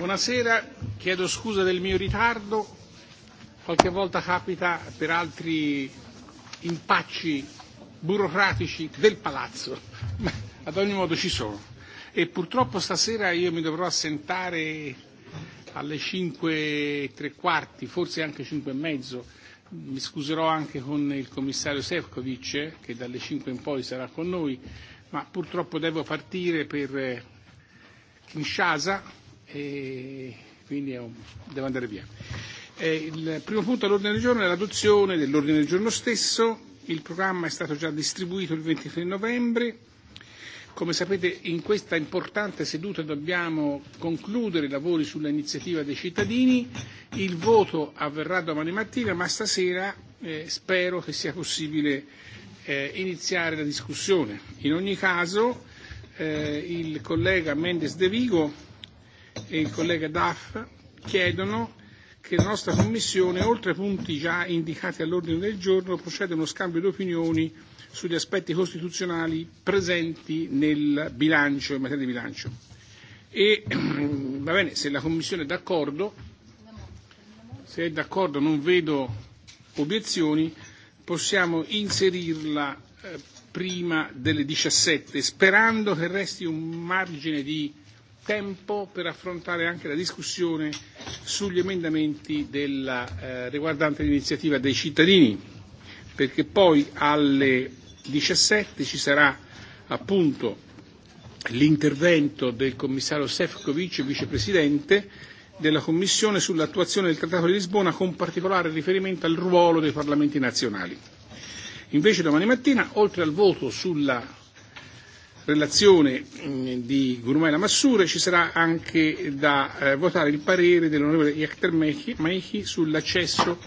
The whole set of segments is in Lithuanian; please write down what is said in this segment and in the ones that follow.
Buonasera, chiedo scusa del mio ritardo, qualche volta capita per altri impacci burocratici del palazzo, ma ad ogni modo ci sono. E purtroppo stasera io mi dovrò assentare alle 5 e tre quarti, forse anche 5 e mezzo. Mi scuserò anche con il commissario Sefcovic, che dalle 5 in poi sarà con noi, ma purtroppo devo partire per Kinshasa e quindi è un, devo andare via. Eh, il primo punto all'ordine del giorno è l'adozione dell'ordine del giorno stesso. Il programma è stato già distribuito il 23 novembre. Come sapete in questa importante seduta dobbiamo concludere i lavori sull'iniziativa dei cittadini. Il voto avverrà domani mattina, ma stasera eh, spero che sia possibile eh, iniziare la discussione. In ogni caso eh, il collega Mendes De Vigo e il collega Duff chiedono che la nostra Commissione, oltre ai punti già indicati all'ordine del giorno, proceda a uno scambio di opinioni sugli aspetti costituzionali presenti nel bilancio, in materia di bilancio. E va bene, se la Commissione è d'accordo, se è d'accordo non vedo obiezioni, possiamo inserirla eh, prima delle 17, sperando che resti un margine di tempo per affrontare anche la discussione sugli emendamenti della, eh, riguardante l'iniziativa dei cittadini, perché poi alle 17 ci sarà appunto l'intervento del commissario Sefcovic, vicepresidente della Commissione sull'attuazione del Trattato di Lisbona con particolare riferimento al ruolo dei Parlamenti nazionali. Invece domani mattina, oltre al voto sulla relazione mm, di Gurumai Lamassure ci sarà anche da eh, votare il parere dell'onorevole Yachter Maichi sull'accesso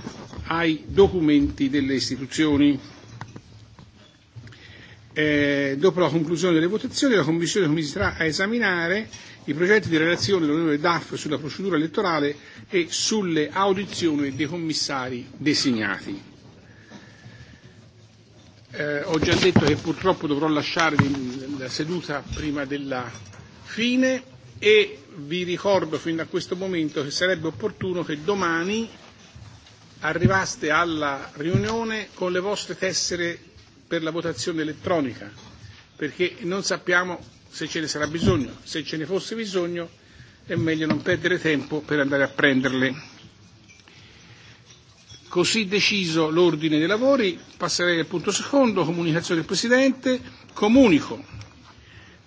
ai documenti delle istituzioni. Eh, dopo la conclusione delle votazioni la Commissione comincerà a esaminare i progetti di relazione dell'onorevole DAF sulla procedura elettorale e sulle audizioni dei commissari designati. Eh, ho già detto che purtroppo dovrò lasciare la seduta prima della fine e vi ricordo fin da questo momento che sarebbe opportuno che domani arrivaste alla riunione con le vostre tessere per la votazione elettronica, perché non sappiamo se ce ne sarà bisogno. Se ce ne fosse bisogno è meglio non perdere tempo per andare a prenderle. Così deciso l'ordine dei lavori, passerei al punto secondo, comunicazione del Presidente. Comunico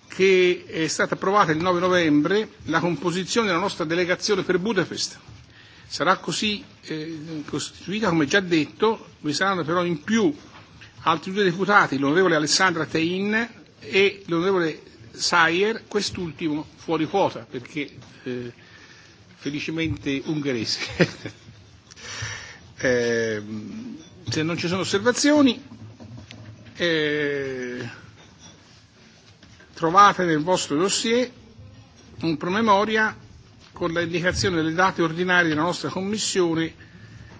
che è stata approvata il 9 novembre la composizione della nostra delegazione per Budapest. Sarà così eh, costituita, come già detto, vi saranno però in più altri due deputati, l'onorevole Alessandra Tein e l'onorevole Sayer, quest'ultimo fuori quota, perché eh, felicemente ungherese. Eh, se non ci sono osservazioni, eh, trovate nel vostro dossier un promemoria con l'indicazione delle date ordinarie della nostra Commissione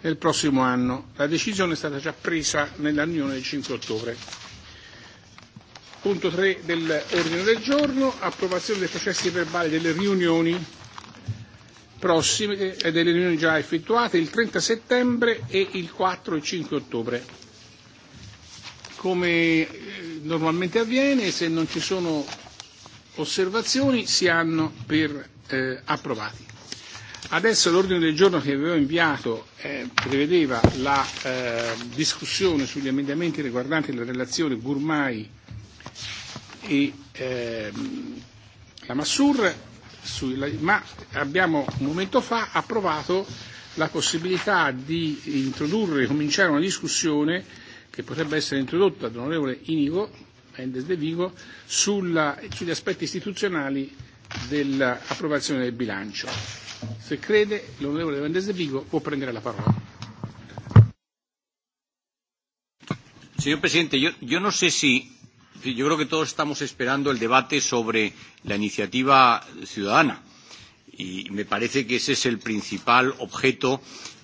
nel prossimo anno. La decisione è stata già presa nella riunione del 5 ottobre. Punto 3 dell'ordine del giorno, approvazione dei processi verbali delle riunioni prossime e eh, delle riunioni già effettuate il 30 settembre e il 4 e 5 ottobre. Come eh, normalmente avviene, se non ci sono osservazioni si hanno per eh, approvati. Adesso l'ordine del giorno che avevo inviato eh, prevedeva la eh, discussione sugli emendamenti riguardanti la relazione Gurmai e eh, la Massur sulla, ma abbiamo un momento fa approvato la possibilità di introdurre, cominciare una discussione che potrebbe essere introdotta dall'onorevole Inigo Mendes de Vigo sulla, sugli aspetti istituzionali dell'approvazione del bilancio. Se crede, l'onorevole Mendes de Vigo può prendere la parola. Señor presidente, yo, yo no sé si yo creo que todos estamos esperando el debate sobre la iniciativa ciudadana y me parece que ese es el principal objeto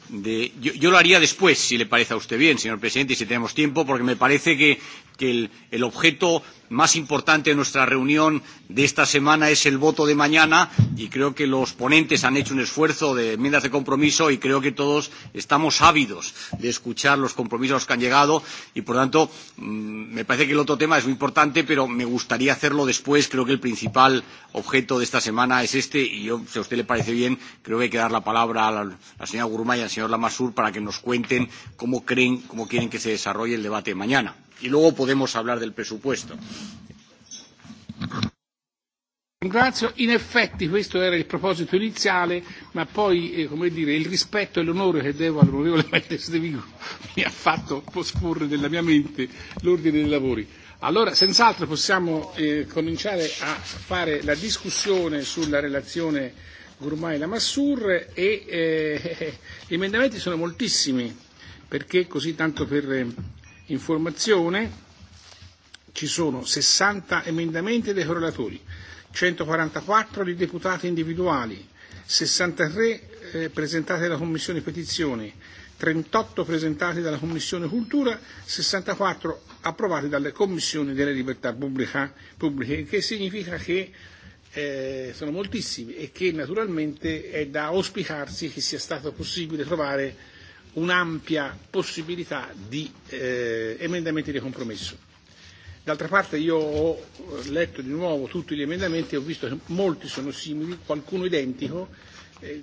de yo, yo lo haría después, si le parece a usted bien, señor presidente, y si tenemos tiempo, porque me parece que, que el, el objeto más importante de nuestra reunión de esta semana es el voto de mañana y creo que los ponentes han hecho un esfuerzo de enmiendas de compromiso y creo que todos estamos ávidos de escuchar los compromisos que han llegado y, por tanto, mm, me parece que el otro tema es muy importante, pero me gustaría hacerlo después. Creo que el principal objeto de esta semana es este y yo, si a usted le parece bien, creo que hay que dar la palabra a la, a la señora Gurmay y al señor Lamassur para que nos cuenten cómo creen, cómo quieren que se desarrolle el debate de mañana. Y luego podemos hablar del presupuesto. Ringrazio, in effetti questo era il proposito iniziale, ma poi eh, come dire, il rispetto e l'onore che devo all'onorevole Mendes de Vigo mi ha fatto posporre nella mia mente l'ordine dei lavori. Allora, senz'altro possiamo eh, cominciare a fare la discussione sulla relazione Gourmai e Lamassur e eh, gli emendamenti sono moltissimi, perché così tanto per eh, informazione Ci sono 60 emendamenti dei correlatori, 144 di deputati individuali, 63 eh, presentati dalla Commissione Petizione, 38 presentati dalla Commissione Cultura, 64 approvati dalle Commissioni delle Libertà pubblica, Pubbliche, che significa che eh, sono moltissimi e che naturalmente è da auspicarsi che sia stato possibile trovare un'ampia possibilità di eh, emendamenti di compromesso. D'altra parte io ho eh, letto di nuovo tutti gli emendamenti e ho visto che molti sono simili, qualcuno identico, e, eh,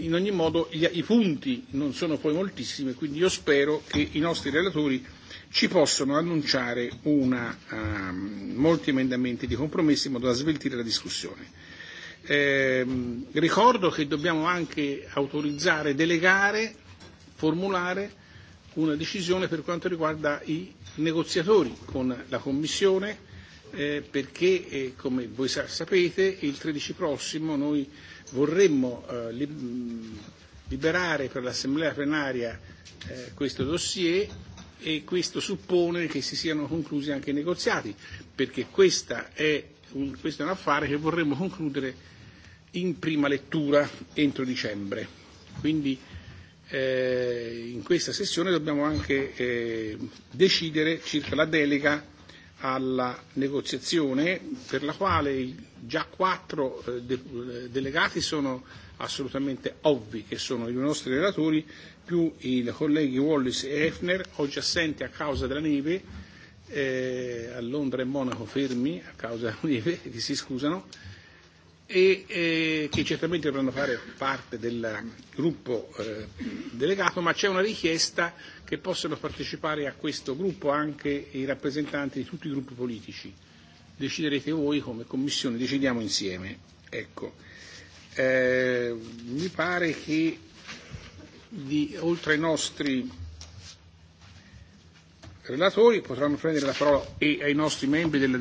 in ogni modo gli, i punti non sono poi moltissimi, quindi io spero che i nostri relatori ci possano annunciare una, um, molti emendamenti di compromesso in modo da sveltire la discussione. Eh, ricordo che dobbiamo anche autorizzare, delegare, formulare una decisione per quanto riguarda i negoziatori con la Commissione, eh, perché, eh, come voi sa- sapete, il 13 prossimo noi vorremmo eh, li- mm, liberare per l'Assemblea plenaria eh, questo dossier e questo suppone che si siano conclusi anche i negoziati, perché questa è un, questo è un affare che vorremmo concludere in prima lettura entro dicembre. Quindi eh, in questa sessione dobbiamo anche eh, decidere circa la delega alla negoziazione per la quale già quattro eh, de- eh, delegati sono assolutamente ovvi, che sono i nostri relatori, più i colleghi Wallis e Hefner, oggi assenti a causa della neve, eh, a Londra e Monaco fermi a causa della neve, che si scusano, eh, e eh, che certamente dovranno fare parte del gruppo eh, delegato, ma c'è una richiesta che possano partecipare a questo gruppo anche i rappresentanti di tutti i gruppi politici. Deciderete voi come Commissione, decidiamo insieme. Ecco. Eh, mi pare che di, oltre ai nostri relatori potranno prendere la parola e ai nostri membri della,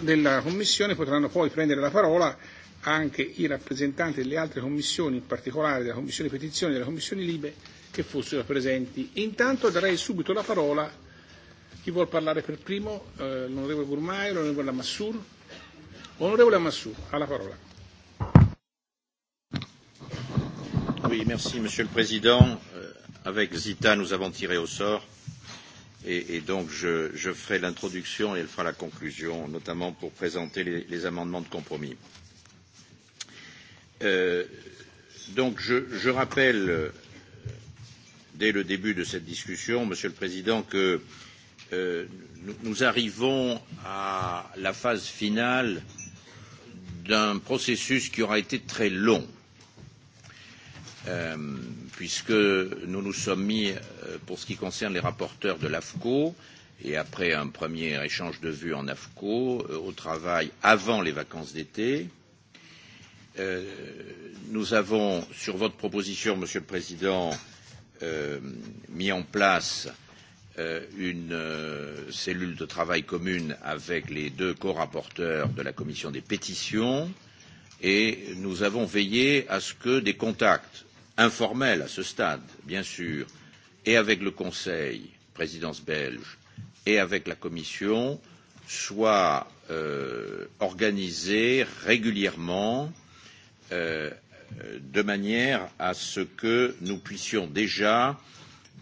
della Commissione potranno poi prendere la parola anche i rappresentanti delle altre commissioni, in particolare della Commissione Petizioni e della Commissione Libe, che fossero presenti. Intanto darei subito la parola a chi vuol parlare per primo, eh, l'onorevole Gurmai, l'onorevole Lamassur. Onorevole Lamassur, ha la parola. Oui, merci Monsieur le Président. Euh, avec Zita, nous avons tiré au sort et, et donc je, je ferai l'introduction et elle fera la conclusion, notamment pour présenter les, les amendements de compromis. Euh, Euh, donc je, je rappelle euh, dès le début de cette discussion, Monsieur le Président, que euh, nous, nous arrivons à la phase finale d'un processus qui aura été très long, euh, puisque nous nous sommes mis, euh, pour ce qui concerne les rapporteurs de l'AFCO, et après un premier échange de vues en AFCO, euh, au travail avant les vacances d'été, euh, euh, nous avons, sur votre proposition, Monsieur le Président, euh, mis en place euh, une euh, cellule de travail commune avec les deux co-rapporteurs de la Commission des pétitions et nous avons veillé à ce que des contacts informels à ce stade, bien sûr, et avec le Conseil, présidence belge, et avec la Commission soient euh, organisés régulièrement euh, euh, de manière à ce que nous puissions déjà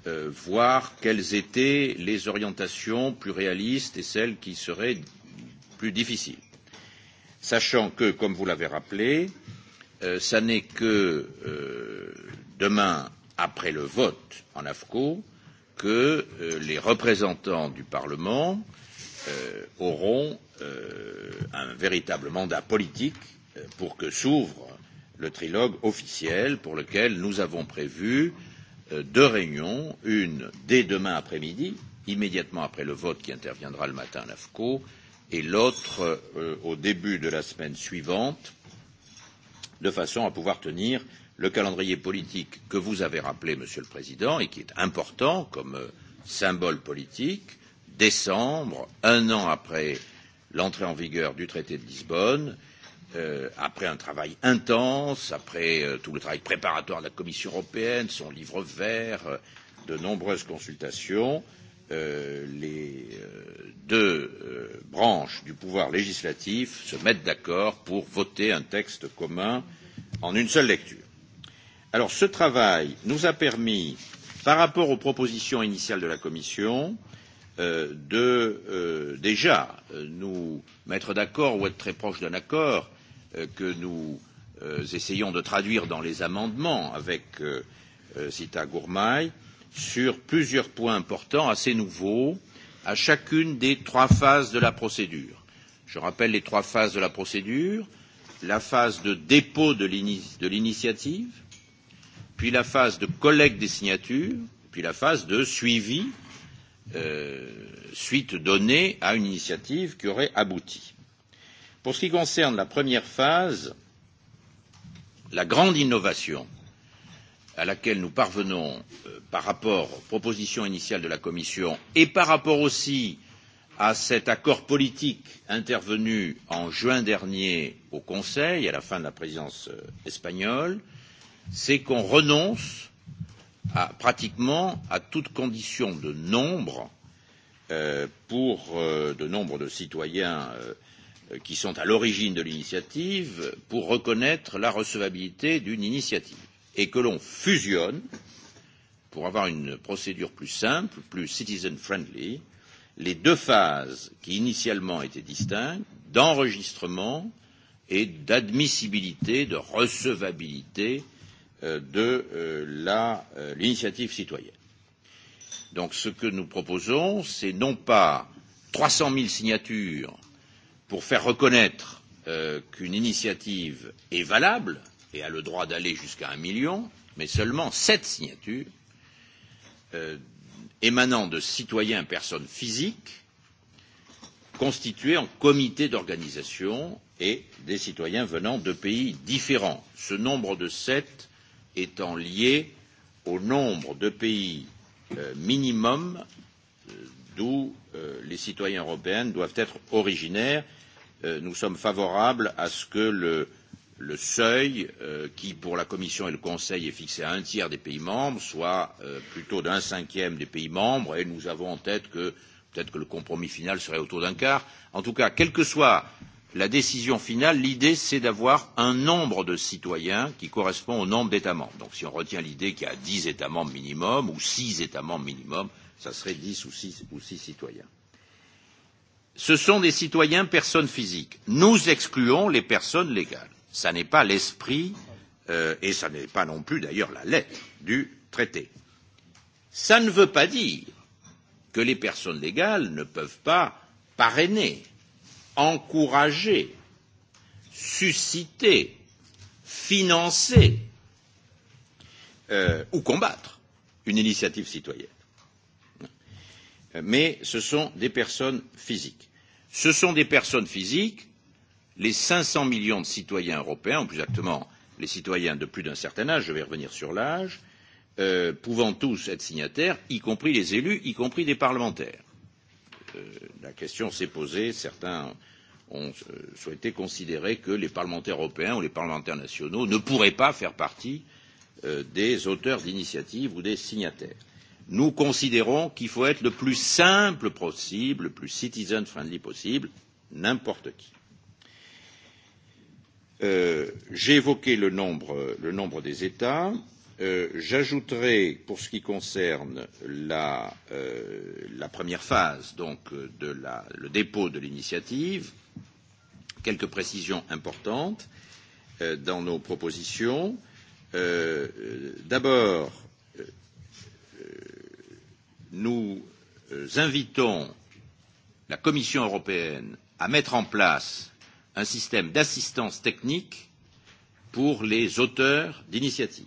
euh, voir quelles étaient les orientations plus réalistes et celles qui seraient plus difficiles. Sachant que, comme vous l'avez rappelé, euh, ça n'est que euh, demain, après le vote en AFCO, que euh, les représentants du Parlement euh, auront euh, un véritable mandat politique euh, pour que s'ouvre le trilogue officiel pour lequel nous avons prévu euh, deux réunions, une dès demain après-midi, immédiatement après le vote qui interviendra le matin à l'AFCO, et l'autre euh, au début de la semaine suivante, de façon à pouvoir tenir le calendrier politique que vous avez rappelé, Monsieur le Président, et qui est important comme euh, symbole politique, décembre, un an après l'entrée en vigueur du traité de Lisbonne, euh, après un travail intense, après euh, tout le travail préparatoire de la Commission européenne, son livre vert, euh, de nombreuses consultations, euh, les euh, deux euh, branches du pouvoir législatif se mettent d'accord pour voter un texte commun en une seule lecture. Alors ce travail nous a permis, par rapport aux propositions initiales de la Commission, euh, de euh, déjà euh, nous mettre d'accord ou être très proche d'un accord euh, que nous euh, essayons de traduire dans les amendements avec euh, Sita euh, Gourmaï sur plusieurs points importants, assez nouveaux, à chacune des trois phases de la procédure. Je rappelle les trois phases de la procédure la phase de dépôt de l'initiative, puis la phase de collecte des signatures, puis la phase de suivi euh, suite donnée à une initiative qui aurait abouti. Pour ce qui concerne la première phase, la grande innovation à laquelle nous parvenons euh, par rapport aux propositions initiales de la Commission et par rapport aussi à cet accord politique intervenu en juin dernier au Conseil, à la fin de la présidence euh, espagnole, c'est qu'on renonce à, pratiquement à toute condition de nombre euh, pour euh, de nombre de citoyens euh, Euh, qui sont à l'origine de l'initiative pour reconnaître la recevabilité d'une initiative et que l'on fusionne pour avoir une procédure plus simple, plus citizen friendly, les deux phases qui initialement étaient distinctes d'enregistrement et d'admissibilité, de recevabilité euh, de euh, euh l'initiative euh, citoyenne. Donc ce que nous proposons, c'est non pas 300 000 signatures pour faire reconnaître euh, qu'une initiative est valable et a le droit d'aller jusqu'à un million, mais seulement sept signatures euh, émanant de citoyens personnes physiques constitués en comité d'organisation et des citoyens venant de pays différents, ce nombre de sept étant lié au nombre de pays euh, minimum euh, d'où euh, les citoyens européens doivent être originaires. Euh, nous sommes favorables à ce que le, le seuil, euh, qui pour la Commission et le Conseil est fixé à un tiers des pays membres, soit euh, plutôt d'un cinquième des pays membres, et nous avons en tête que peut-être que le compromis final serait autour d'un quart. En tout cas, quelle que soit la décision finale, l'idée c'est d'avoir un nombre de citoyens qui correspond au nombre d'États membres. Donc si on retient l'idée qu'il y a dix États membres minimum ou six États membres minimum, ça serait 10 ou 6, ou 6 citoyens. Ce sont des citoyens personnes physiques. Nous excluons les personnes légales. Ça n'est pas l'esprit euh, et ça n'est pas non plus d'ailleurs la lettre du traité. Ça ne veut pas dire que les personnes légales ne peuvent pas parrainer, encourager, susciter, financer euh, ou combattre une initiative citoyenne mais ce sont des personnes physiques. Ce sont des personnes physiques, les 500 millions de citoyens européens, ou plus exactement les citoyens de plus d'un certain âge, je vais revenir sur l'âge, euh, pouvant tous être signataires, y compris les élus, y compris des parlementaires. Euh, la question s'est posée, certains ont euh, souhaité considérer que les parlementaires européens ou les parlementaires nationaux ne pourraient pas faire partie euh, des auteurs d'initiatives ou des signataires nous considérons qu'il faut être le plus simple possible, le plus citizen friendly possible, n'importe qui. Euh, J'ai évoqué le nombre, le nombre des États. Euh, J'ajouterai, pour ce qui concerne la, euh, la première phase, donc de la, le dépôt de l'initiative, quelques précisions importantes euh, dans nos propositions. Euh, D'abord, nous euh, invitons la Commission européenne à mettre en place un système d'assistance technique pour les auteurs d'initiatives,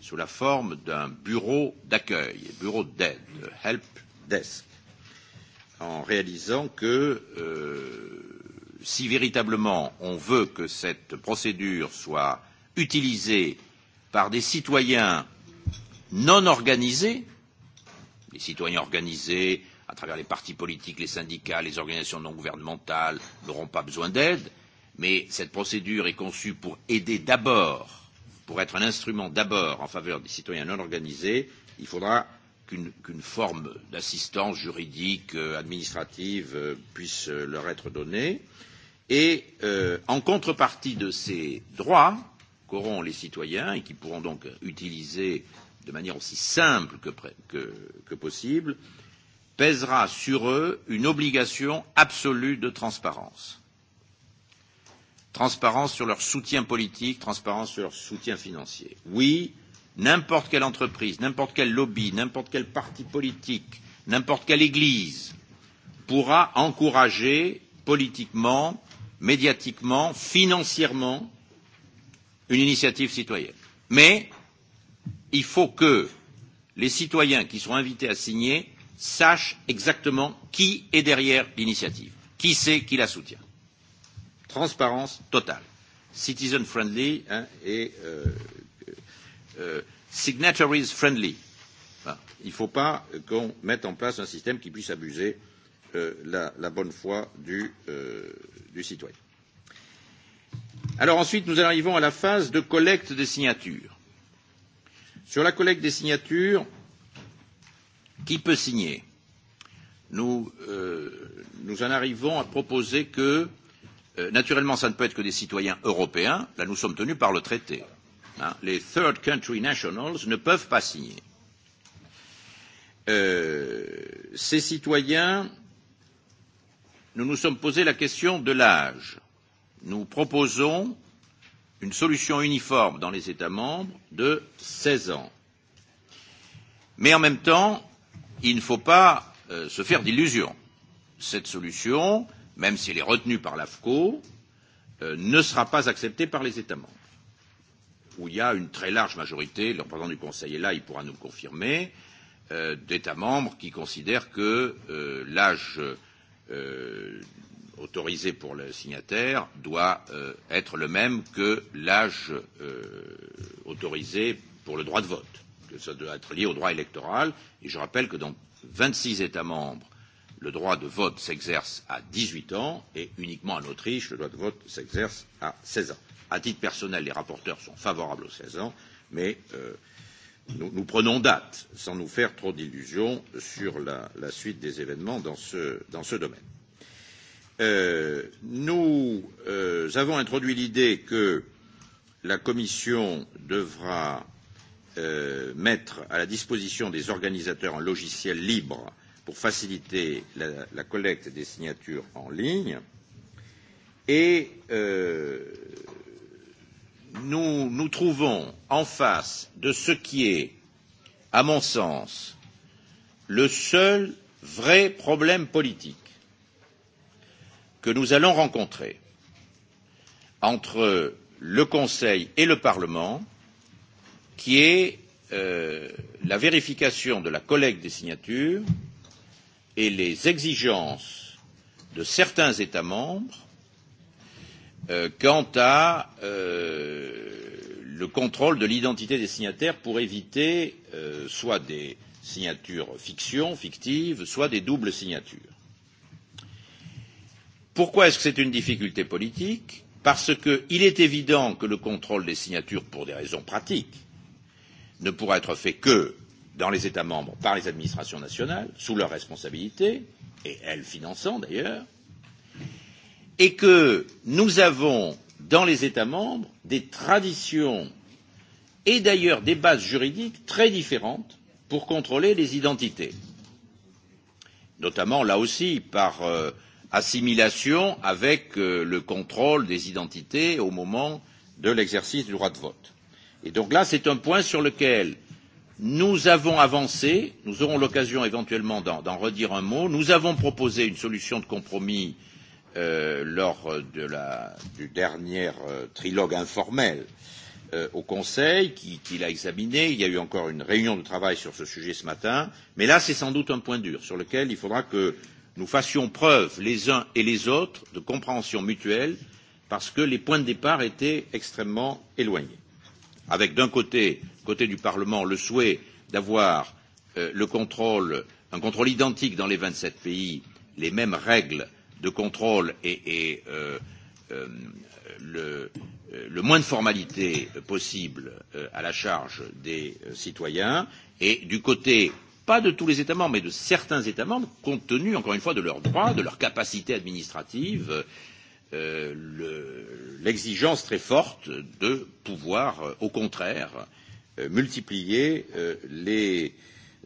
sous la forme d'un bureau d'accueil, bureau d'aide, help desk, en réalisant que euh, si véritablement on veut que cette procédure soit utilisée par des citoyens non organisés, les citoyens organisés, à travers les partis politiques, les syndicats, les organisations non gouvernementales, n'auront pas besoin d'aide, mais cette procédure est conçue pour aider d'abord, pour être un instrument d'abord en faveur des citoyens non organisés, il faudra qu'une qu, une, qu une forme d'assistance juridique, euh, administrative euh, puisse euh, leur être donnée. Et euh, en contrepartie de ces droits qu'auront les citoyens et qui pourront donc utiliser de manière aussi simple que, que, que possible, pèsera sur eux une obligation absolue de transparence. Transparence sur leur soutien politique, transparence sur leur soutien financier. Oui, n'importe quelle entreprise, n'importe quel lobby, n'importe quel parti politique, n'importe quelle église pourra encourager politiquement, médiatiquement, financièrement une initiative citoyenne. Mais il faut que les citoyens qui sont invités à signer sachent exactement qui est derrière l'initiative, qui c'est qui la soutient. Transparence totale, citizen friendly hein, et euh, euh, signatories friendly. Enfin, il ne faut pas qu'on mette en place un système qui puisse abuser euh, la, la bonne foi du, euh, du citoyen. Alors ensuite, nous arrivons à la phase de collecte des signatures Sur la collecte des signatures, qui peut signer nous, euh, nous en arrivons à proposer que, euh, naturellement, ça ne peut être que des citoyens européens, là nous sommes tenus par le traité. Hein, les third country nationals ne peuvent pas signer. Euh, ces citoyens, nous nous sommes posé la question de l'âge. Nous proposons une solution uniforme dans les États membres de 16 ans. Mais en même temps, il ne faut pas euh, se faire d'illusions. Cette solution, même si elle est retenue par l'AFCO, euh, ne sera pas acceptée par les États membres, où il y a une très large majorité, le représentant du Conseil est là, il pourra nous le confirmer, euh, d'États membres qui considèrent que euh, l'âge euh, autorisé pour le signataire doit euh, être le même que l'âge euh, autorisé pour le droit de vote, que ça doit être lié au droit électoral. Et je rappelle que dans 26 États membres, le droit de vote s'exerce à 18 ans et uniquement en Autriche, le droit de vote s'exerce à 16 ans. À titre personnel, les rapporteurs sont favorables aux 16 ans, mais euh, nous, nous prenons date sans nous faire trop d'illusions sur la, la suite des événements dans ce, dans ce domaine. Euh, nous euh, avons introduit l'idée que la Commission devra euh, mettre à la disposition des organisateurs un logiciel libre pour faciliter la, la collecte des signatures en ligne et euh, nous nous trouvons en face de ce qui est, à mon sens, le seul vrai problème politique que nous allons rencontrer entre le Conseil et le Parlement, qui est euh, la vérification de la collecte des signatures et les exigences de certains États membres euh, quant à euh, le contrôle de l'identité des signataires pour éviter euh, soit des signatures fiction, fictives, soit des doubles signatures. Pourquoi est-ce que c'est une difficulté politique Parce qu'il est évident que le contrôle des signatures, pour des raisons pratiques, ne pourra être fait que dans les États membres par les administrations nationales, sous leur responsabilité, et elles finançant d'ailleurs, et que nous avons dans les États membres des traditions et d'ailleurs des bases juridiques très différentes pour contrôler les identités, notamment là aussi par euh, assimilation avec euh, le contrôle des identités au moment de l'exercice du droit de vote. Et donc là, c'est un point sur lequel nous avons avancé, nous aurons l'occasion éventuellement d'en redire un mot, nous avons proposé une solution de compromis euh, lors de la, du dernier euh, trilogue informel euh, au Conseil, qui, qui l'a examiné, il y a eu encore une réunion de travail sur ce sujet ce matin, mais là c'est sans doute un point dur sur lequel il faudra que nous fassions preuve les uns et les autres de compréhension mutuelle parce que les points de départ étaient extrêmement éloignés. Avec d'un côté, côté du Parlement, le souhait d'avoir euh, le contrôle, un contrôle identique dans les 27 pays, les mêmes règles de contrôle et, et euh, euh, le, euh, le moins de formalités possible euh, à la charge des euh, citoyens, et du côté pas de tous les États membres, mais de certains États membres, compte tenu, encore une fois, de leurs droits, de leur capacité administrative, euh, l'exigence le, très forte de pouvoir, euh, au contraire, euh, multiplier euh, les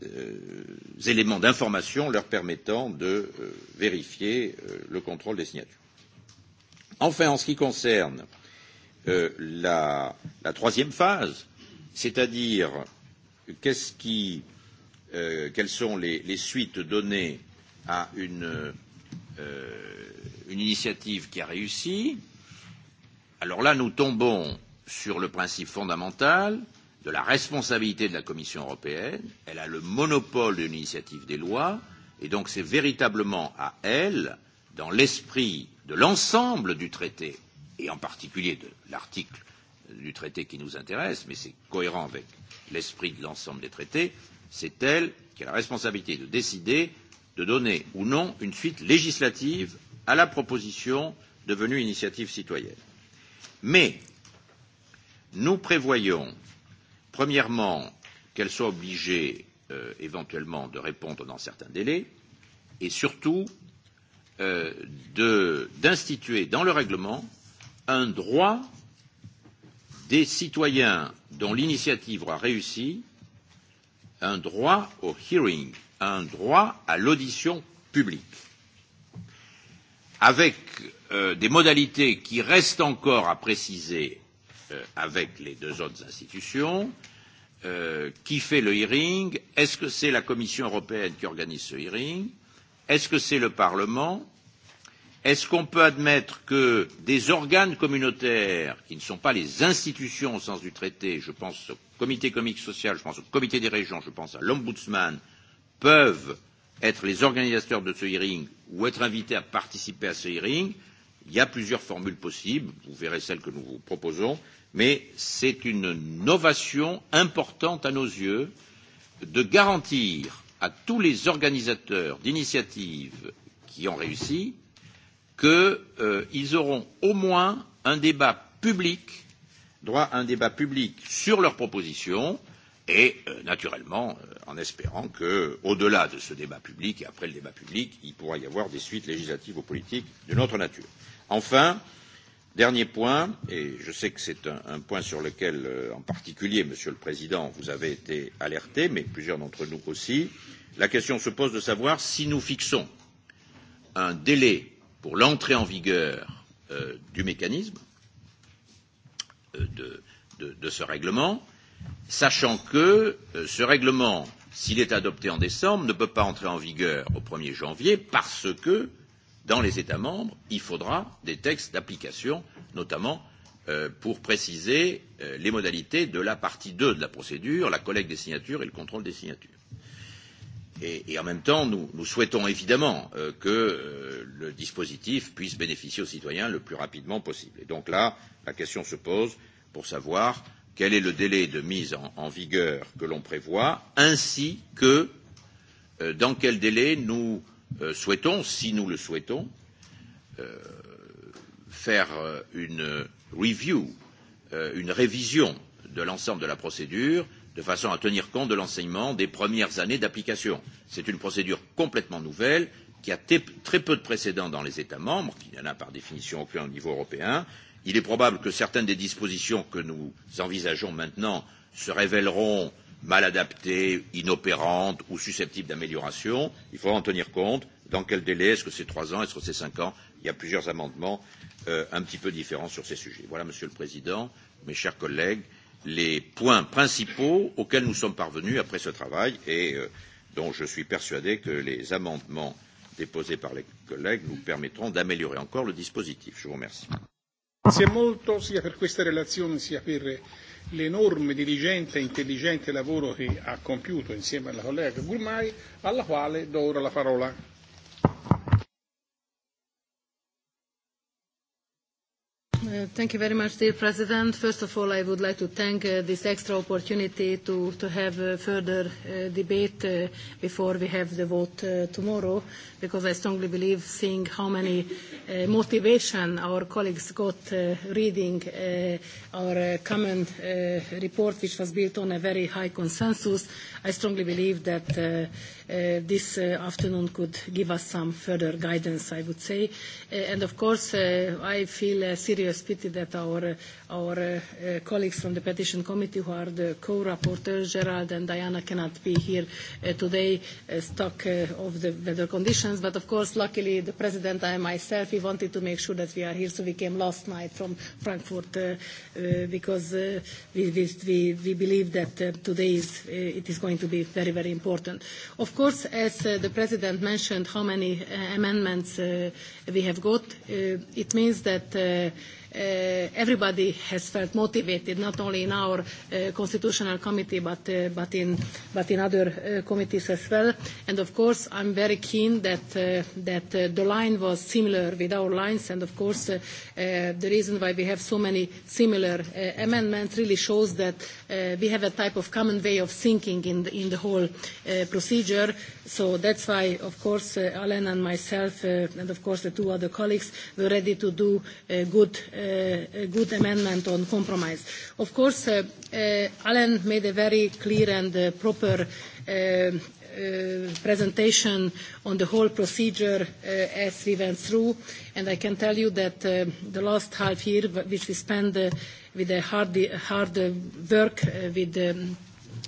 euh, éléments d'information leur permettant de euh, vérifier euh, le contrôle des signatures. Enfin, en ce qui concerne euh, la, la troisième phase, c'est-à-dire qu'est-ce qui euh, euh, quelles sont les, les suites données à une, euh, une initiative qui a réussi, alors là, nous tombons sur le principe fondamental de la responsabilité de la Commission européenne. Elle a le monopole de l'initiative des lois, et donc c'est véritablement à elle, dans l'esprit de l'ensemble du traité, et en particulier de l'article du traité qui nous intéresse, mais c'est cohérent avec l'esprit de l'ensemble des traités, C'est elle qui a la responsabilité de décider de donner ou non une suite législative à la proposition devenue initiative citoyenne. Mais nous prévoyons, premièrement, qu'elle soit obligée euh, éventuellement de répondre dans certains délais et surtout euh, d'instituer dans le règlement un droit des citoyens dont l'initiative aura réussi un droit au hearing, un droit à l'audition publique, avec euh, des modalités qui restent encore à préciser euh, avec les deux autres institutions. Euh, qui fait le hearing Est-ce que c'est la Commission européenne qui organise ce hearing Est-ce que c'est le Parlement Est-ce qu'on peut admettre que des organes communautaires, qui ne sont pas les institutions au sens du traité, je pense comité économique social, je pense au comité des régions, je pense à l'ombudsman, peuvent être les organisateurs de ce hearing ou être invités à participer à ce hearing. Il y a plusieurs formules possibles, vous verrez celle que nous vous proposons, mais c'est une novation importante à nos yeux de garantir à tous les organisateurs d'initiatives qui ont réussi qu'ils euh, auront au moins un débat public droit à un débat public sur leurs propositions et, euh, naturellement, euh, en espérant que, au delà de ce débat public et après le débat public, il pourra y avoir des suites législatives ou politiques de notre nature. Enfin, dernier point et je sais que c'est un, un point sur lequel, euh, en particulier, Monsieur le Président, vous avez été alerté, mais plusieurs d'entre nous aussi la question se pose de savoir si nous fixons un délai pour l'entrée en vigueur euh, du mécanisme Euh, de, de, de ce règlement, sachant que euh, ce règlement, s'il est adopté en décembre, ne peut pas entrer en vigueur au 1er janvier parce que, dans les États membres, il faudra des textes d'application, notamment euh, pour préciser euh, les modalités de la partie 2 de la procédure, la collecte des signatures et le contrôle des signatures. Et, et en même temps, nous, nous souhaitons évidemment euh, que euh, le dispositif puisse bénéficier aux citoyens le plus rapidement possible. Et donc là, la question se pose pour savoir quel est le délai de mise en, en vigueur que l'on prévoit, ainsi que euh, dans quel délai nous euh, souhaitons, si nous le souhaitons, euh, faire euh, une review, euh, une révision de l'ensemble de la procédure euh, de façon à tenir compte de l'enseignement des premières années d'application. C'est une procédure complètement nouvelle qui a très peu de précédents dans les États membres, qui n'en a par définition aucun au niveau européen. Il est probable que certaines des dispositions que nous envisageons maintenant se révéleront mal adaptées, inopérantes ou susceptibles d'amélioration. Il faudra en tenir compte. Dans quel délai Est-ce que c'est trois ans Est-ce que c'est cinq ans Il y a plusieurs amendements euh, un petit peu différents sur ces sujets. Voilà, Monsieur le Président, mes chers collègues, les points principaux auxquels nous sommes parvenus après ce travail et euh, dont je suis persuadé que les amendements déposés par les collègues nous permettront d'améliorer encore le dispositif. Je vous remercie. Grazie molto sia per questa relazione sia per l'enorme, diligente e intelligente lavoro che ha compiuto insieme alla collega Gurmai, alla quale do ora la parola. Uh, thank you very much, dear President. First of all, I would like to thank uh, this extra opportunity to, to have a further uh, debate uh, before we have the vote uh, tomorrow, because I strongly believe seeing how many uh, motivation our colleagues got uh, reading uh, our uh, common uh, report, which was built on a very high consensus, I strongly believe that uh, uh, this uh, afternoon could give us some further guidance, I would say. Uh, and of course, uh, I feel a serious was pity that our, our uh, colleagues from the Petition Committee, who are the co-rapporteurs, Gerald and Diana, cannot be here uh, today, uh, stuck uh, of the weather conditions. But of course, luckily, the President and myself, we wanted to make sure that we are here, so we came last night from Frankfurt uh, uh, because uh, we, we, we believe that uh, today is, uh, it is going to be very, very important. Of course, as uh, the President mentioned, how many uh, amendments uh, we have got, uh, it means that uh, uh, everybody has felt motivated, not only in our uh, constitutional committee, but, uh, but, in, but in other uh, committees as well. And of course, I'm very keen that, uh, that uh, the line was similar with our lines. And of course, uh, uh, the reason why we have so many similar uh, amendments really shows that uh, we have a type of common way of thinking in the, in the whole uh, procedure. So that's why, of course, uh, Alan and myself, uh, and of course the two other colleagues, were ready to do uh, good uh, uh, good amendment on compromise. Of course, uh, uh, Alan made a very clear and uh, proper uh, Uh, presentation on the whole procedure uh, as we went through. And I can tell you that uh, the last half year, which we spent uh, with a hard, hard uh, work uh, with um,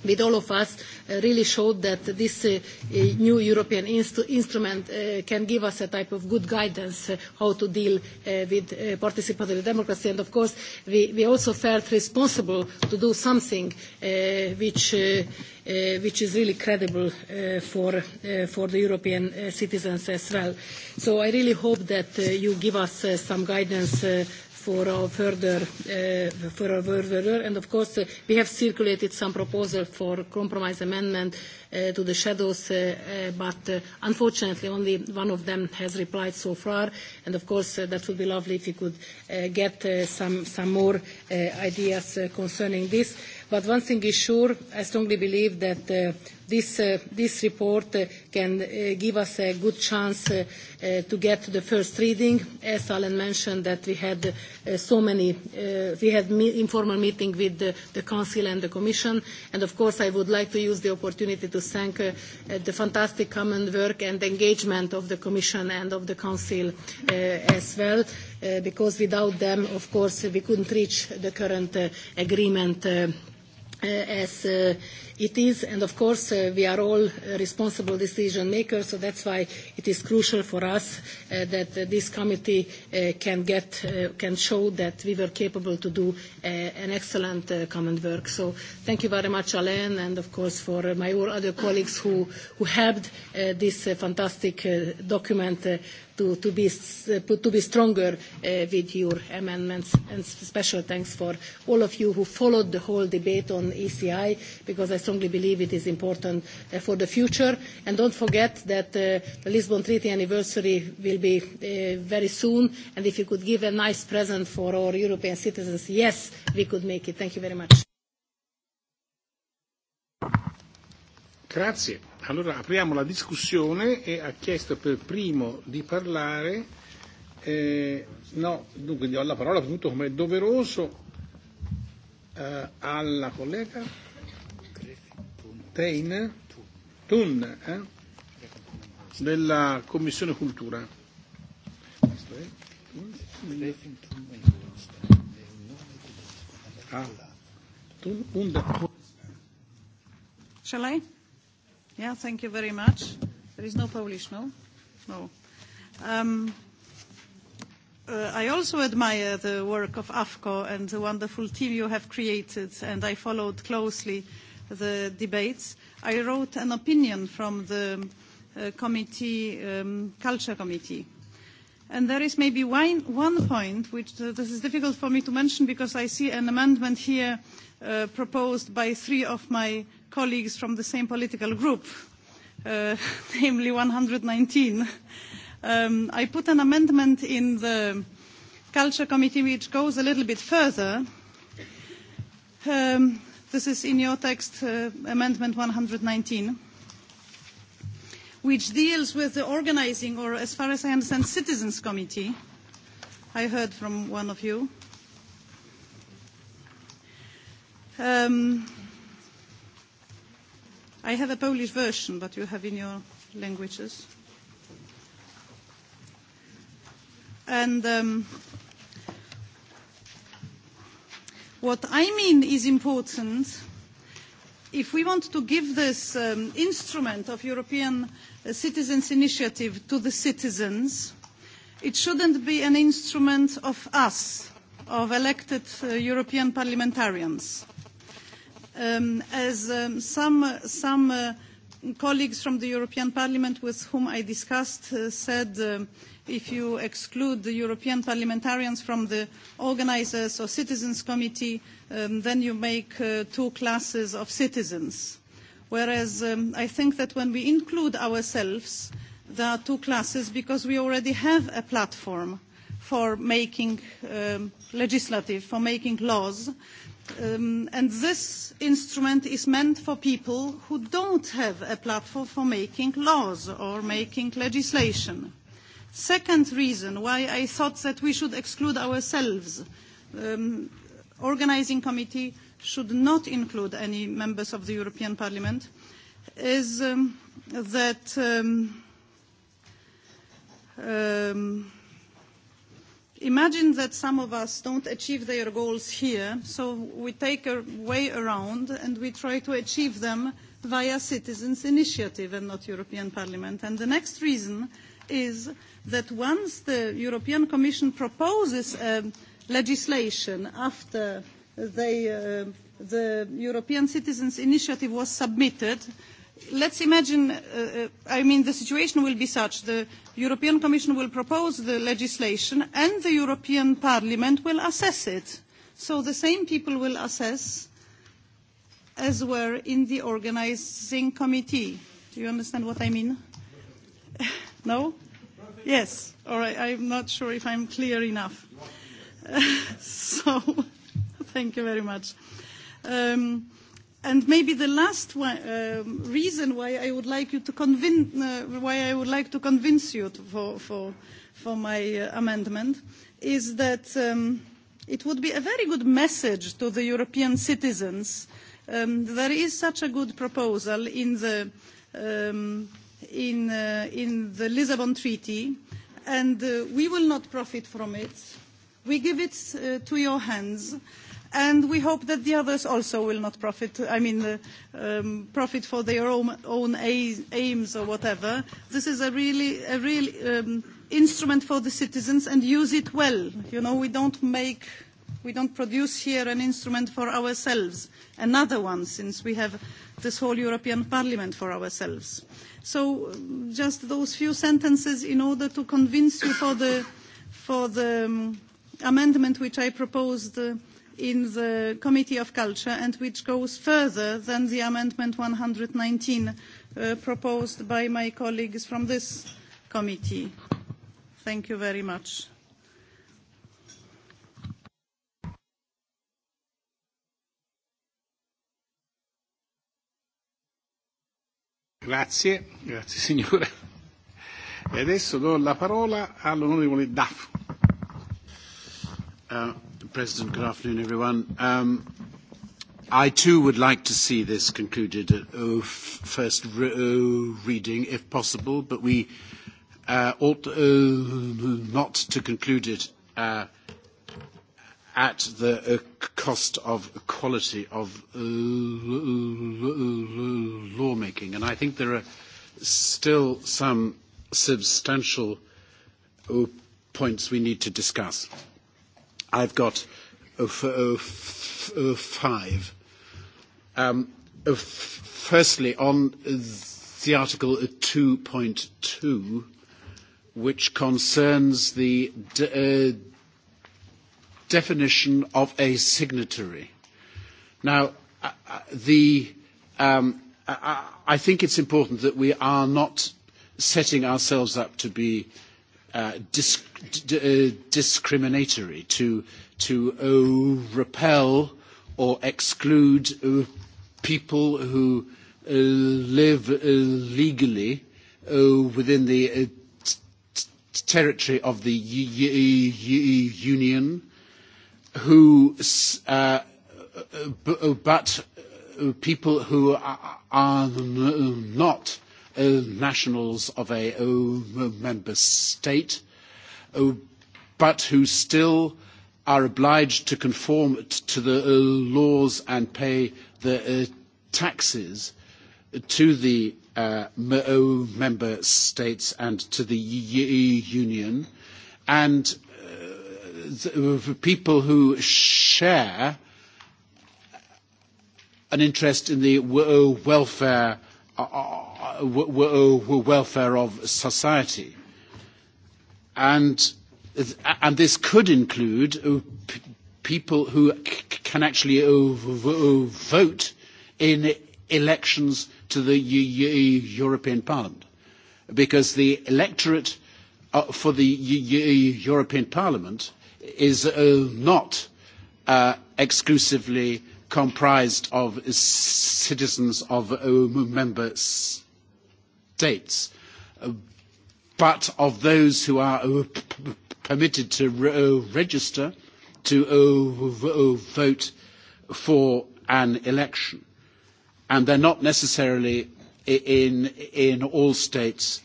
with all of us uh, really showed that this uh, new European inst instrument uh, can give us a type of good guidance uh, how to deal uh, with uh, participatory democracy. And of course, we, we also felt responsible to do something uh, which, uh, uh, which is really credible uh, for, uh, for the European uh, citizens as well. So I really hope that uh, you give us uh, some guidance uh, for our further, uh, for our further and of course uh, we have circulated some proposal for compromise amendment uh, to the shadows, uh, uh, but uh, unfortunately only one of them has replied so far, and of course uh, that would be lovely if you could uh, get uh, some, some more uh, ideas uh, concerning this. But one thing is sure, I strongly believe that uh, this, uh, this report uh, can uh, give us a good chance uh, uh, to get the first reading. As Alan mentioned, that we had uh, so many, uh, we had me informal meeting with the, the Council and the Commission, and of course I would like to use the opportunity to thank uh, uh, the fantastic common work and engagement of the Commission and of the Council uh, as well. Uh, because without them, of course, we couldn't reach the current uh, agreement uh, uh, as uh, it is, and of course uh, we are all uh, responsible decision makers, so that's why it is crucial for us uh, that uh, this committee uh, can get, uh, can show that we were capable to do uh, an excellent uh, common work. So thank you very much, Alain, and of course for uh, my all other colleagues who, who helped uh, this uh, fantastic uh, document uh, to, to, be, uh, to be stronger uh, with your amendments. And special thanks for all of you who followed the whole debate on ECI, because I strongly believe it is important uh, for the future. And don't forget that uh, the Lisbon Treaty anniversary will be uh, very soon. And if you could give a nice present for our European citizens, yes, we could make it. Thank you very much. Grazie. Allora apriamo la discussione e ha chiesto per primo di parlare, eh, no, dunque do la parola appunto come è doveroso eh, alla collega. Tein, Tun, eh? della Commissione Cultura. Ah. Tun, und. Shall I? Yeah, thank you very much. There is no Polish, no? No. Um, uh, I also admire the work of AFCO and the wonderful team you have created, and I followed closely uh, the debates, I wrote an opinion from the uh, committee, um, culture committee. And there is maybe one, one point which uh, this is difficult for me to mention because I see an amendment here uh, proposed by three of my colleagues from the same political group, uh, namely 119. Um, I put an amendment in the Culture Committee which goes a little bit further. Um, This is in your text, uh, Amendment 119, which deals with the organizing, or as far as I understand, Citizens Committee. I heard from one of you. Um, I have a Polish version, but you have in your languages. And um, What I mean is important if we want to give this um, instrument of European uh, Citizens' Initiative to the citizens, it shouldn't be an instrument of us, of elected uh, European parliamentarians. Um, as um, some, some uh, colleagues from the European Parliament with whom I discussed uh, said uh, if you exclude the European parliamentarians from the organizers or citizens committee, um, then you make uh, two classes of citizens. Whereas um, I think that when we include ourselves, there are two classes because we already have a platform for making um, legislative, for making laws. Um, and this instrument is meant for people who don't have a platform for making laws or making legislation. Second reason why I thought that we should exclude ourselves. Um, organizing committee should not include any members of the European Parliament is um, that um, um, Imagine that some of us don't achieve their goals here, so we take a way around and we try to achieve them via citizens' initiative and not European Parliament. And the next reason is that once the European Commission proposes um, legislation after they, uh, the European Citizens' Initiative was submitted, uh, let's imagine, uh, uh, I mean, the situation will be such. The European Commission will propose the legislation and the European Parliament will assess it. So the same people will assess as were in the organizing committee. Do you understand what I mean? no? Yes. All right. I'm not sure if I'm clear enough. so thank you very much. Um, And maybe the last one, um, reason why I would like you to convince, uh, why I would like to convince you to, for, for, for my uh, amendment is that um, it would be a very good message to the European citizens. Um, there is such a good proposal in the, um, in, uh, in the Lisbon Treaty, and uh, we will not profit from it. We give it uh, to your hands. Uh, and we hope that the others also will not profit, I mean, uh, um, profit for their own, own aims or whatever. This is a really, a real um, instrument for the citizens and use it well. You know, we don't make, we don't produce here an instrument for ourselves, another one, since we have this whole European Parliament for ourselves. So um, just those few sentences in order to convince you for the, for the um, amendment which I proposed uh, in the Committee of Culture and which goes further than the Amendment 119 uh, proposed by my colleagues from this committee. Thank you very much. Grazie, grazie signora. E adesso do la parola all'onorevole Daff. Uh, eh, President, good afternoon, everyone. Um, I too would like to see this concluded at uh, oh, first re- oh, reading, if possible, but we uh, ought uh, not to conclude it uh, at the uh, cost of quality of uh, lawmaking. And I think there are still some substantial uh, points we need to discuss. Uh, I've got uh, f- uh, f- uh, five. Um, uh, f- firstly, on the Article 2.2, which concerns the de- uh, definition of a signatory. Now, uh, uh, the, um, I, uh, uh, I think it's important that we are not setting ourselves up to be uh, uh, disc d- uh, discriminatory, to, to uh, repel or exclude uh, people who uh, live uh, legally uh, within the uh, t- t- territory of the U- U- Union, who, uh, uh, b- uh, but uh, people who are, are not uh, nationals of a uh, member state, uh, but who still are obliged to conform t- to the uh, laws and pay the uh, taxes to the uh, m- oh, member states and to the y- union, and uh, the uh, people who share an interest in the w- uh, welfare uh, w- w- welfare of society. And, and this could include uh, p- people who c- can actually uh, uh, vote in elections to the European Parliament. Because the electorate for the European Parliament is not exclusively comprised of citizens of member states States. Uh, but of those who are permitted to uh, register to uh, vote for an election, and they're not necessarily in, in all states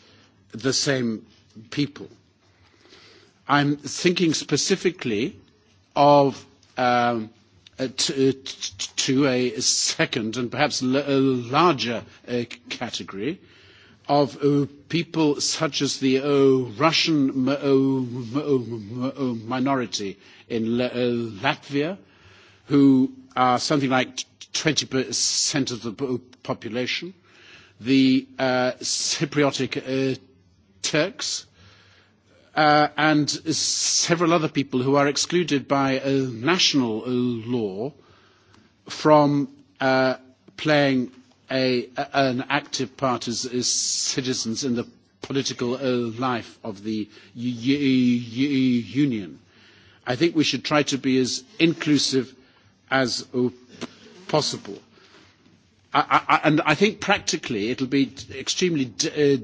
the same people. I'm thinking specifically of um, to, to a second and perhaps l- larger uh, category, of uh, people such as the uh, Russian uh, uh, minority in L uh, Latvia, who are something like 20% of the population, the uh, Cypriotic Turks, and several other people who are excluded by national law from playing a, an active part as, as citizens in the political uh, life of the u- u- u- Union. I think we should try to be as inclusive as uh, possible. I, I, and I think practically it'll be extremely d- uh,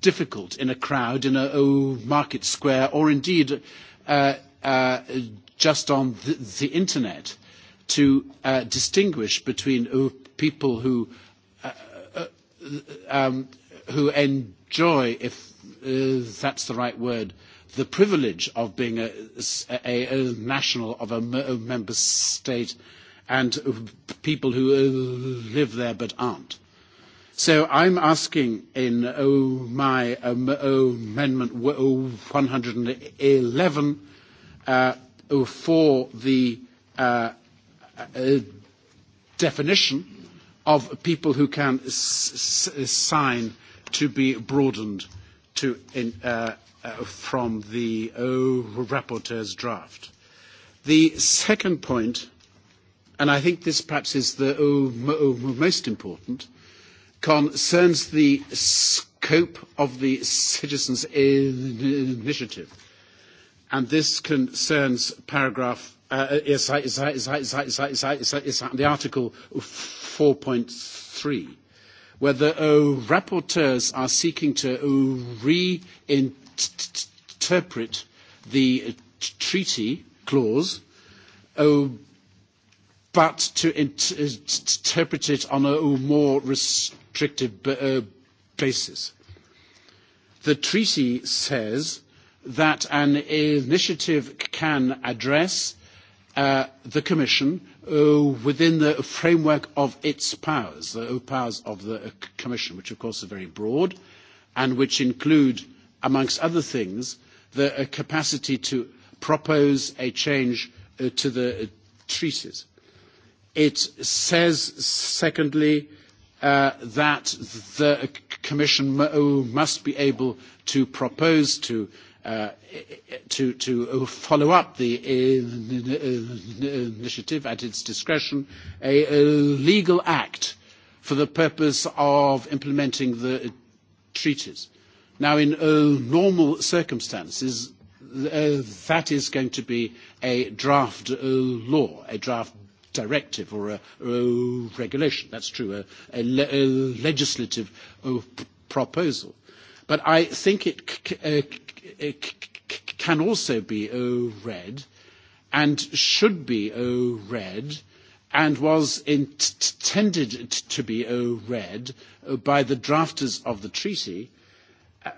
difficult in a crowd, in a oh, market square, or indeed uh, uh, just on the, the internet to uh, distinguish between oh, people who uh, uh, um, who enjoy, if uh, that's the right word, the privilege of being a, a, a national of a, a member state and people who uh, live there but aren't. So I'm asking in oh, my um, oh, amendment 111 uh, for the uh, uh, definition of people who can s- s- sign to be broadened to in, uh, uh, from the oh, rapporteur's draft. The second point, and I think this perhaps is the oh, oh, most important, concerns the scope of the citizens' in- initiative. And this concerns paragraph, uh, is, is, is, is, is, is, is, is, is, is the article 4.3, where the uh, rapporteurs are seeking to uh, reinterpret the uh, treaty clause, uh, but to int- interpret it on a more restrictive b- uh, basis. The treaty says that an initiative can address uh, the Commission uh, within the framework of its powers, the powers of the uh, Commission, which of course are very broad and which include, amongst other things, the uh, capacity to propose a change uh, to the uh, treaties. It says, secondly, uh, that the uh, Commission m- uh, must be able to propose to uh, uh, to, to follow up the uh, initiative at its discretion, a, a legal act for the purpose of implementing the treaties. Now, in uh, normal circumstances, uh, that is going to be a draft uh, law, a draft directive or a, a regulation. That's true, a, a, le- a legislative uh, p- proposal. But I think it c- uh, Uh, can also be oh, read and should be oh, read and was intended to be oh, read uh, by the drafters of the treaty uh,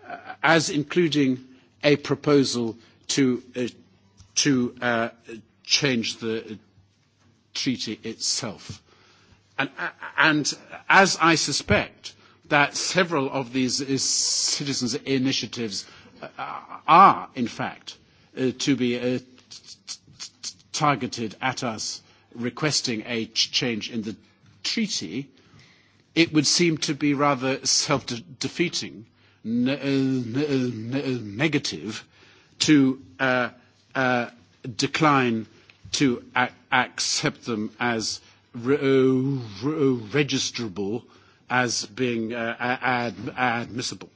as including a proposal to, uh, to uh, change the treaty itself. And, uh, and as I suspect that several of these uh, citizens' initiatives Uh, are, in fact, uh, to be uh, t- t- targeted at us requesting a ch- change in the treaty, it would seem to be rather self-defeating, de- n- uh, n- uh, uh, negative, to uh, uh, decline to a- accept them as re- registrable as being uh, ad- admissible.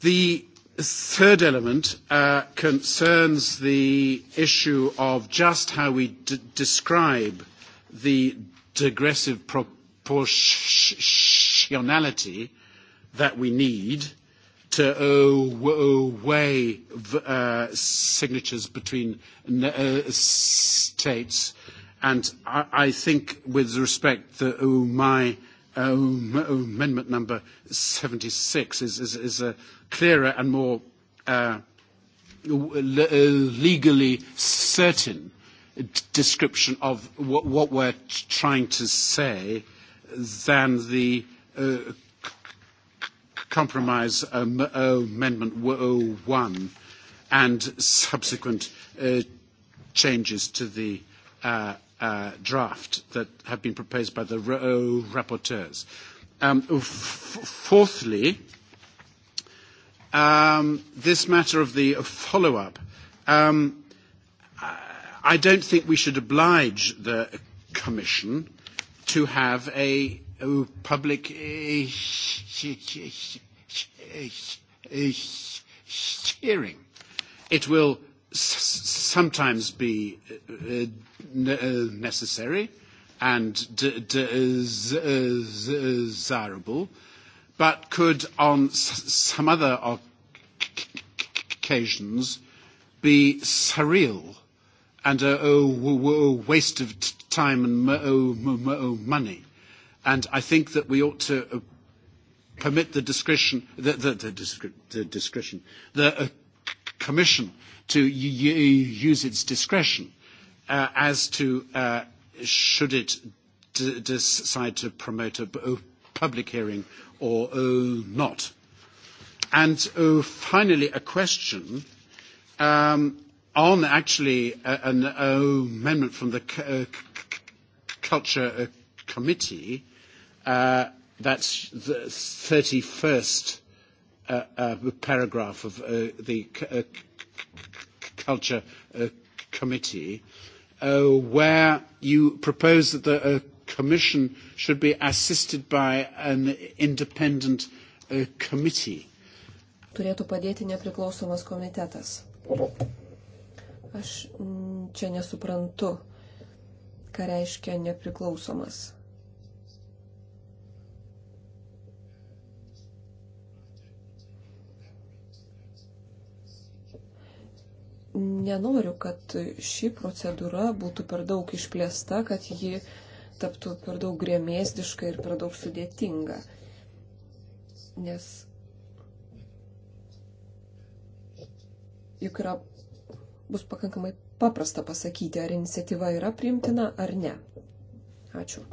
The third element uh, concerns the issue of just how we d- describe the digressive proportionality that we need to oh, oh, weigh uh, signatures between uh, states. And I, I think, with respect to oh, my Oh, oh, amendment number 76 is, is, is a uh, clearer and more uh, uh legally certain description of what, what we're trying to say than the uh, compromise um, amendment oh, one and subsequent uh, changes to the uh, uh, draft that have been proposed by the uh, rapporteurs. Um, f- fourthly, um, this matter of the follow-up. Um, I don't think we should oblige the Commission to have a, a public uh, hearing. It will sometimes be uh, uh, uh, necessary and desirable, but could, on some other occasions, be surreal and a waste of time and money. And I think that we ought to permit the discretion, the, the, the, discre- the discretion, the uh, Commission to use its discretion uh, as to uh, should it d- decide to promote a b- public hearing or uh, not. And uh, finally, a question um, on actually a, uh, an uh, amendment from the C- uh, C- Culture uh, Committee. Uh, that's the 31st uh, uh, paragraph of uh, the C- uh, C- Culture uh, Committee uh, where you propose that the uh, Commission should be assisted by an independent uh, committee. Turėtų padėti nepriklausomas komitetas. Aš čia nesuprantu, ką reiškia nepriklausomas. nenoriu, kad ši procedūra būtų per daug išplėsta, kad ji taptų per daug grėmėsdiška ir per daug sudėtinga. Nes juk yra, bus pakankamai paprasta pasakyti, ar iniciatyva yra priimtina ar ne. Ačiū.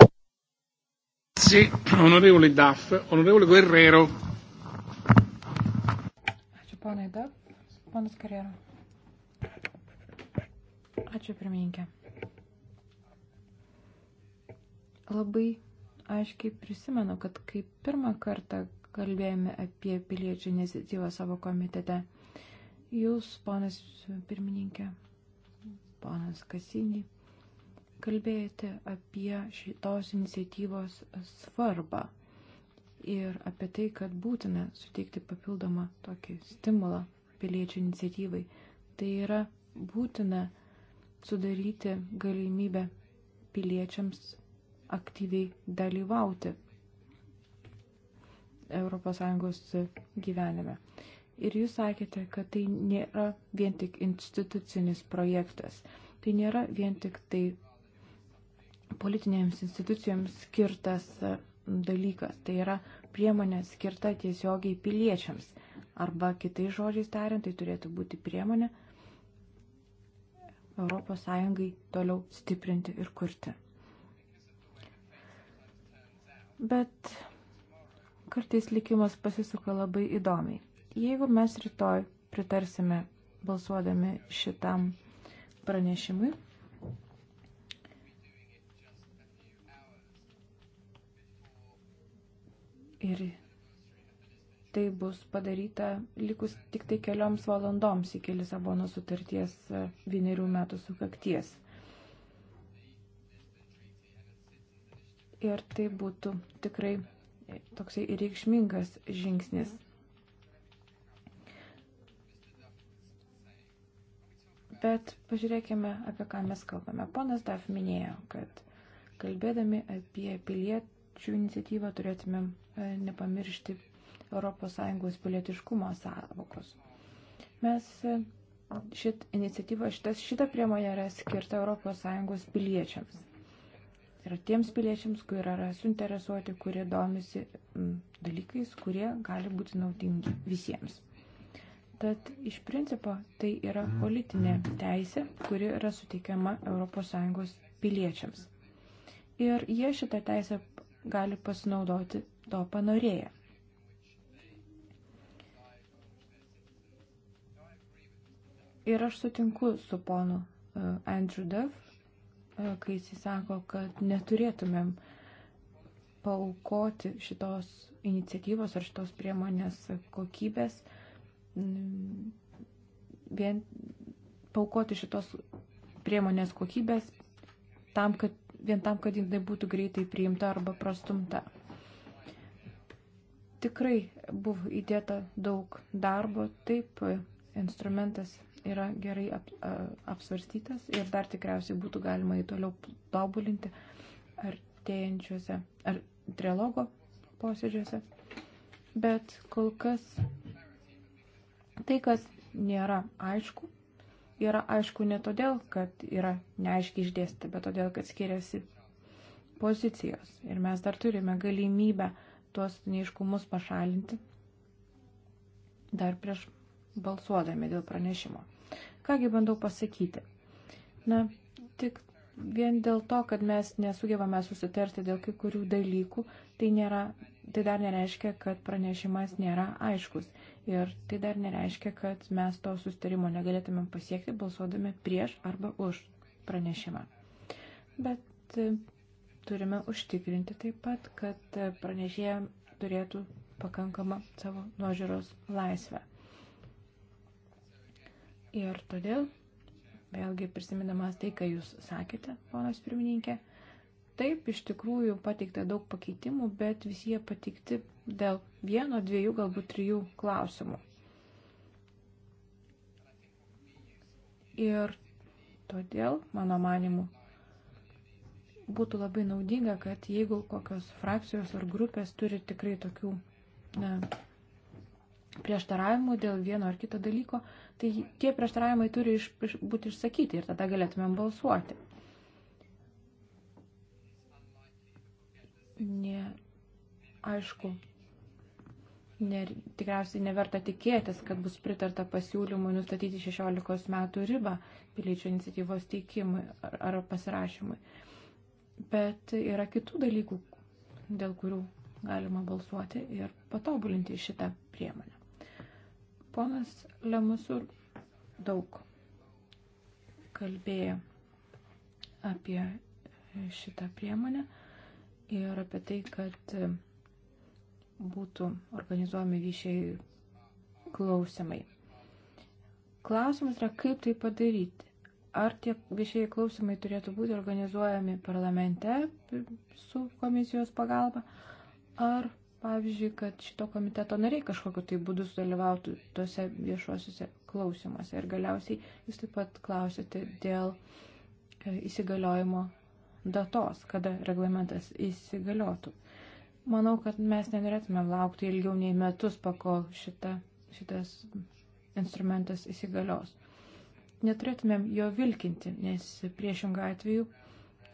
Sì, onorevole Daff, onorevole Guerrero. Ačiū, ponai Daff, ponas Guerrero. Ačiū, pirmininkė. Labai aiškiai prisimenu, kad kai pirmą kartą kalbėjome apie piliečių iniciatyvą savo komitete, jūs, ponas pirmininkė, ponas Kasinį, kalbėjote apie šitos iniciatyvos svarbą ir apie tai, kad būtina suteikti papildomą tokį stimulą piliečių iniciatyvai. Tai yra būtina sudaryti galimybę piliečiams aktyviai dalyvauti ES gyvenime. Ir jūs sakėte, kad tai nėra vien tik institucinis projektas. Tai nėra vien tik tai politinėms institucijoms skirtas e, dalykas. Tai yra priemonė skirta tiesiogiai piliečiams. Arba kitai žodžiais tariant, tai turėtų būti priemonė, uh, ES toliau stiprinti ir kurti. Bet kartais likimas pasisuka labai įdomiai. Jeigu mes rytoj pritarsime balsuodami šitam pranešimui, ir tai bus padaryta likus tik tai kelioms valandoms iki Lisabono sutarties e, vienerių metų sukakties. Ir tai būtų tikrai e, toksai reikšmingas žingsnis. Bet pažiūrėkime, apie ką mes kalbame. Ponas Daf minėjo, kad kalbėdami apie piliečių iniciatyvą turėtume nepamiršti ES pilietiškumo savokos. Mes e, šit iniciatyva, šitas, šita priemonė yra skirta ES piliečiams. Tai yra tiems piliečiams, kurie yra suinteresuoti, kurie domisi dalykais, kurie gali būti naudingi visiems. Tad iš principo tai yra politinė teisė, kuri yra suteikiama ES piliečiams. Ir jie šitą teisę gali pasinaudoti to panorėję. Ir aš sutinku su ponu e, Andrew Duff, e, kai jis sako, kad neturėtumėm paukoti šitos iniciatyvos ar šitos priemonės kokybės, vien paukoti šitos priemonės kokybės tam, kad, vien tam, kad jinai būtų greitai priimta arba prastumta. Tikrai buvo įdėta daug darbo, taip instrumentas yra gerai ap, a, apsvarstytas ir dar tikriausiai būtų galima jį toliau tobulinti artėjančiuose ar trilogo posėdžiuose. Bet kol kas tai, kas nėra aišku, yra aišku ne todėl, kad yra neaiškiai išdėsti, bet todėl, kad skiriasi pozicijos. Ir mes dar turime galimybę tuos neiškumus pašalinti dar prieš balsuodami dėl pranešimo. Kągi bandau pasakyti? Na, tik vien dėl to, kad mes nesugebame susitarti dėl kai kurių dalykų, tai, nėra, tai dar nereiškia, kad pranešimas nėra aiškus. Ir tai dar nereiškia, kad mes to susitarimo negalėtumėm pasiekti balsuodami prieš arba už pranešimą. Bet e, turime užtikrinti taip pat, kad pranešėjai turėtų pakankamą savo nuožiūros laisvę. Ir todėl, vėlgi prisimindamas tai, ką jūs sakėte, ponas pirmininkė, taip iš tikrųjų pateikta daug pakeitimų, bet visi jie pateikti dėl vieno, dviejų, galbūt trijų klausimų. Ir todėl, mano manimu, būtų labai naudinga, kad jeigu kokios frakcijos ar grupės turi tikrai tokių na, prieštaravimų dėl vieno ar kito dalyko, tai tie prieštaravimai turi iš, iš, būti išsakyti ir tada galėtumėm balsuoti. Ne, aišku, ne, tikriausiai neverta tikėtis, kad bus pritarta pasiūlymui nustatyti 16 metų ribą piliečių iniciatyvos teikimui ar, ar pasirašymui. Bet yra kitų dalykų, dėl kurių galima balsuoti ir patobulinti šitą priemonę. Ponas Lemusur daug kalbėjo apie šitą priemonę ir apie tai, kad būtų organizuojami viešiai klausimai. Klausimas yra, kaip tai padaryti. Ar tie viešieji klausimai turėtų būti organizuojami parlamente su komisijos pagalba, ar pavyzdžiui, kad šito komiteto nariai kažkokiu tai būdu sudalyvautų tose viešuosiuose klausimuose. Ir galiausiai jūs taip pat klausėte dėl e, įsigaliojimo datos, kada reglamentas įsigaliotų. Manau, kad mes nenorėtume laukti ilgiau nei metus, pakol šita, šitas instrumentas įsigalios. Neturėtumėm jo vilkinti, nes priešingą atveju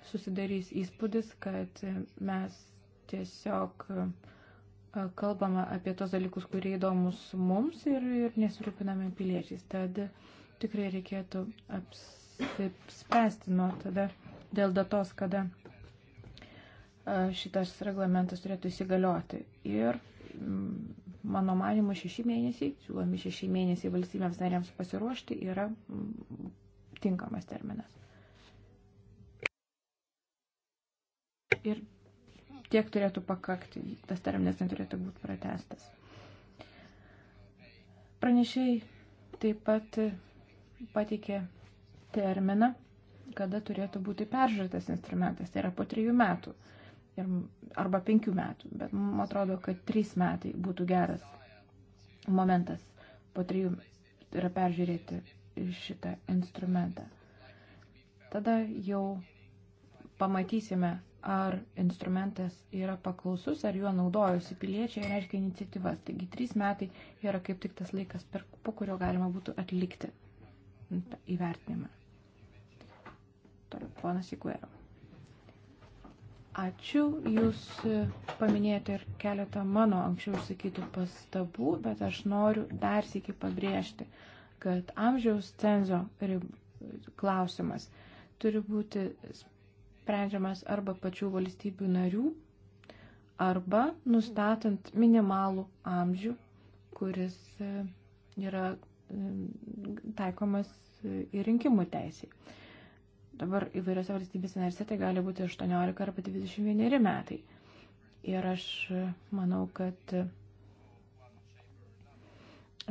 susidarys įspūdis, kad mes tiesiog uh, kalbame apie tos dalykus, kurie įdomus mums ir, ir nesirūpiname piliečiais. Tad tikrai reikėtų apsispręsti nuo tada dėl datos, kada šitas reglamentas turėtų įsigalioti. Ir mm, mano manimu šeši mėnesiai, siūlomi šeši mėnesiai valstybėms narėms pasiruošti yra mm, tinkamas terminas. Ir tiek turėtų pakakti, tas terminas neturėtų būti pratestas. Pranešiai taip pat pateikė terminą, kada turėtų būti peržiūrėtas instrumentas, tai yra po trijų metų ir, arba penkių metų, bet man atrodo, kad trys metai būtų geras momentas po trijų yra peržiūrėti šitą instrumentą. Tada jau pamatysime, ar instrumentas yra paklausus, ar juo naudojusi piliečiai reiškia iniciatyvas. Taigi trys metai yra kaip tik tas laikas, per, po kurio galima būtų atlikti įvertinimą. Toliau, ponas Ikuero. Ačiū, jūs paminėjote ir keletą mano anksčiau išsakytų pastabų, bet aš noriu dar sėki pabrėžti, kad amžiaus cenzo klausimas turi būti sprendžiamas arba pačių valstybių narių, arba nustatant minimalų amžių, kuris e, yra e, taikomas e, į rinkimų teisį. Dabar įvairiose valstybėse narse tai gali būti 18 arba 21 metai. Ir aš manau, kad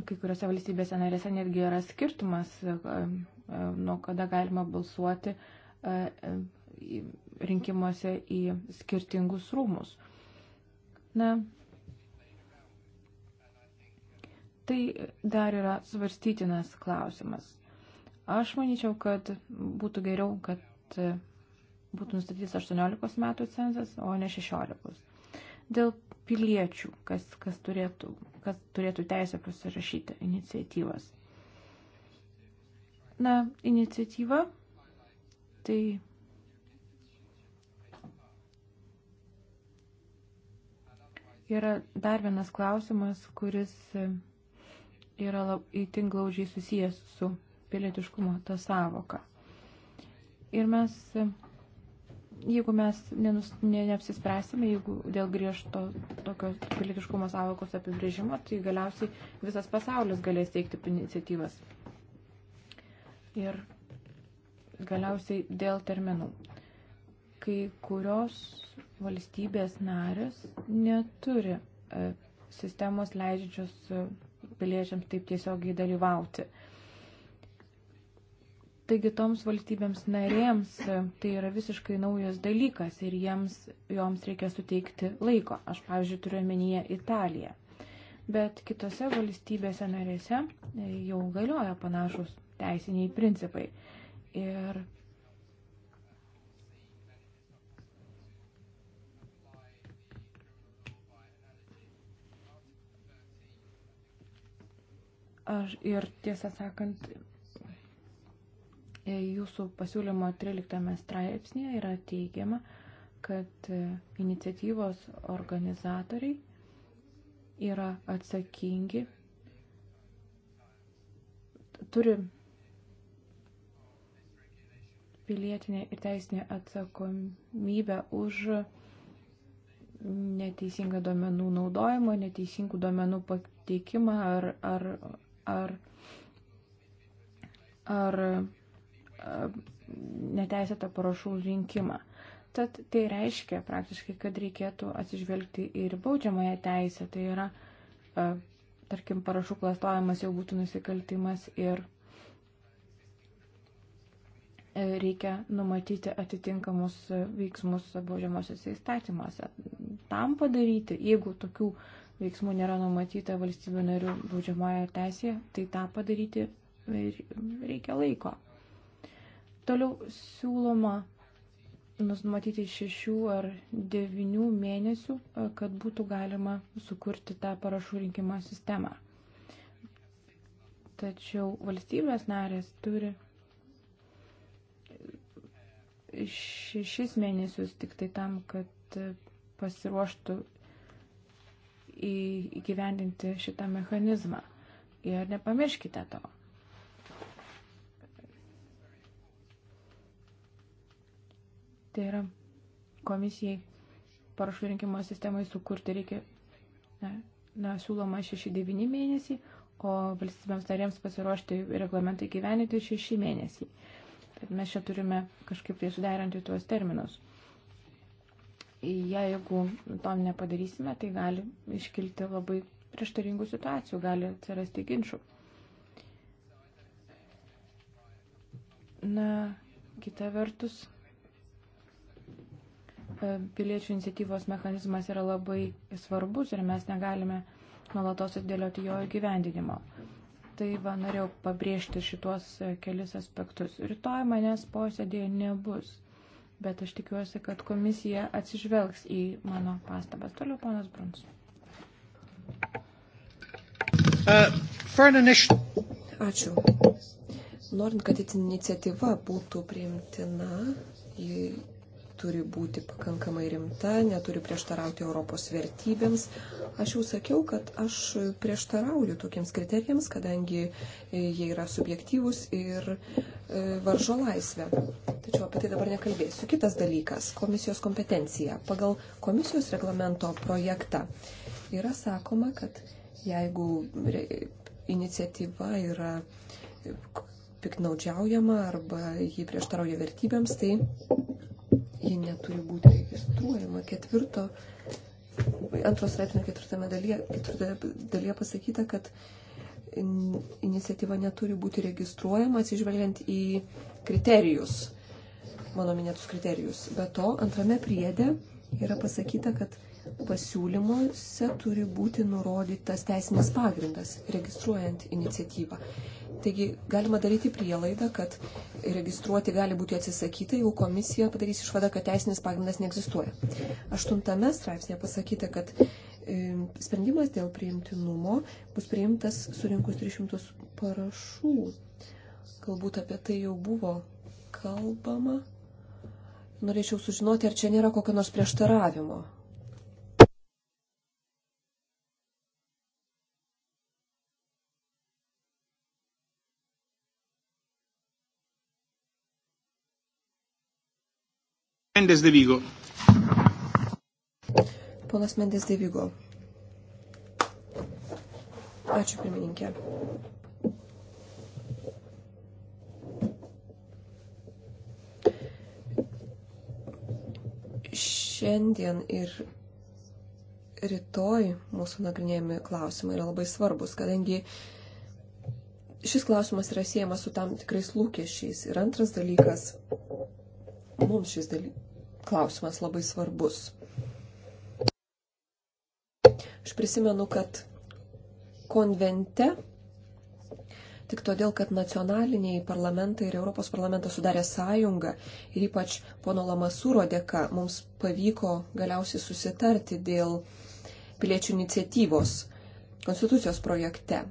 kai kuriuose valstybėse narėse netgi yra skirtumas, nuo kada galima balsuoti rinkimuose į skirtingus rūmus. Na, tai dar yra svarstytinas klausimas. Aš manyčiau, kad būtų geriau, kad būtų nustatytas 18 metų cenzas, o ne 16. Dėl piliečių, kas, kas, turėtų, kas turėtų teisę pasirašyti iniciatyvas. Na, iniciatyva tai Yra dar vienas klausimas, kuris yra įtinglaužiai susijęs su pilietiškumo ta savoka. Ir mes, jeigu mes nenus, ne, neapsispręsime, jeigu dėl griežto tokio pilietiškumo savokos apibrėžimo, tai galiausiai visas pasaulis galės teikti iniciatyvas. Ir galiausiai dėl terminų kai kurios valstybės narės neturi e, sistemos leidžiančios e, piliečiams taip tiesiogiai dalyvauti. Taigi toms valstybėms narėms e, tai yra visiškai naujas dalykas ir jiems, joms reikia suteikti laiko. Aš, pavyzdžiui, turiu omenyje Italiją. Bet kitose valstybėse narėse jau galioja panašus teisiniai principai. Ir Aš ir tiesą sakant, e, jūsų pasiūlymo 13 straipsnėje yra teigiama, kad e, iniciatyvos organizatoriai yra atsakingi, turi pilietinė ir teisinė atsakomybė už neteisingą duomenų naudojimą, neteisingų duomenų pateikimą ar, ar ar, ar neteisėtą parašų rinkimą. Tad tai reiškia praktiškai, kad reikėtų atsižvelgti ir baudžiamąją teisę, tai yra, e, tarkim, parašų klastojimas jau būtų nusikaltimas ir E, reikia numatyti atitinkamus veiksmus baudžiamosiose įstatymuose. Tam padaryti, jeigu tokių veiksmų nėra numatyta valstybių narių baudžiamoje teisėje, tai tą padaryti reikia laiko. Toliau siūloma numatyti šešių ar devinių mėnesių, e, kad būtų galima sukurti tą parašų rinkimo sistemą. Tačiau valstybės narės turi šešis mėnesius tik tai tam, kad pasiruoštų įgyvendinti šitą mechanizmą. Ir nepamirškite to. Tai yra komisijai parašų rinkimo sistemai sukurti reikia, na, na siūloma 6-9 mėnesiai, o valstybėms narėms pasiruošti reglamentai gyveninti 6 mėnesiai. Uh, Tad mes čia turime kažkaip tai suderinti tuos terminus. Jeigu to nepadarysime, tai gali iškilti labai prieštaringų situacijų, gali atsirasti ginčių. Na, kita vertus, e, piliečių iniciatyvos mechanizmas yra labai svarbus ir mes negalime nuolatos atdėlioti jo įgyvendinimo. Tai va, norėjau pabrėžti šituos e, kelis aspektus. Rytoj manęs posėdėje nebus, bet aš tikiuosi, kad komisija atsižvelgs į mano pastabas. Toliau ponas Bruns. Uh, Ačiū. Norint, kad iniciatyva būtų priimtina, turi būti pakankamai rimta, neturi prieštarauti Europos vertybėms. Aš jau sakiau, kad aš prieštarauju tokiems kriterijams, kadangi jie yra subjektyvus ir e, varžo laisvę. Tačiau apie tai dabar nekalbėsiu. Kitas dalykas - komisijos kompetencija. Pagal komisijos reglamento projektą yra sakoma, kad jeigu iniciatyva yra piknaudžiaujama arba jį prieštarauja vertybėms, tai ji neturi būti registruojama. Ketvirto, antros straipsnio ketvirtame dalyje, ketvirtoje dalyje pasakyta, kad iniciatyva neturi būti registruojama atsižvelgiant į kriterijus, mano minėtus kriterijus. Be to, antrame priedė yra pasakyta, kad pasiūlymuose turi būti nurodytas teisinis pagrindas registruojant iniciatyvą. Taigi galima daryti prielaidą, kad registruoti gali būti atsisakyta, jeigu komisija padarys išvadą, kad teisinis pagrindas neegzistuoja. Aštuntame straipsnėje pasakyta, kad e, sprendimas dėl priimtinumo bus priimtas surinkus 300 parašų. Galbūt apie tai jau buvo kalbama. Norėčiau sužinoti, ar čia nėra kokio nors prieštaravimo Mendes de Vigo. Ponas Mendes de Vigo. Ačiū pirmininkė. Šiandien ir rytoj mūsų nagrinėjami klausimai yra labai svarbus, kadangi šis klausimas yra siejamas su tam tikrais lūkesčiais. Ir antras dalykas, mums šis dalykas klausimas labai svarbus. Aš prisimenu, kad konvente tik todėl, kad nacionaliniai parlamentai ir Europos parlamentas sudarė sąjungą ir ypač pono Lamasūro dėka mums pavyko galiausiai susitarti dėl piliečių iniciatyvos konstitucijos projekte.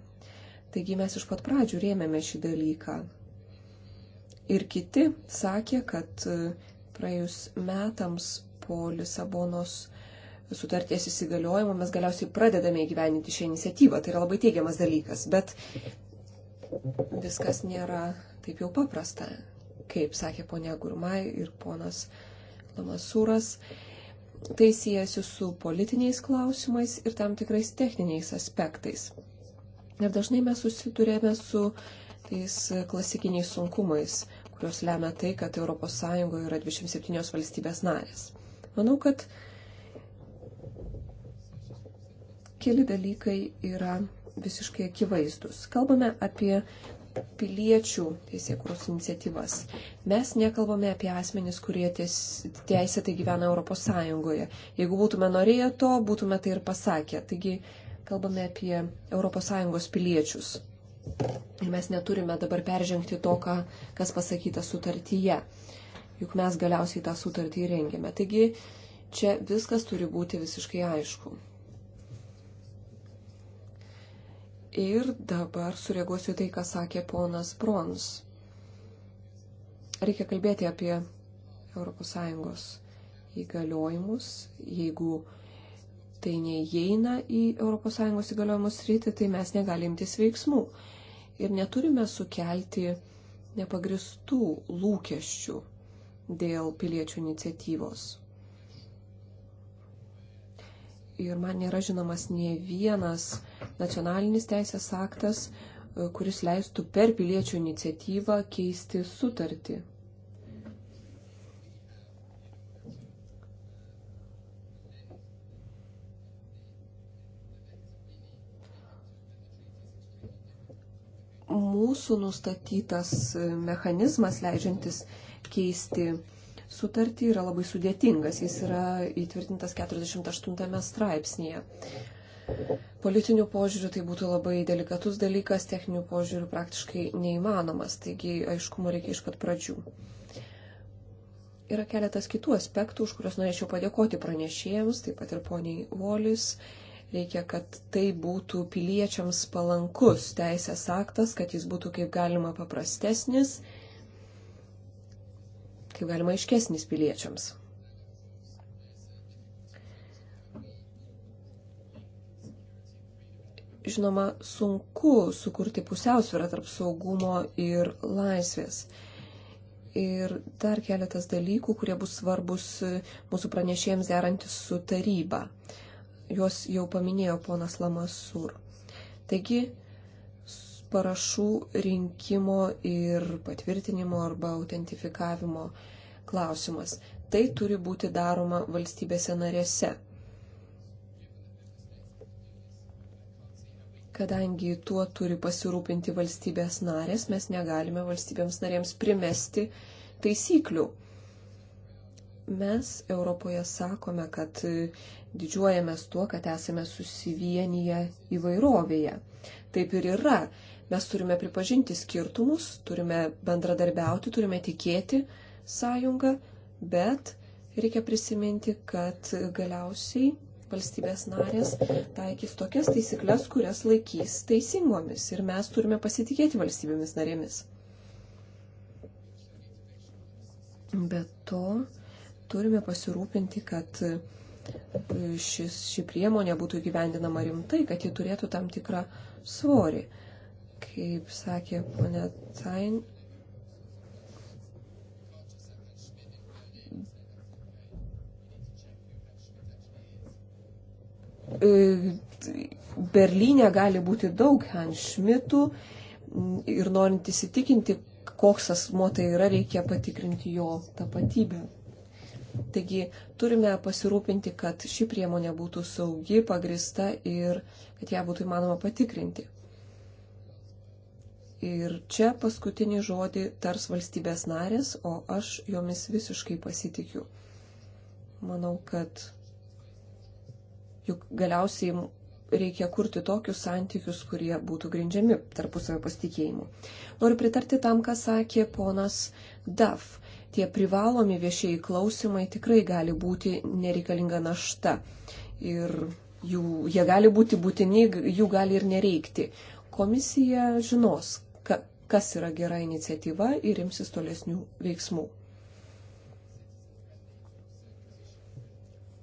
Taigi mes iš pat pradžių rėmėme šį dalyką. Ir kiti sakė, kad praėjus metams po Lisabonos sutarties įsigaliojimo mes galiausiai pradedame įgyveninti šią iniciatyvą. Tai yra labai teigiamas dalykas, bet viskas nėra taip jau paprasta, kaip sakė ponia Gurmai ir ponas Lamasūras. Tai siejasi su politiniais klausimais ir tam tikrais techniniais aspektais. Ir dažnai mes susidurėme su tais klasikiniais sunkumais kurios lemia tai, kad ES yra 27 valstybės narės. Manau, kad keli dalykai yra visiškai akivaizdus. Kalbame apie piliečių teisėkūros iniciatyvas. Mes nekalbame apie asmenis, kurie teisėtai gyvena ES. Jeigu būtume norėję to, būtume tai ir pasakę. Taigi kalbame apie ES piliečius. Ir mes neturime dabar peržengti to, ką, kas pasakyta sutartyje. Juk mes galiausiai tą sutartį rengėme. Taigi čia viskas turi būti visiškai aišku. Ir dabar sureaguosiu tai, ką sakė ponas Brons. Reikia kalbėti apie ES įgaliojimus, jeigu tai neįeina į ES įgaliojimus rytį, tai mes negalimtis veiksmų. Ir neturime sukelti nepagristų lūkesčių dėl piliečių iniciatyvos. Ir man nėra žinomas ne vienas nacionalinis teisės aktas, kuris leistų per piliečių iniciatyvą keisti sutartį. mūsų nustatytas e, mechanizmas leidžiantis keisti sutartį yra labai sudėtingas. Jis yra įtvirtintas 48 straipsnėje. Politinių požiūrių tai būtų labai delikatus dalykas, techninių požiūrių praktiškai neįmanomas, taigi aiškumo reikia iš pat pradžių. Yra keletas kitų aspektų, už kuriuos norėčiau padėkoti pranešėjams, taip pat ir poniai Volis Reikia, kad tai būtų piliečiams palankus teisės aktas, kad jis būtų kaip galima paprastesnis, kaip galima aiškesnis piliečiams. Žinoma, sunku sukurti pusiausvyrą tarp saugumo ir laisvės ir dar keletas dalykų, kurie bus svarbus mūsų pranešėjams derantis su taryba juos jau paminėjo ponas Lamasur. Taigi, parašų rinkimo ir patvirtinimo arba autentifikavimo klausimas. Tai turi būti daroma valstybėse narėse. Kadangi tuo turi pasirūpinti valstybės narės, mes negalime valstybėms narėms primesti taisyklių. Mes Europoje sakome, kad didžiuojamės tuo, kad esame susivienyje įvairovėje. Taip ir yra. Mes turime pripažinti skirtumus, turime bendradarbiauti, turime tikėti sąjungą, bet reikia prisiminti, kad galiausiai valstybės narės taikys tokias taisyklės, kurias laikys teisingomis ir mes turime pasitikėti valstybėmis narėmis. Be to, Turime pasirūpinti, kad e, šis, ši priemonė būtų gyvendinama rimtai, kad ji turėtų tam tikrą svorį. Kaip sakė ponė Tain, e, Berlyne gali būti daug Hanšmitų ir norint įsitikinti, koks asmo tai yra, reikia patikrinti jo tapatybę. Taigi turime pasirūpinti, kad ši priemonė būtų saugi, pagrista ir kad ją būtų įmanoma patikrinti. Ir čia paskutinį žodį tars valstybės narės, o aš jomis visiškai pasitikiu. Manau, kad juk galiausiai reikia kurti tokius santykius, kurie būtų grindžiami tarpusavio pasitikėjimu. Noriu pritarti tam, ką sakė ponas Daf tie privalomi viešieji klausimai tikrai gali būti nereikalinga našta. Ir jų, jie gali būti būtini, jų gali ir nereikti. Komisija žinos, ka, kas yra gera iniciatyva ir imsis tolesnių veiksmų.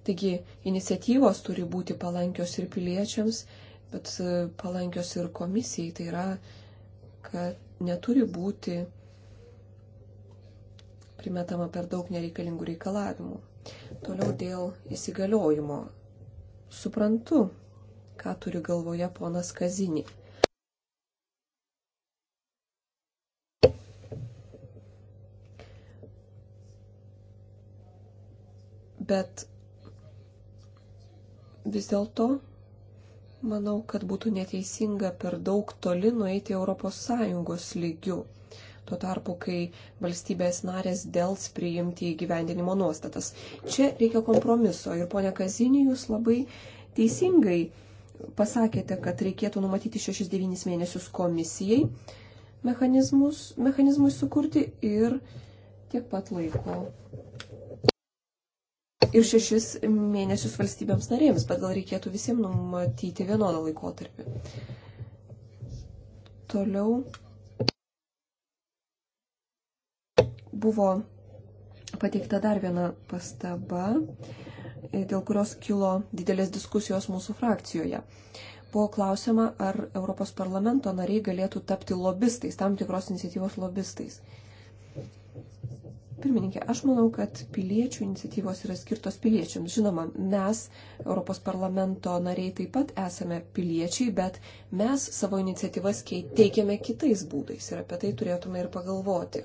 Taigi iniciatyvos turi būti palankios ir piliečiams, bet palankios ir komisijai. Tai yra, kad neturi būti primetama per daug nereikalingų reikalavimų. Toliau dėl įsigaliojimo. Suprantu, ką turi galvoje ponas Kazinį. Bet vis dėlto manau, kad būtų neteisinga per daug toli nueiti ES lygių tuo tarpu, kai valstybės narės dėls priimti įgyvendinimo nuostatas. Čia reikia kompromiso ir ponia Kazinį jūs labai teisingai pasakėte, kad reikėtų numatyti 6-9 mėnesius komisijai mechanizmui sukurti ir tiek pat laiko. Ir šešis mėnesius valstybėms narėms, bet gal reikėtų visiems numatyti vienodą laikotarpį. Toliau Buvo pateikta dar viena pastaba, e, dėl kurios kilo didelės diskusijos mūsų frakcijoje. Buvo klausima, ar Europos parlamento nariai galėtų tapti lobistais, tam tikros iniciatyvos lobistais. Pirmininkė, aš manau, kad piliečių iniciatyvos yra skirtos piliečiams. Žinoma, mes, Europos parlamento nariai, taip pat esame piliečiai, bet mes savo iniciatyvas teikiame kitais būdais ir apie tai turėtume ir pagalvoti.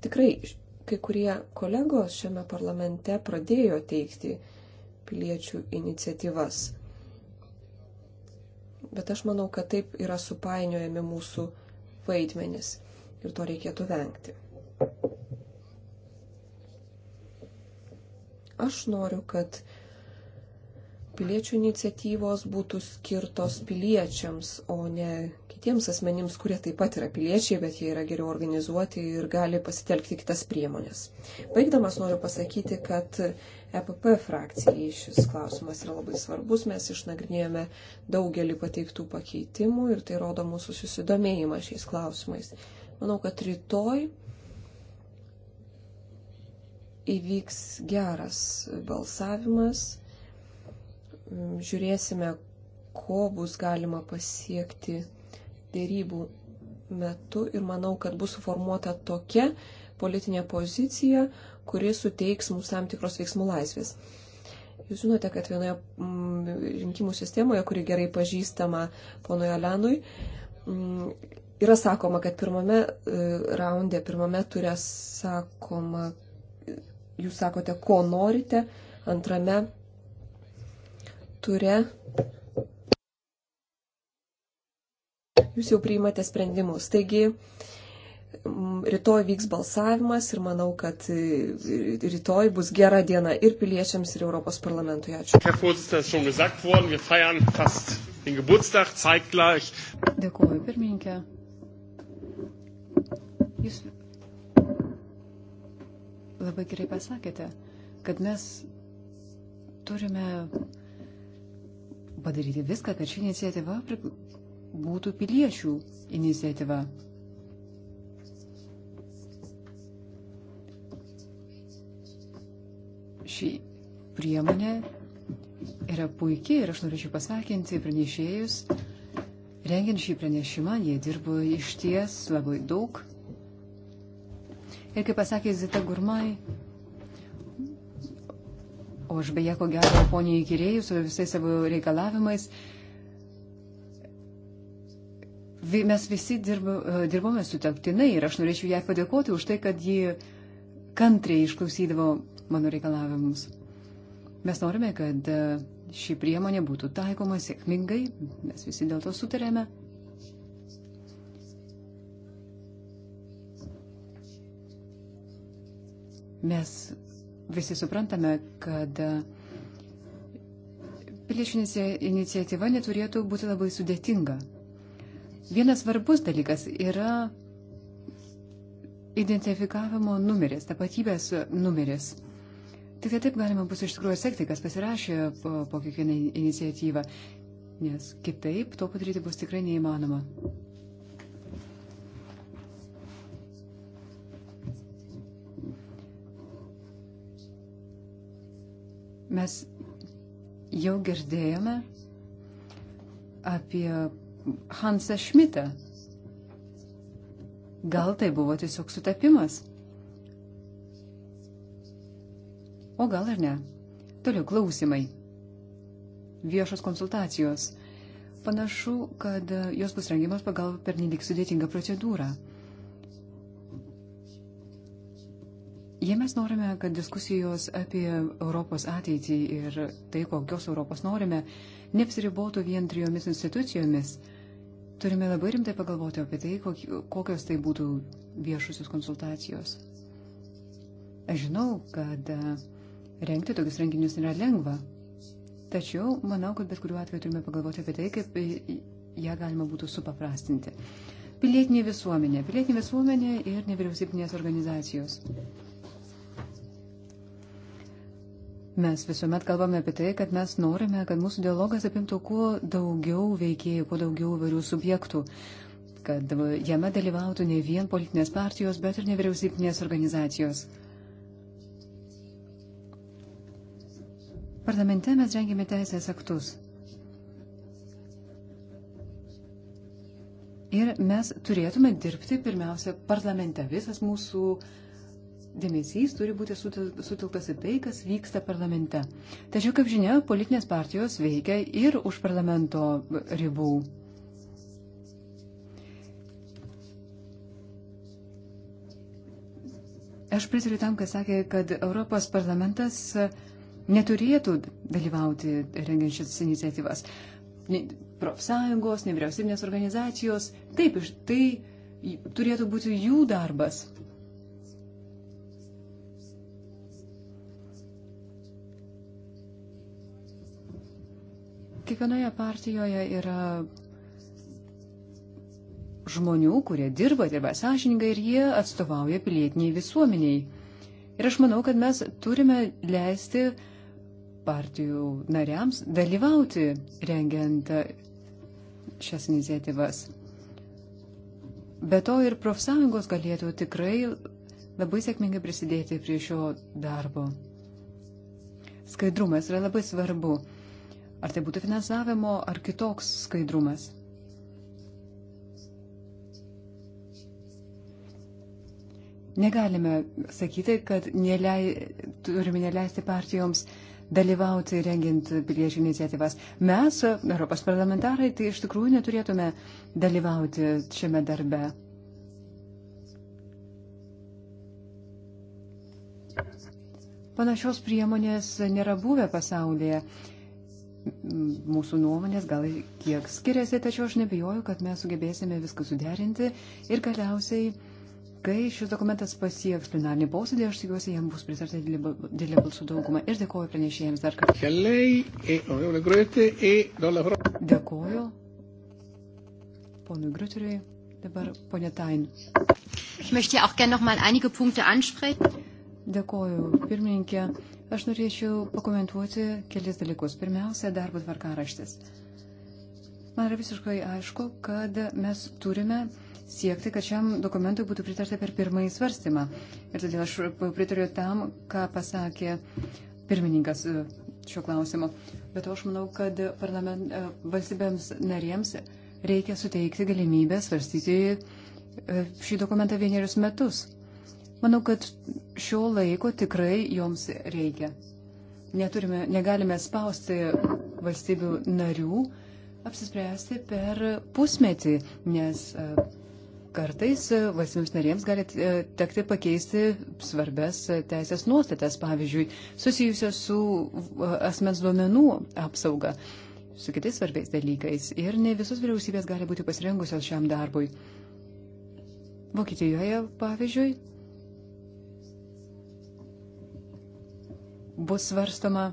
Tikrai kai kurie kolegos šiame parlamente pradėjo teikti piliečių iniciatyvas. Bet aš manau, kad taip yra supainiojami mūsų vaidmenis ir to reikėtų vengti. Aš noriu, kad piliečių iniciatyvos būtų skirtos piliečiams, o ne tiems asmenims, kurie taip pat yra piliečiai, bet jie yra geriau organizuoti ir gali pasitelkti kitas priemonės. Baigdamas noriu pasakyti, kad EPP frakcijai šis klausimas yra labai svarbus. Mes išnagrinėjome daugelį pateiktų pakeitimų ir tai rodo mūsų susidomėjimą šiais klausimais. Manau, kad rytoj įvyks geras balsavimas. Žiūrėsime, ko bus galima pasiekti dėrybų metu ir manau, kad bus suformuota tokia politinė pozicija, kuri suteiks mums tam tikros veiksmų laisvės. Jūs žinote, kad vienoje mm, rinkimų sistemoje, kuri gerai pažįstama ponui Alenui, mm, yra sakoma, kad pirmame e, raunde, pirmame turė sakoma, jūs sakote, ko norite, antrame turė jūs jau priimate sprendimus. Taigi, rytoj vyks balsavimas ir manau, kad e, rytoj bus gera diena ir piliečiams, ir Europos parlamentui. Ačiū. Dėkuoju, pirmininkė. Jūs labai gerai pasakėte, kad mes turime padaryti viską, kad ši iniciatyva būtų piliečių iniciatyva. Ši priemonė yra puikiai ir aš norėčiau pasakinti pranešėjus. Rengiant šį pranešimą, jie dirbo iš ties labai daug. Ir kaip pasakė Zita Gurmai, o aš beje, ko gero, poniai įkyrėjus su visais savo reikalavimais, mes visi dirba, e, dirbome sutelktinai ir aš norėčiau jai padėkoti už tai, kad ji kantriai išklausydavo mano reikalavimus. Mes norime, kad e, ši priemonė būtų taikoma sėkmingai, mes visi dėl to sutarėme. Mes visi suprantame, kad e, piliečinė iniciatyva neturėtų būti labai sudėtinga. Vienas svarbus dalykas yra identifikavimo numeris, tapatybės numeris. Tik tai taip galima bus iš tikrųjų sekti, kas pasirašė po, po kiekvieną iniciatyvą, nes kitaip to padaryti bus tikrai neįmanoma. Mes jau girdėjome apie Hansą Šmitą. Gal tai buvo tiesiog sutapimas? O gal ir ne. Toliau klausimai. Viešos konsultacijos. Panašu, kad e, jos bus rengiamas pagal pernydik sudėtingą procedūrą. Jei mes norime, kad diskusijos apie Europos ateitį ir tai, kokios Europos norime, neapsiribotų vien trijomis institucijomis, Turime labai rimtai pagalvoti apie tai, kokios tai būtų viešusios konsultacijos. Aš žinau, kad e, rengti tokius renginius nėra lengva, tačiau manau, kad bet kuriuo atveju turime pagalvoti apie tai, kaip e, ją galima būtų supaprastinti. Pilietinė visuomenė, pilietinė visuomenė ir nevyriausybinės organizacijos. Mes visuomet kalbame apie tai, kad mes norime, kad mūsų dialogas apimtų kuo daugiau veikėjų, kuo daugiau įvairių subjektų, kad jame dalyvautų ne vien politinės partijos, bet ir nevyriausybinės organizacijos. Parlamente mes rengėme teisės aktus. Ir mes turėtume dirbti pirmiausia parlamente. Visas mūsų uh, dėmesys turi būti sutiltas į tai, kas vyksta parlamente. Tačiau, kaip žinia, politinės partijos veikia ir už parlamento ribų. Aš pritariu tam, kas sakė, kad Europos parlamentas neturėtų dalyvauti rengiant šias iniciatyvas. Profsąjungos, nevyriausybinės organizacijos, taip, tai turėtų būti jų darbas. Kiekvienoje partijoje yra žmonių, kurie dirba, dirba sąžiningai ir jie atstovauja pilietiniai visuomeniai. Ir aš manau, kad mes turime leisti partijų nariams dalyvauti rengiant šias iniciatyvas. Be to ir profsąjungos galėtų tikrai labai sėkmingai prisidėti prie šio darbo. Skaidrumas yra labai svarbu. Ar tai būtų finansavimo ar kitoks skaidrumas. Negalime sakyti, kad nelei, turime neleisti partijoms dalyvauti rengiant piliečių iniciatyvas. Mes, Europos parlamentarai, tai iš tikrųjų neturėtume dalyvauti šiame darbe. Panašios priemonės nėra buvę pasaulyje mūsų nuomonės gal kiek skiriasi, tačiau aš nebijoju, kad mes sugebėsime viską suderinti ir galiausiai, kai šis dokumentas pasieks plenarnį posėdį, aš tikiuosi, jam bus pritarta didelė balsų dauguma ir dėkoju pranešėjams dar kartą. E, e, dėkoju. Ponui Grüteriui, dabar ponė Tain. Dėkoju, pirmininkė. Aš norėčiau pakomentuoti kelis dalykus. Pirmiausia, darbo tvarkaraštis. Man yra visiškai aišku, kad mes turime siekti, kad šiam dokumentui būtų pritarta per pirmąjį svarstymą. Ir todėl aš pritariu tam, ką pasakė pirmininkas e, šio klausimo. Bet aš manau, kad e, valstybėms narėms reikia suteikti galimybę svarstyti e, šį dokumentą vienerius metus. Manau, kad šio laiko tikrai joms reikia. Neturime, negalime spausti valstybių narių apsispręsti per pusmetį, nes e, kartais valstybėms narėms gali e, tekti pakeisti svarbes teisės nuostatas, pavyzdžiui, susijusias su e, asmens duomenų apsauga, su kitais svarbiais dalykais. Ir ne visos vyriausybės gali būti pasirengusios šiam darbui. Vokietijoje, pavyzdžiui, bus svarstoma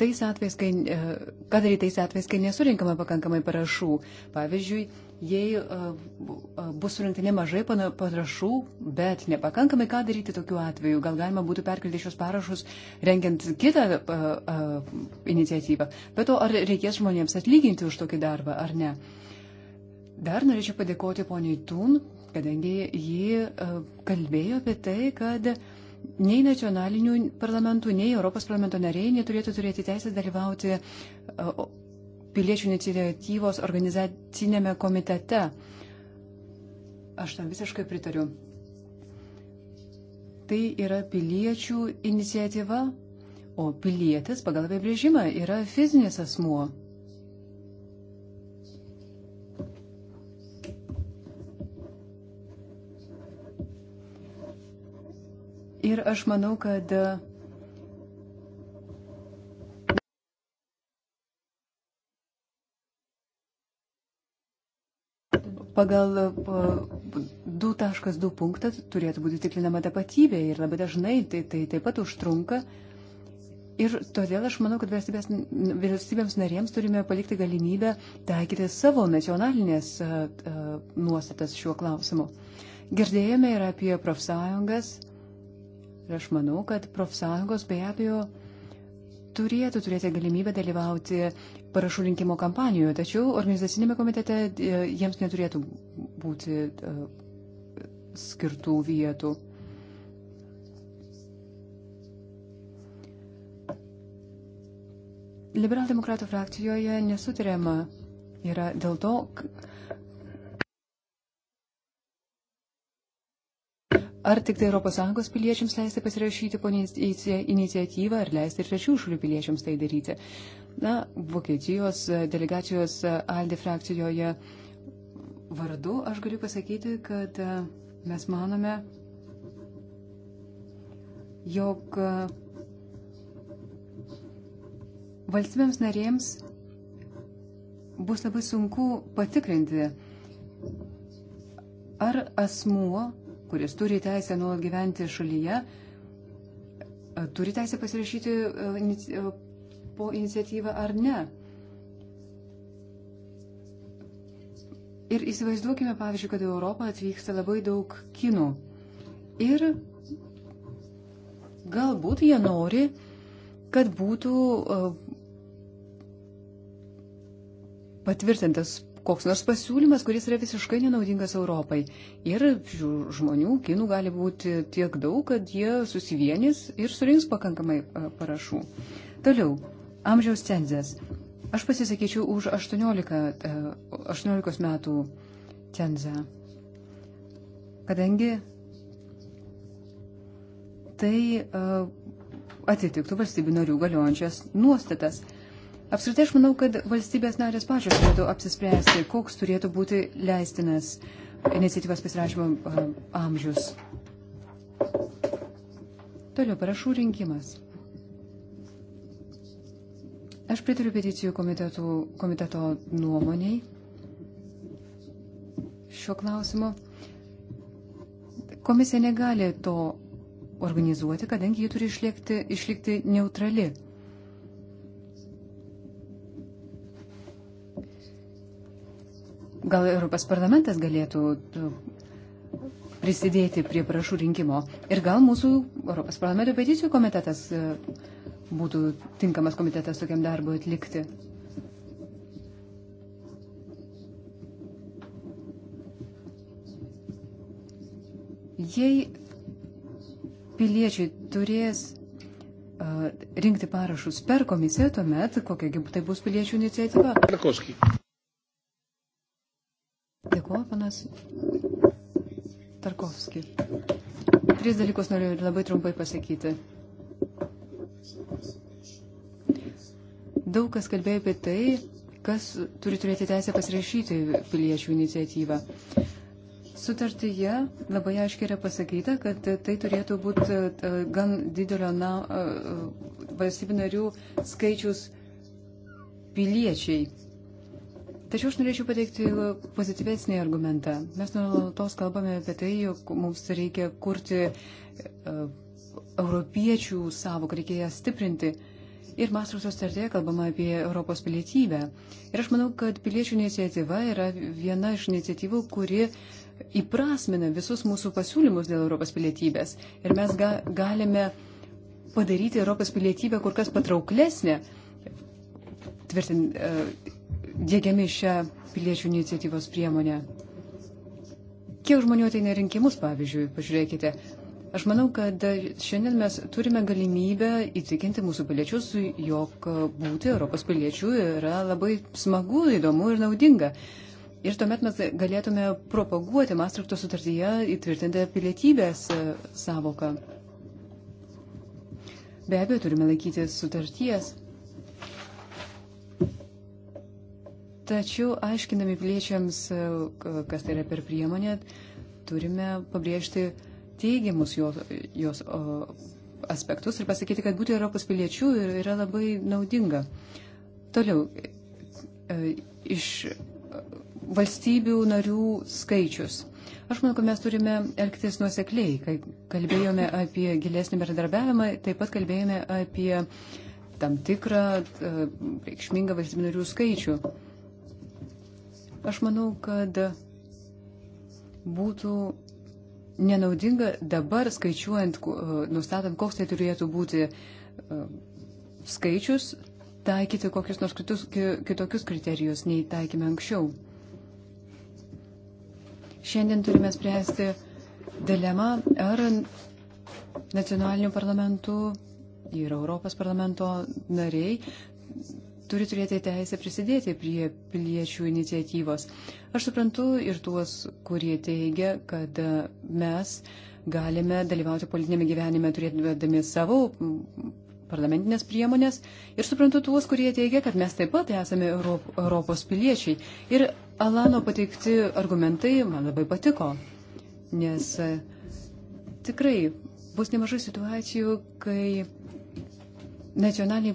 tais atvejais, kai, ką e, daryti tais atvejais, kai nesurinkama pakankamai parašų. Pavyzdžiui, jei e, e, bus surinkti nemažai parašų, bet nepakankamai, ką daryti tokiu atveju. Gal galima būtų perkelti šios parašus, rengiant kitą iniciatyvą. Bet to, ar reikės žmonėms atlyginti už tokį darbą, ar ne? Dar norėčiau padėkoti poniai Tun, kadangi ji kalbėjo apie tai, kad uh, nei nacionalinių parlamentų, nei Europos parlamento nariai neturėtų turėti teisės dalyvauti e, piliečių iniciatyvos organizacinėme komitete. Aš tam visiškai pritariu. Tai yra piliečių iniciatyva, o pilietis pagal apibrėžimą yra fizinis asmuo. Ir aš manau, kad pagal 2.2 punktą turėtų būti tikrinama tapatybė ir labai dažnai tai, tai taip pat užtrunka. Ir todėl aš manau, kad vyriausybėms narėms turime palikti galimybę taikyti savo nacionalinės nuostatas šiuo klausimu. Girdėjome ir apie profsąjungas, Ir aš manau, kad profsąjungos be abejo turėtų turėti galimybę dalyvauti parašų rinkimo kampanijoje, tačiau organizacinėme komitete e, jiems neturėtų būti e, skirtų vietų. Liberaldemokratų frakcijoje nesutarėma yra dėl to, Ar tik tai ES piliečiams leisti pasirašyti po iniciatyvą, ar leisti ir trečių šalių piliečiams tai daryti? Na, Vokietijos delegacijos Aldi frakcijoje vardu aš galiu pasakyti, kad e, mes manome, jog e, valstybėms narėms bus labai sunku patikrinti, ar asmuo kuris turi teisę nuolat gyventi šalyje, e, turi teisę pasirašyti e, e, po iniciatyvą ar ne. Ir įsivaizduokime, pavyzdžiui, kad į Europą atvyksta labai daug kinų. Ir galbūt jie nori, kad būtų patvirtintas koks nors pasiūlymas, kuris yra visiškai nenaudingas Europai. Ir žmonių, kinų gali būti tiek daug, kad jie susivienys ir surinks pakankamai e, parašų. Toliau, amžiaus cenzės. Aš pasisakyčiau už 18, 18 e, metų cenzą, kadangi tai e, atitiktų valstybių narių galiojančias nuostatas. Apskritai aš manau, kad valstybės narės pačios turėtų apsispręsti, koks turėtų būti leistinas iniciatyvos pasirašymo amžius. Toliau parašų rinkimas. Aš pritariu peticijų komitetų, komiteto nuomoniai šiuo klausimu. Komisija negali to organizuoti, kadangi ji turi išlikti, išlikti neutrali. Gal Europos parlamentas galėtų prisidėti prie prašų rinkimo ir gal mūsų Europos parlamento peticijų komitetas e, būtų tinkamas komitetas tokiam darbui atlikti. Jei piliečiai turės e, rinkti parašus per komisiją, tuomet kokia tai bus piliečių iniciatyva. Lekovskį. Dėkuoju, panas Tarkovski. Tris dalykus noriu labai trumpai pasakyti. Daug kas kalbėjo apie tai, kas turi turėti teisę pasirašyti piliečių iniciatyvą. Sutartyje labai aiškiai yra pasakyta, kad tai turėtų būti e, gan didelio na, e, valstybių narių skaičius piliečiai. Tačiau aš norėčiau pateikti pozityvesnį argumentą. Mes nuolatos kalbame apie tai, jog mums reikia kurti e, europiečių savoką, reikia ją stiprinti. Ir Mastrusios startėje kalbama apie Europos pilietybę. Ir aš manau, kad piliečių iniciatyva yra viena iš iniciatyvų, kuri įprasmina visus mūsų pasiūlymus dėl Europos pilietybės. Ir mes ga galime padaryti Europos pilietybę kur kas patrauklesnė, tvirtin, e, dėgiami šią piliečių iniciatyvos priemonę. Kiek žmonių ateina rinkimus, pavyzdžiui, pažiūrėkite. Aš manau, kad šiandien mes turime galimybę įtikinti mūsų piliečius, jog būti Europos piliečių yra labai smagu, įdomu ir naudinga. Ir tuomet mes galėtume propaguoti Mastrikto sutartyje įtvirtintą pilietybės savoką. Be abejo, turime laikytis sutarties. Tačiau, aiškinami piliečiams, e, kas tai yra per priemonę, turime pabrėžti teigiamus jos, jos aspektus ir pasakyti, kad būti Europos piliečių yra labai naudinga. Toliau, e, iš valstybių narių skaičius. Aš manau, kad mes turime elgtis nuosekliai. Kai kalbėjome apie gilesnį bendradarbiavimą, taip pat kalbėjome apie tam tikrą e, reikšmingą valstybių narių skaičių. Aš manau, kad būtų nenaudinga dabar skaičiuojant, e, nustatant, koks tai turėtų būti e, skaičius, taikyti kokius nors kitus, kitokius kriterijus, nei taikėme anksčiau. Šiandien turime spręsti dilemą, ar nacionalinių parlamentų ir Europos parlamento nariai turi turėti teisę prisidėti prie piliečių iniciatyvos. Aš suprantu ir tuos, kurie teigia, kad mes galime dalyvauti politinėme gyvenime turėdami savo parlamentinės priemonės ir suprantu tuos, kurie teigia, kad mes taip pat esame Europos piliečiai. Ir Alano pateikti argumentai man labai patiko, nes e, tikrai bus nemažai situacijų, kai nacionaliniai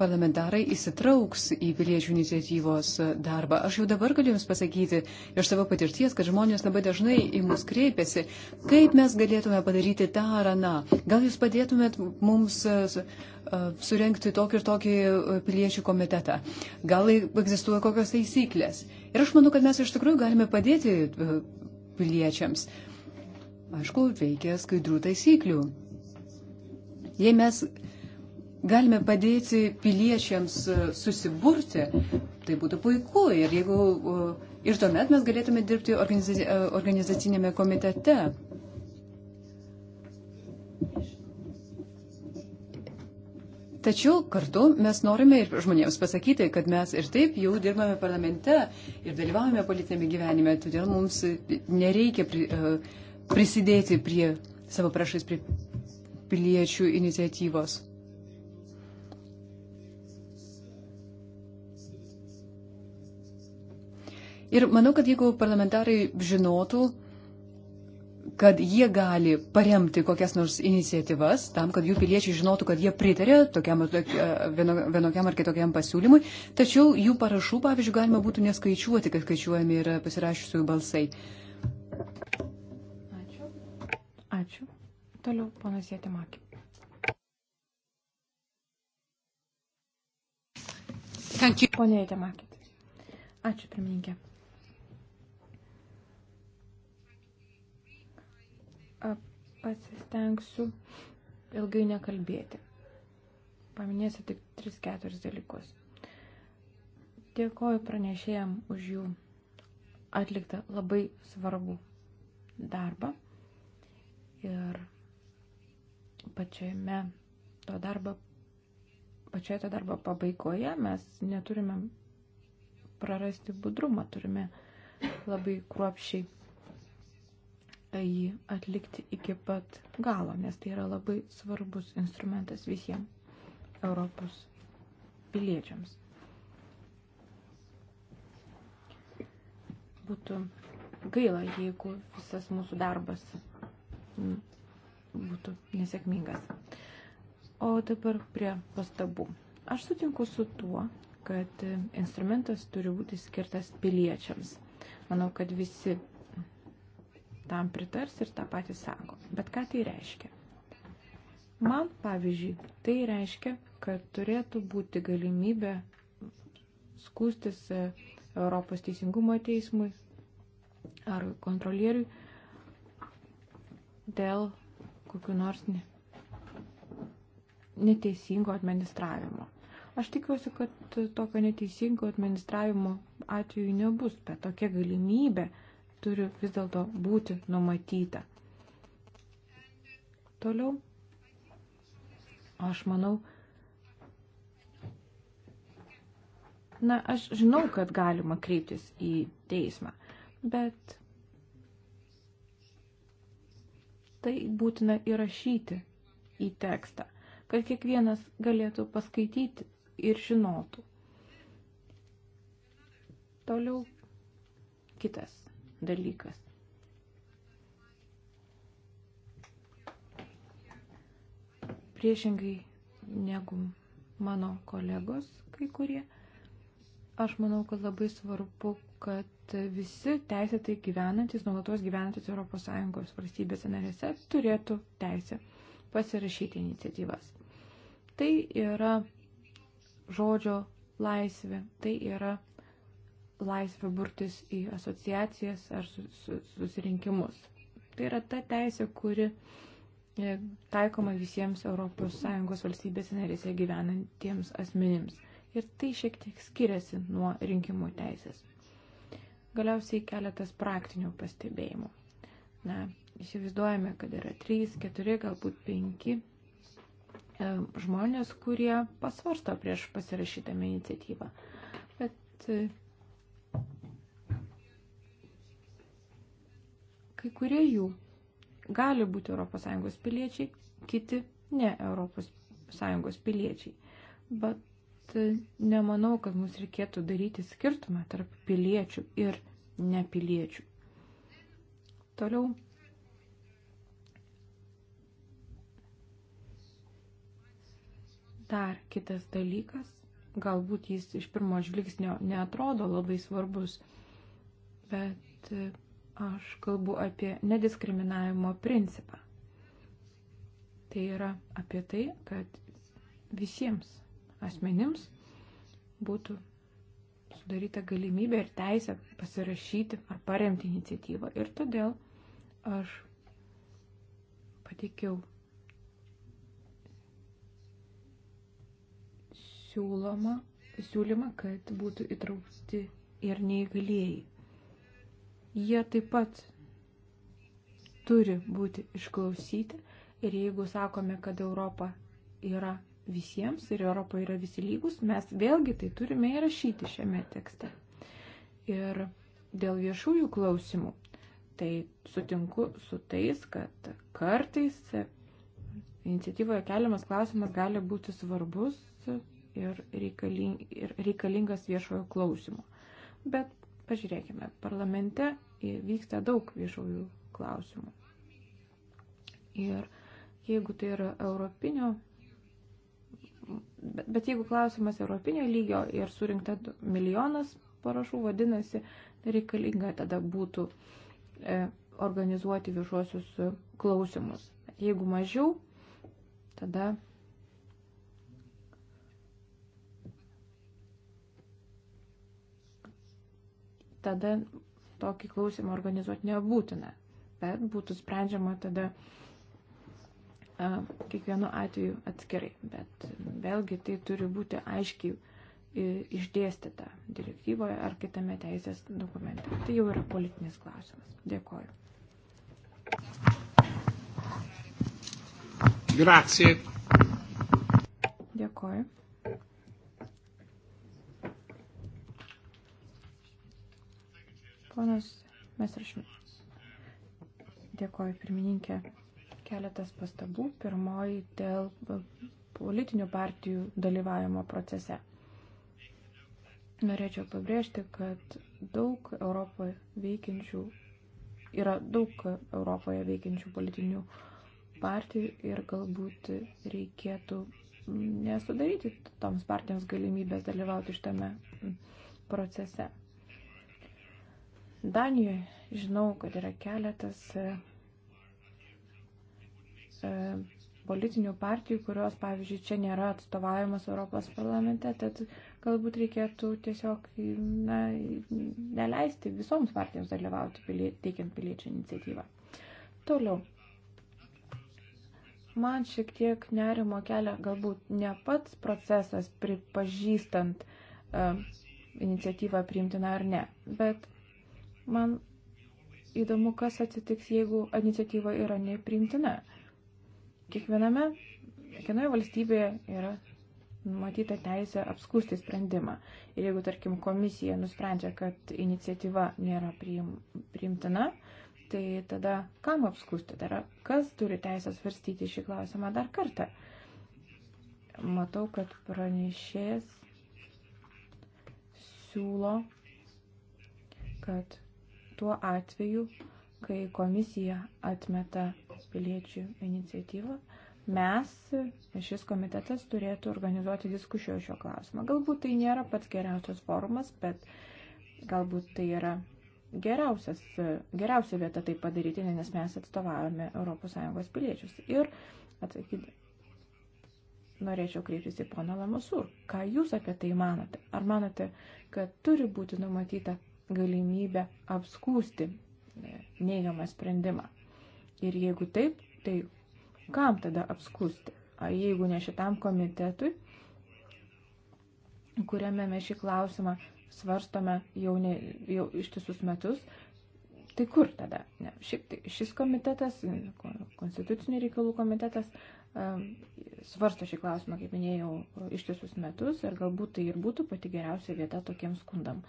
parlamentarai įsitrauks į piliečių iniciatyvos darbą. Aš jau dabar galiu Jums pasakyti iš savo patirties, kad žmonės labai dažnai į mus kreipiasi, kaip mes galėtume padaryti tą ar aną. Gal Jūs padėtumėt mums e, e, surenkti tokį ir tokį e, piliečių komitetą. Gal egzistuoja kokios taisyklės. Ir aš manau, kad mes iš tikrųjų galime padėti piliečiams. Aišku, veikia skaidrų taisyklių. Jei mes galime padėti piliečiams e, susiburti, tai būtų puiku. Ir, jeigu, ir tuomet mes galėtume dirbti organizac, e, organizacinėme komitete. Tačiau kartu mes norime ir žmonėms pasakyti, kad mes ir taip jau dirbame parlamente ir dalyvaujame politinėme gyvenime, todėl mums nereikia pri, e, prisidėti prie savo prašais prie piliečių iniciatyvos. Ir manau, kad jeigu parlamentarai žinotų, kad jie gali paremti kokias nors iniciatyvas, tam, kad jų piliečiai žinotų, kad jie pritarė tokiam, vienokiam ar kitokiam pasiūlymui, tačiau jų parašų, pavyzdžiui, galima būtų neskaičiuoti, kad skaičiuojami yra pasirašysiųjų balsai. Ačiū. Ačiū. Toliau, ponas Jėtimakė. Pone Jėtimakė. Ačiū, pirmininkė. pasistengsiu ilgai nekalbėti. Paminėsiu tik 3-4 dalykus. Dėkoju pranešėjam už jų atliktą labai svarbų darbą. Ir pačiame to darbo, pačioje to darbo pabaigoje mes neturime prarasti budrumą, turime labai kruopšiai jį atlikti iki pat galo, nes tai yra labai svarbus instrumentas visiems Europos piliečiams. Būtų gaila, jeigu visas mūsų darbas būtų nesėkmingas. O dabar prie pastabų. Aš sutinku su tuo, kad instrumentas turi būti skirtas piliečiams. Manau, kad visi tam pritars ir tą patį sako. Bet ką tai reiškia? Man, pavyzdžiui, tai reiškia, kad turėtų būti galimybė skūstis e, Europos teisingumo teismui ar kontrolieriui dėl kokiu nors ne, neteisingo administravimo. Aš tikiuosi, kad tokio neteisingo administravimo atveju nebus, bet tokia galimybė uh, turi vis dėlto būti numatyta. Toliau, aš manau, na, aš žinau, kad galima kreiptis į teismą, bet tai būtina įrašyti į tekstą, kad kiekvienas galėtų paskaityti ir žinotų. Toliau kitas dalykas. Priešingai negu mano kolegos kai kurie, aš manau, kad labai svarbu, kad visi teisėtai gyvenantis, nuolatos gyvenantis ES valstybėse narėse turėtų teisę pasirašyti iniciatyvas. Tai yra žodžio laisvė, tai yra laisvę burtis į asociacijas ar susirinkimus. Tai yra ta teisė, kuri e, taikoma visiems ES valstybės narėse gyvenantiems asmenims. Ir tai šiek tiek skiriasi nuo rinkimų teisės. Galiausiai keletas praktinių pastebėjimų. Na, įsivaizduojame, kad yra 3, 4, galbūt 5 e, žmonės, kurie pasvarsto prieš pasirašytame iniciatyvą. Bet e, Kai kurie jų gali būti ES piliečiai, kiti ne ES piliečiai. Bet e, nemanau, kad mums reikėtų daryti skirtumą tarp piliečių ir nepiliečių. Toliau. Dar kitas dalykas, galbūt jis iš pirmo žvilgsnio neatrodo labai svarbus, bet e, aš kalbu apie nediskriminavimo principą. Tai yra apie tai, kad visiems asmenims būtų sudaryta galimybė ir teisė pasirašyti ar paremti iniciatyvą. Ir todėl aš pateikiau siūloma, siūlymą, kad būtų įtraukti ir neįgalėjai jie taip pat turi būti išklausyti. Ir jeigu sakome, kad Europa yra visiems ir Europa yra visi lygus, mes vėlgi tai turime įrašyti šiame tekste. Ir dėl viešųjų klausimų, tai sutinku su tais, kad kartais iniciatyvoje keliamas klausimas gali būti svarbus ir, reikaling, ir reikalingas viešojo klausimo. Bet Pažiūrėkime, parlamente vyksta daug viešųjų klausimų. Ir jeigu tai yra europinio, bet, bet jeigu klausimas europinio lygio ir surinkta milijonas parašų, vadinasi, reikalinga tada būtų e, organizuoti viešuosius klausimus. Jeigu mažiau, tada tada tokį klausimą organizuoti nebūtina, bet būtų sprendžiama tada kiekvienu atveju atskirai. Bet vėlgi tai turi būti aiškiai išdėstyta direktyvoje ar kitame teisės dokumente. Tai jau yra politinis klausimas. Dėkoju. Grazie. Dėkoju. Ponas Mesrašim. Dėkoju, pirmininkė. Keletas pastabų. Pirmoji dėl politinių partijų dalyvavimo procese. Norėčiau pabrėžti, kad daug Europoje veikiančių, yra daug Europoje veikiančių politinių partijų ir galbūt reikėtų mm, nesudaryti toms partijoms galimybės dalyvauti šitame mm, procese. Danijoje žinau, kad yra keletas e, e, politinių partijų, kurios, pavyzdžiui, čia nėra atstovavimas Europos parlamente, tad galbūt reikėtų tiesiog na, neleisti visoms partijoms dalyvauti, pilie, teikiant piliečių iniciatyvą. Toliau. Man šiek tiek nerimo kelia galbūt ne pats procesas pripažįstant uh, iniciatyvą priimtiną ar ne, bet Man įdomu, kas atsitiks, jeigu iniciatyva yra nepriimtina. Kiekviename, kiekvienoje valstybėje yra numatyta teisė apskusti sprendimą. Ir jeigu, tarkim, komisija nusprendžia, kad iniciatyva nėra priim, priimtina, tai tada kam apskusti? Tai yra, kas turi teisę svarstyti šį klausimą dar kartą? Matau, kad pranešės siūlo, kad tuo atveju, kai komisija atmeta piliečių iniciatyvą, mes, šis komitetas, turėtų organizuoti diskusiją šio klausimą. Galbūt tai nėra pats geriausias forumas, bet galbūt tai yra geriausias, geriausia vieta tai padaryti, nes mes atstovavome ES piliečius. Ir atsakyti, norėčiau kreiptis į poną Lamasur. Ką jūs apie tai manote? Ar manote, kad turi būti numatyta galimybę apskūsti e, neigiamą sprendimą. Ir jeigu taip, tai kam tada apskūsti? Ar jeigu ne šitam komitetui, kuriame mes šį klausimą svarstome jau, ne, jau ištisus metus, tai kur tada? Ne, šiaip tai šis komitetas, konstitucinių reikalų komitetas, e, svarsto šį klausimą, kaip minėjau, ištisus metus ir galbūt tai ir būtų pati geriausia vieta tokiems skundam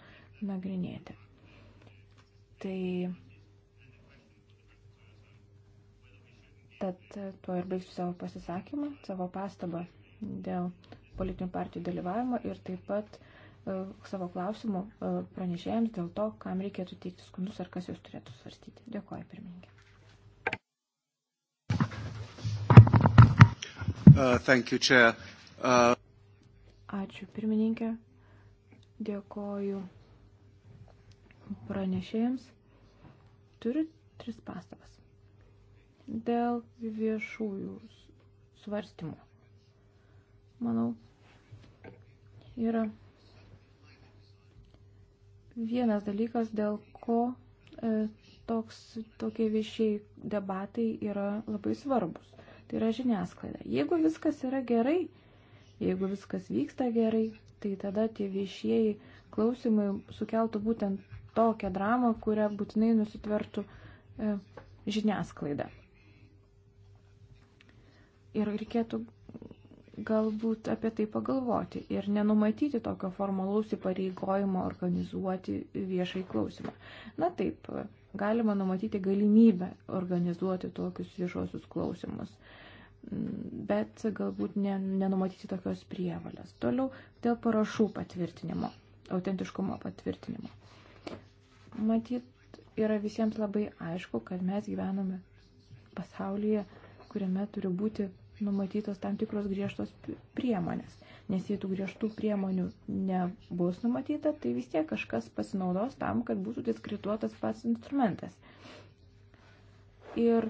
nagrinėti. Tai tad tuo ir baigsiu savo pasisakymą, savo pastabą dėl politinių partijų dalyvavimo ir taip pat e, savo klausimų e, pranešėjams dėl to, kam reikėtų teikti skundus ar kas juos turėtų svarstyti. Dėkuoju, pirmininkė. Uh, thank you, Chair. Uh... Ačiū, pirmininkė. Dėkuoju pranešėjams. Turiu tris pastabas. Dėl viešųjų svarstymų. Manau, yra vienas dalykas, dėl ko e, toks, tokie viešiai debatai yra labai svarbus. Tai yra žiniasklaida. Jeigu viskas yra gerai, jeigu viskas vyksta gerai, tai tada tie viešieji klausimai sukeltų būtent tokią dramą, kurią būtinai nusitvertų e, žiniasklaida. Ir reikėtų galbūt apie tai pagalvoti ir nenumatyti tokio formalaus įpareigojimo organizuoti viešai klausimą. Na taip, galima numatyti galimybę organizuoti tokius viešuosius klausimus, bet galbūt ne, nenumatyti tokios prievalės. Toliau dėl parašų patvirtinimo, autentiškumo patvirtinimo. Matyt, yra visiems labai aišku, kad mes gyvename pasaulyje, kuriame turi būti numatytos tam tikros griežtos priemonės. Nes jei tų griežtų priemonių nebus numatyta, tai vis tiek kažkas pasinaudos tam, kad būtų diskrituotas pats instrumentas. Ir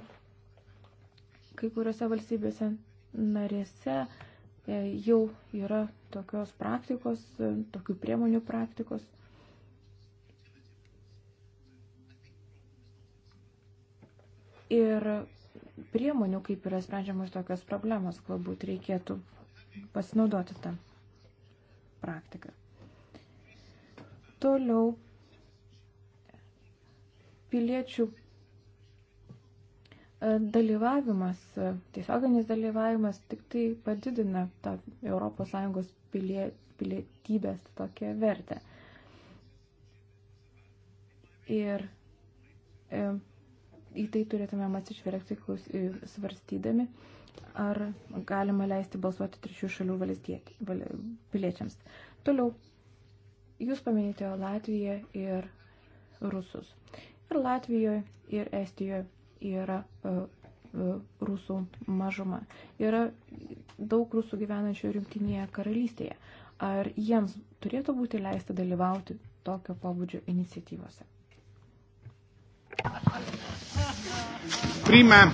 kai kuriuose valstybėse narėse e, jau yra tokios praktikos, e, tokių priemonių praktikos. ir priemonių, kaip yra sprendžiamos tokios problemos, galbūt reikėtų pasinaudoti tą praktiką. Toliau piliečių e, dalyvavimas, e, tiesioginis dalyvavimas tik tai padidina tą ES pilie, pilietybės tokią vertę. Ir e, į tai turėtumėm atsižvelgti svarstydami, ar galima leisti balsuoti trečių šalių valstiek, val, piliečiams. Toliau, jūs paminėjote Latviją ir rusus. Ir Latvijoje, ir Estijoje yra uh, uh, rusų mažuma. Yra daug rusų gyvenančių rimtinėje karalystėje. Ar jiems turėtų būti leista dalyvauti tokio pobūdžio iniciatyvose? Thank you. Prima,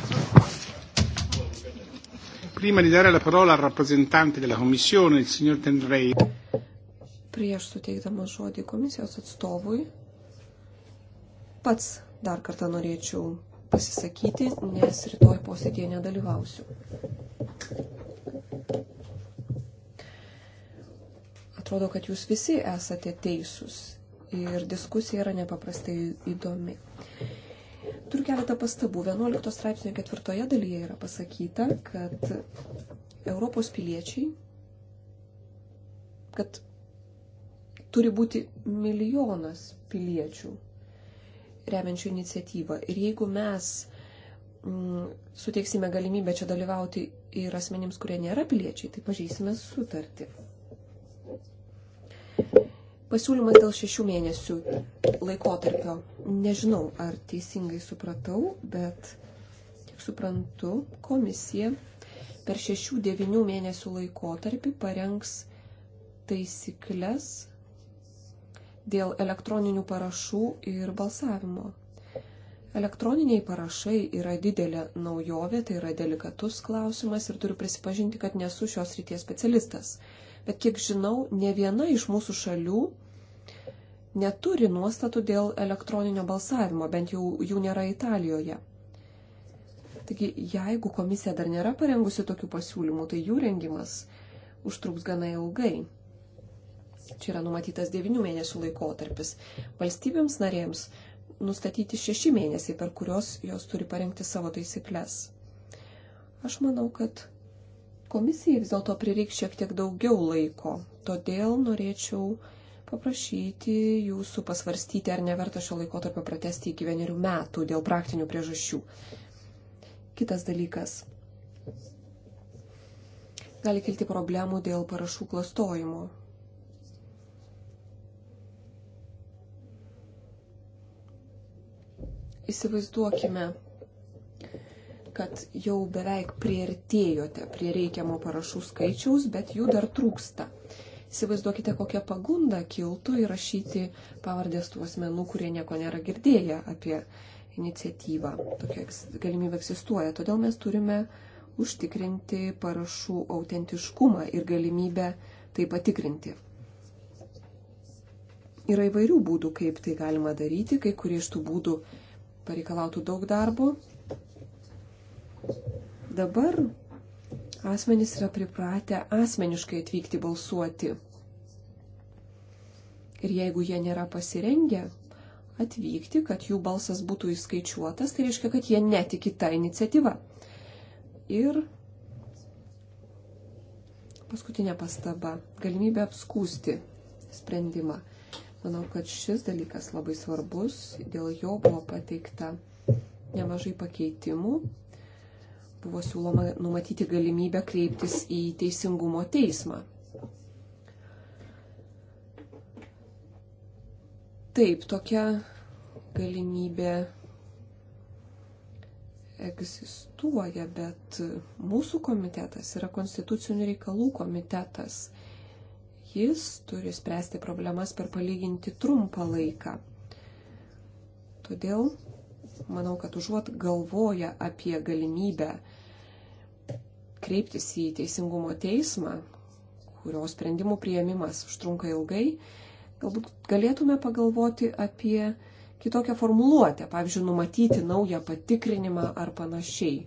prima di dare la parola al rappresentante della Commissione, il signor Tenrei. Prieš suteikdamas žodį komisijos atstovui, pats dar kartą norėčiau pasisakyti, nes rytoj posėdėje nedalyvausiu. Atrodo, kad jūs visi esate teisūs ir diskusija yra nepaprastai įdomi. Turiu keletą pastabų. 11 straipsnio ketvirtoje dalyje yra pasakyta, kad Europos piliečiai, kad turi būti milijonas piliečių remiančių iniciatyvą. Ir jeigu mes mm, suteiksime galimybę čia dalyvauti ir asmenims, kurie nėra piliečiai, tai pažeisime sutartį. Pasiūlymas dėl šešių mėnesių laikotarpio. Nežinau, ar teisingai supratau, bet kiek suprantu, komisija per šešių devinių mėnesių laikotarpį parengs taisyklės dėl elektroninių parašų ir balsavimo. Elektroniniai parašai yra didelė naujovė, tai yra delikatus klausimas ir turiu prisipažinti, kad nesu šios ryties specialistas bet kiek žinau, ne viena iš mūsų šalių neturi nuostatų dėl elektroninio balsavimo, bent jau jų nėra Italijoje. Taigi, jeigu komisija dar nėra parengusi tokių pasiūlymų, tai jų rengimas užtruks gana ilgai. Čia yra numatytas 9 mėnesių laikotarpis. Valstybėms narėms nustatyti 6 mėnesiai, per kuriuos jos turi parengti savo taisyklės. Aš manau, kad Komisijai vis dėlto prireiks šiek tiek daugiau laiko, todėl norėčiau paprašyti jūsų pasvarstyti, ar neverta šio laiko tarp pratesti iki vienerių metų dėl praktinių priežasčių. Kitas dalykas. Gali kilti problemų dėl parašų klastojimo. Įsivaizduokime, kad jau beveik prieartėjote prie reikiamo parašų skaičiaus, bet jų dar trūksta. Įsivaizduokite, kokia pagunda kiltų įrašyti pavardės tų asmenų, kurie nieko nėra girdėję apie iniciatyvą. Tokia galimybė egzistuoja. Todėl mes turime užtikrinti parašų autentiškumą ir galimybę tai patikrinti. Yra įvairių būdų, kaip tai galima daryti. Kai kurie iš tų būdų pareikalautų daug darbo, Dabar asmenys yra pripratę asmeniškai atvykti balsuoti. Ir jeigu jie nėra pasirengę atvykti, kad jų balsas būtų įskaičiuotas, tai reiškia, kad jie netiki tą iniciatyvą. Ir paskutinė pastaba - galimybė apskūsti sprendimą. Manau, kad šis dalykas labai svarbus, dėl jo buvo pateikta nemažai pakeitimų buvo siūloma numatyti galimybę kreiptis į teisingumo teismą. Taip, tokia galimybė egzistuoja, bet mūsų komitetas yra konstitucinių reikalų komitetas. Jis turi spręsti problemas per palyginti trumpą laiką. Todėl Manau, kad užuot galvoja apie galimybę kreiptis į teisingumo teismą, kurio sprendimų prieimimas užtrunka ilgai, galbūt galėtume pagalvoti apie kitokią formuluotę, pavyzdžiui, numatyti naują patikrinimą ar panašiai.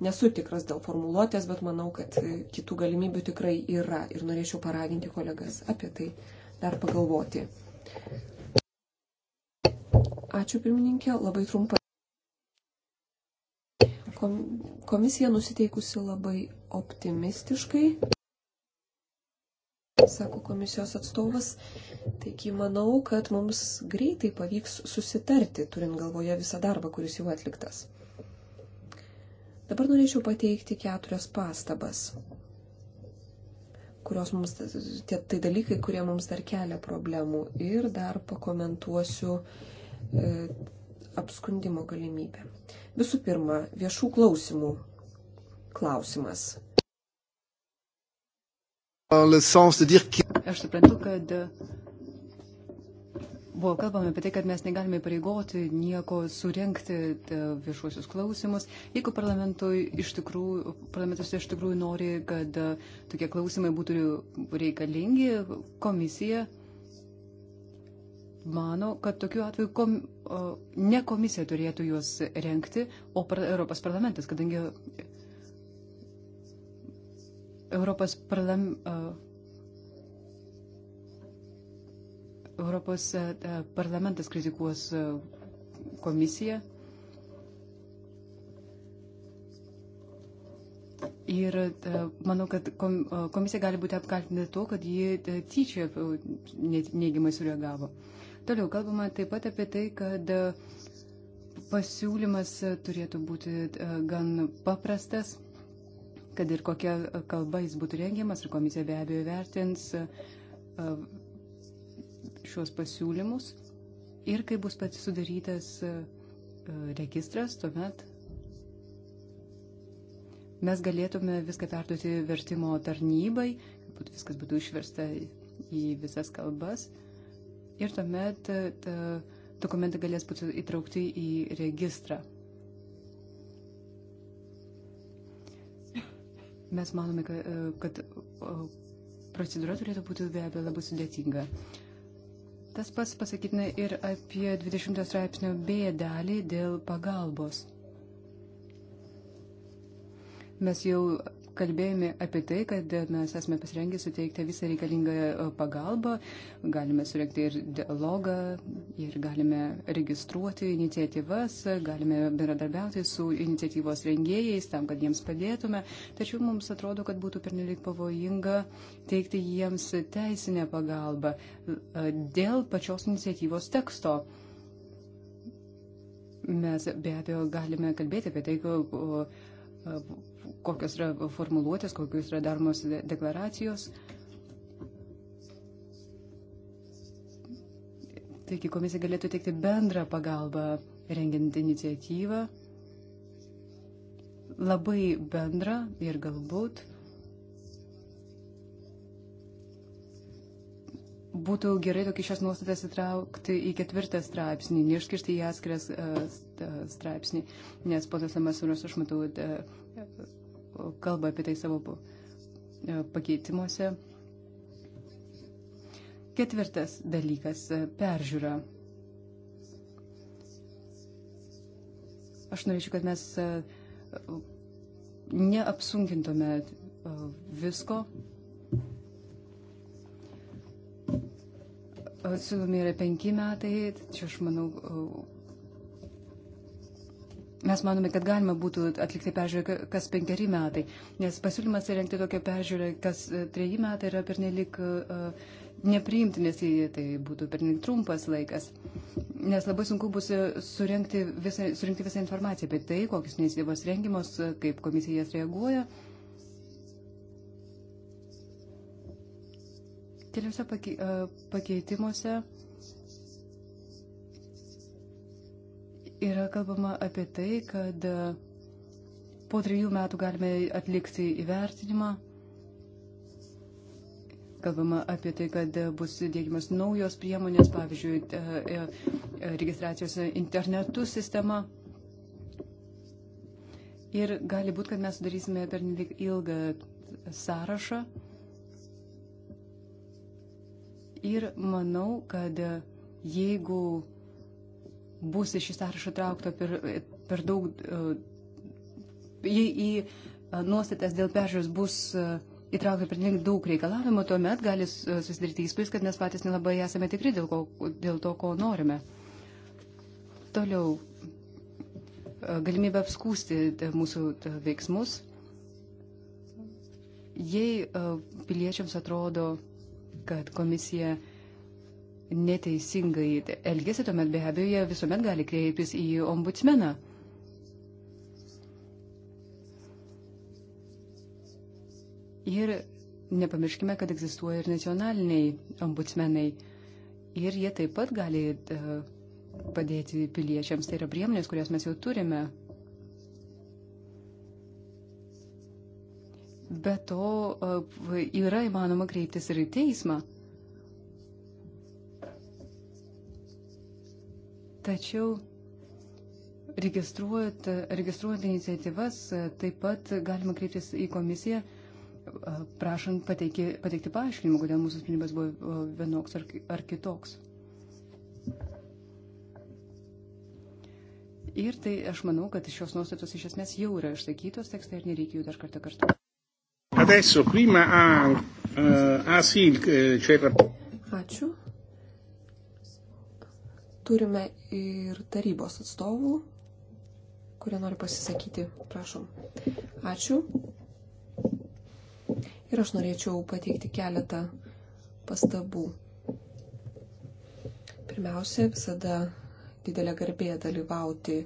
Nesu tikras dėl formuluotės, bet manau, kad kitų galimybių tikrai yra ir norėčiau paraginti kolegas apie tai dar pagalvoti. Ačiū pirmininkė, labai trumpa. Komisija nusiteikusi labai optimistiškai, sako komisijos atstovas. Taigi manau, kad mums greitai pavyks susitarti, turint galvoje visą darbą, kuris jau atliktas. Dabar norėčiau pateikti keturias pastabas, kurios mums, tie, tai dalykai, kurie mums dar kelia problemų ir dar pakomentuosiu e, apskundimo galimybė. Visų pirma, viešų klausimų klausimas. Aš suprantu, kad buvo kalbama apie tai, kad mes negalime pareigoti nieko surenkti e, viešuosius klausimus. Jeigu iš tikrųjų, parlamentas iš tikrųjų nori, kad e, tokie klausimai būtų reikalingi, komisija mano, kad tokiu atveju kom, ne komisija turėtų juos renkti, o Europos parlamentas, kadangi Europos parlamentas. Europos e, e, parlamentas kritikuos e, komisiją. Ir manau, kad komisija gali būti apkaltinta to, kad ji tyčia neigiamai sureagavo. Toliau kalbama taip pat apie tai, kad e, pasiūlymas e, turėtų būti e, gan paprastas, kad ir kokia kalba jis būtų rengiamas ir komisija be abejo vertins šios pasiūlymus. Ir kai bus pats sudarytas registras, tuomet mes galėtume viską perduoti vertimo tarnybai, kad viskas būtų išversta į visas kalbas ir tuomet e, dokumentai galės būti įtraukti į registrą. Mes manome, e, kad procedūra turėtų būti be abejo labai sudėtinga. Tas pats pasakytina ir apie 20 straipsnio B dalį dėl pagalbos. Mes jau kalbėjome apie tai, kad mes esame pasirengę suteikti visą reikalingą e, pagalbą, galime surenkti ir dialogą, ir galime registruoti iniciatyvas, galime bendradarbiauti su iniciatyvos rengėjais tam, kad jiems padėtume, tačiau mums atrodo, kad būtų pernelik pavojinga teikti jiems teisinę pagalbą e, dėl pačios iniciatyvos teksto mes be abejo galime kalbėti apie tai, e, kokios yra formuluotės, kokios yra daromos deklaracijos. Taigi komisija galėtų teikti bendrą pagalbą rengiant iniciatyvą, labai bendrą ir galbūt būtų gerai tokį šias nuostatas įtraukti į ketvirtą straipsnį, neiškirsti į atskiras e, straipsnį, nes ponas Amasuras, aš matau, e, kalba apie tai savo e, pakeitimuose. Ketvirtas dalykas - peržiūra. Aš norėčiau, kad mes e, neapsunkintume e, visko. Siūlomi yra penki metai, čia aš manau, Mes manome, kad galima būtų atlikti peržiūrą kas penkeri metai, nes pasiūlymas rengti tokią peržiūrą kas e, treji metai yra pernelik uh, e, nepriimtinas, tai būtų pernelik trumpas laikas, nes labai sunku bus e, surinkti visą, surinkti visą informaciją apie tai, kokius iniciatyvos rengimos, kaip komisija jas reaguoja. Keliuose pakei, uh, pakeitimuose. Uh, yra kalbama apie tai, kad e, po trijų metų galime atlikti įvertinimą. Kalbama apie tai, kad e, bus dėgimas naujos priemonės, pavyzdžiui, e, registracijos internetu sistema. Ir gali būti, kad mes sudarysime per ilgą sąrašą. Ir manau, kad jeigu bus iš šį sąrašą traukta per, per daug, jei į e, nuostatas dėl peržiūros bus e, įtraukta per daug reikalavimų, tuomet gali e, susidaryti įspūdis, kad mes patys nelabai esame tikri dėl, ko, dėl to, ko norime. Toliau galimybę apskūsti mūsų veiksmus. Jei piliečiams atrodo, kad komisija uh, neteisingai elgesi, tuomet be abejo jie visuomet gali kreiptis į ombudsmeną. Ir nepamirškime, kad egzistuoja ir nacionaliniai ombudsmenai. Ir jie taip pat gali e, padėti piliečiams. Tai yra priemonės, kurias mes jau turime. Be to e, yra įmanoma kreiptis ir į teismą. Tačiau registruojant, registruojant iniciatyvas taip pat galima kreiptis į komisiją, prašant pateikti, pateikti paaiškinimą, kodėl mūsų sprendimas buvo vienoks ar, ar kitoks. Ir tai aš manau, kad šios nuostatos iš esmės jau yra išsakytos tekste ir nereikia jų dar kartą kartu. Adesso prima a, a, a Silk, eh, cioè... Ačiū. Turime ir tarybos atstovų, kurie nori pasisakyti. Prašom. Ačiū. Ir aš norėčiau pateikti keletą pastabų. Pirmiausia, visada didelė garbė dalyvauti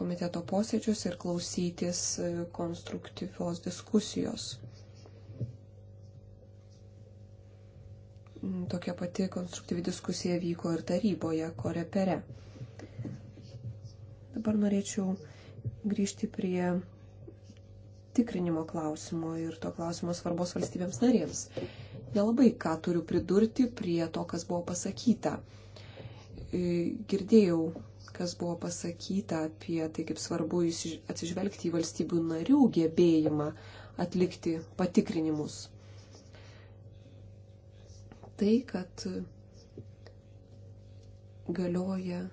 komiteto posėdžius ir klausytis konstruktyvios diskusijos. tokia pati konstruktyvi diskusija vyko ir taryboje, korepere. Dabar norėčiau grįžti prie tikrinimo klausimo ir to klausimo svarbos valstybėms narėms. Nelabai ką turiu pridurti prie to, kas buvo pasakyta. E, girdėjau, kas buvo pasakyta apie tai, kaip svarbu atsižvelgti į valstybių narių gebėjimą atlikti patikrinimus tai, kad galioja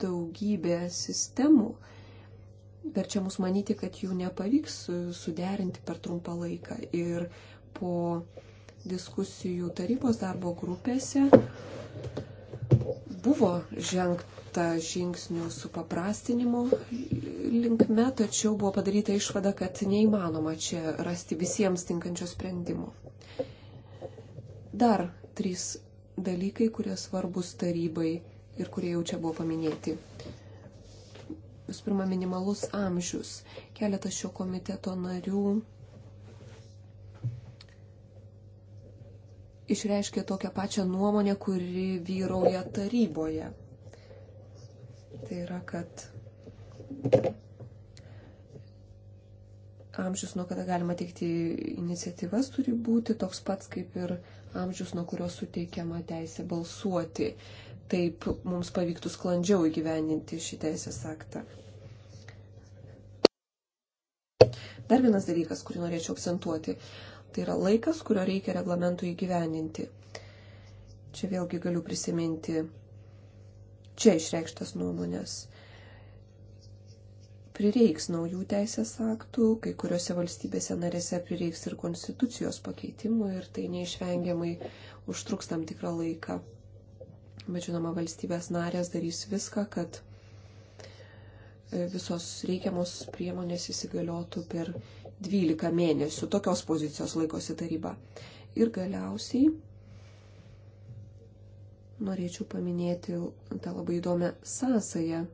daugybė sistemų, verčia mus manyti, kad jų nepavyks suderinti per trumpą laiką. Ir po diskusijų tarybos darbo grupėse buvo žengta žingsnių su paprastinimu linkme, tačiau buvo padaryta išvada, kad neįmanoma čia rasti visiems tinkančio sprendimo. Dar trys dalykai, kurie svarbus tarybai ir kurie jau čia buvo paminėti. Visų pirma, minimalus amžius. Keletas šio komiteto narių išreiškė tokią pačią nuomonę, kuri vyrauja taryboje. Tai yra, kad amžius, nuo kada galima teikti iniciatyvas, turi būti toks pats kaip ir amžius, nuo kurio suteikiama teisė balsuoti. Taip mums pavyktų sklandžiau įgyveninti šį teisės aktą. Dar vienas dalykas, kurį norėčiau akcentuoti, tai yra laikas, kurio reikia reglamentų įgyveninti. Čia vėlgi galiu prisiminti čia išreikštas nuomonės prireiks naujų teisės aktų, kai kuriuose valstybėse narėse prireiks ir konstitucijos pakeitimų ir tai neišvengiamai užtruks tam tikrą laiką. Bet žinoma, valstybės narės darys viską, kad e, visos reikiamos priemonės įsigaliotų per 12 mėnesių. Tokios pozicijos laikosi taryba. Ir galiausiai norėčiau paminėti tą labai įdomią sąsają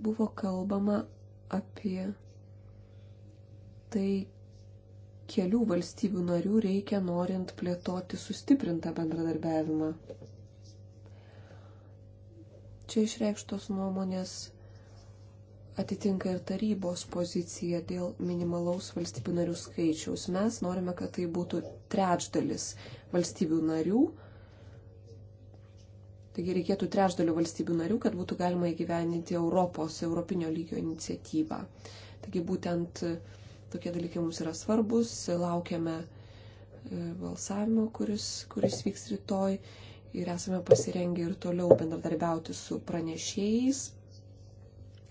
buvo kalbama apie tai, kelių valstybių narių reikia norint plėtoti sustiprintą bendradarbiavimą. Čia išreikštos nuomonės atitinka ir tarybos pozicija dėl minimalaus valstybių narių skaičiaus. Mes norime, kad tai būtų trečdalis valstybių narių, Taigi reikėtų trečdalių valstybių narių, kad būtų galima įgyveninti Europos, europinio lygio iniciatyvą. Taigi būtent e, tokie dalykai mums yra svarbus, laukiame e, balsavimo, kuris, kuris vyks rytoj ir esame pasirengę ir toliau bendradarbiauti su pranešėjais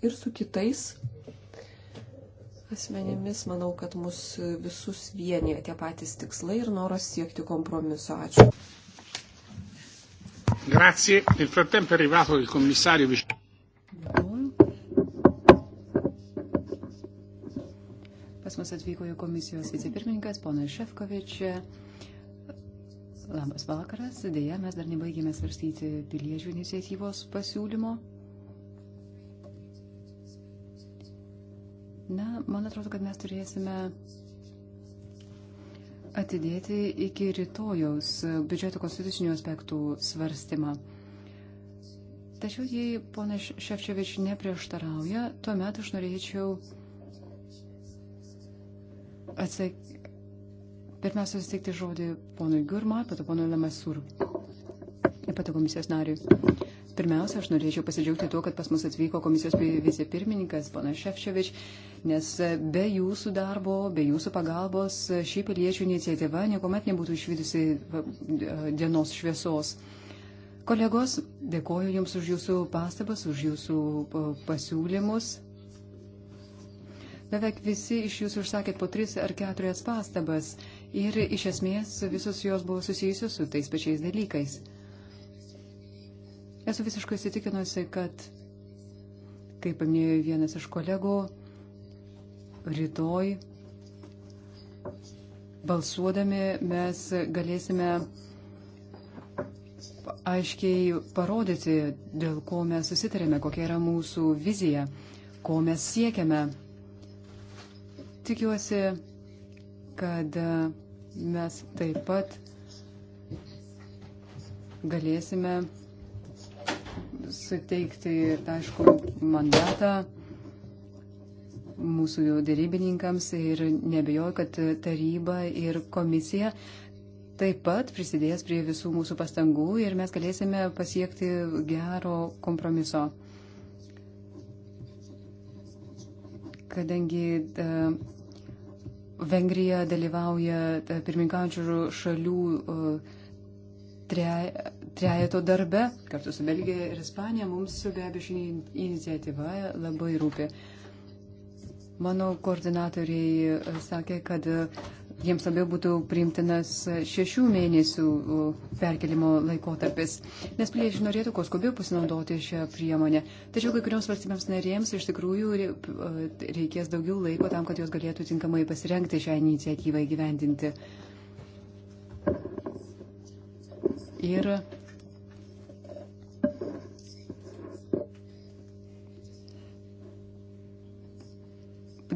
ir su kitais asmenėmis. Manau, kad mus visus vienyje tie patys tikslai ir noras siekti kompromiso. Ačiū. Grazie. Nel frattempo è arrivato il commissario vicino. Pas mus atvyko jau komisijos vicepirmininkas, ponas Šefkovič. Labas vakaras. Deja, mes dar nebaigėme svarstyti piliečių iniciatyvos pasiūlymo. Na, man atrodo, kad mes turėsime atidėti iki rytojaus biudžeto konstitucinių aspektų svarstymą. Tačiau jei ponas Šefčevič neprieštarauja, tuomet aš norėčiau atsak... pirmiausia susitikti žodį ponui Gurma, pato ponui Lamasur, pato komisijos nariui. Pirmiausia, aš norėčiau pasidžiaugti tuo, kad pas mus atvyko komisijos vicepirmininkas ponas Šefčiovič, nes e, be jūsų darbo, be jūsų pagalbos e, šį piliečių iniciatyva niekuomet nebūtų išvydusi e, dienos šviesos. Kolegos, dėkoju Jums už Jūsų pastabas, už Jūsų pasiūlymus. Beveik visi iš Jūsų užsakėt po tris ar keturias pastabas ir iš esmės visos jos buvo susijusios su tais pačiais dalykais. Esu visiškai įsitikinusi, kad, kaip paminėjo vienas iš kolegų, rytoj balsuodami mes galėsime aiškiai parodyti, dėl ko mes susitarėme, kokia yra mūsų vizija, ko mes siekiame. Tikiuosi, kad mes taip pat galėsime suteikti, aišku, mandatą mūsų dėrybininkams ir nebejoju, kad taryba ir komisija taip pat prisidės prie visų mūsų pastangų ir mes galėsime pasiekti gero kompromiso. Kadangi e, Vengrija dalyvauja e, pirmininkaujančių šalių e, tre, trejato darbe, kartu su Belgija ir Ispanija, mums be abejo ši iniciatyva labai rūpi. Mano koordinatoriai e, sakė, kad e, jiems labiau būtų priimtinas šešių mėnesių e, perkelimo laikotarpis, nes piliečiai norėtų kuo skubiau pasinaudoti šią priemonę. Tačiau kai kurioms valstybėms narėms iš tikrųjų reikės daugiau laiko tam, kad jos galėtų tinkamai pasirengti šią iniciatyvą įgyvendinti. Ir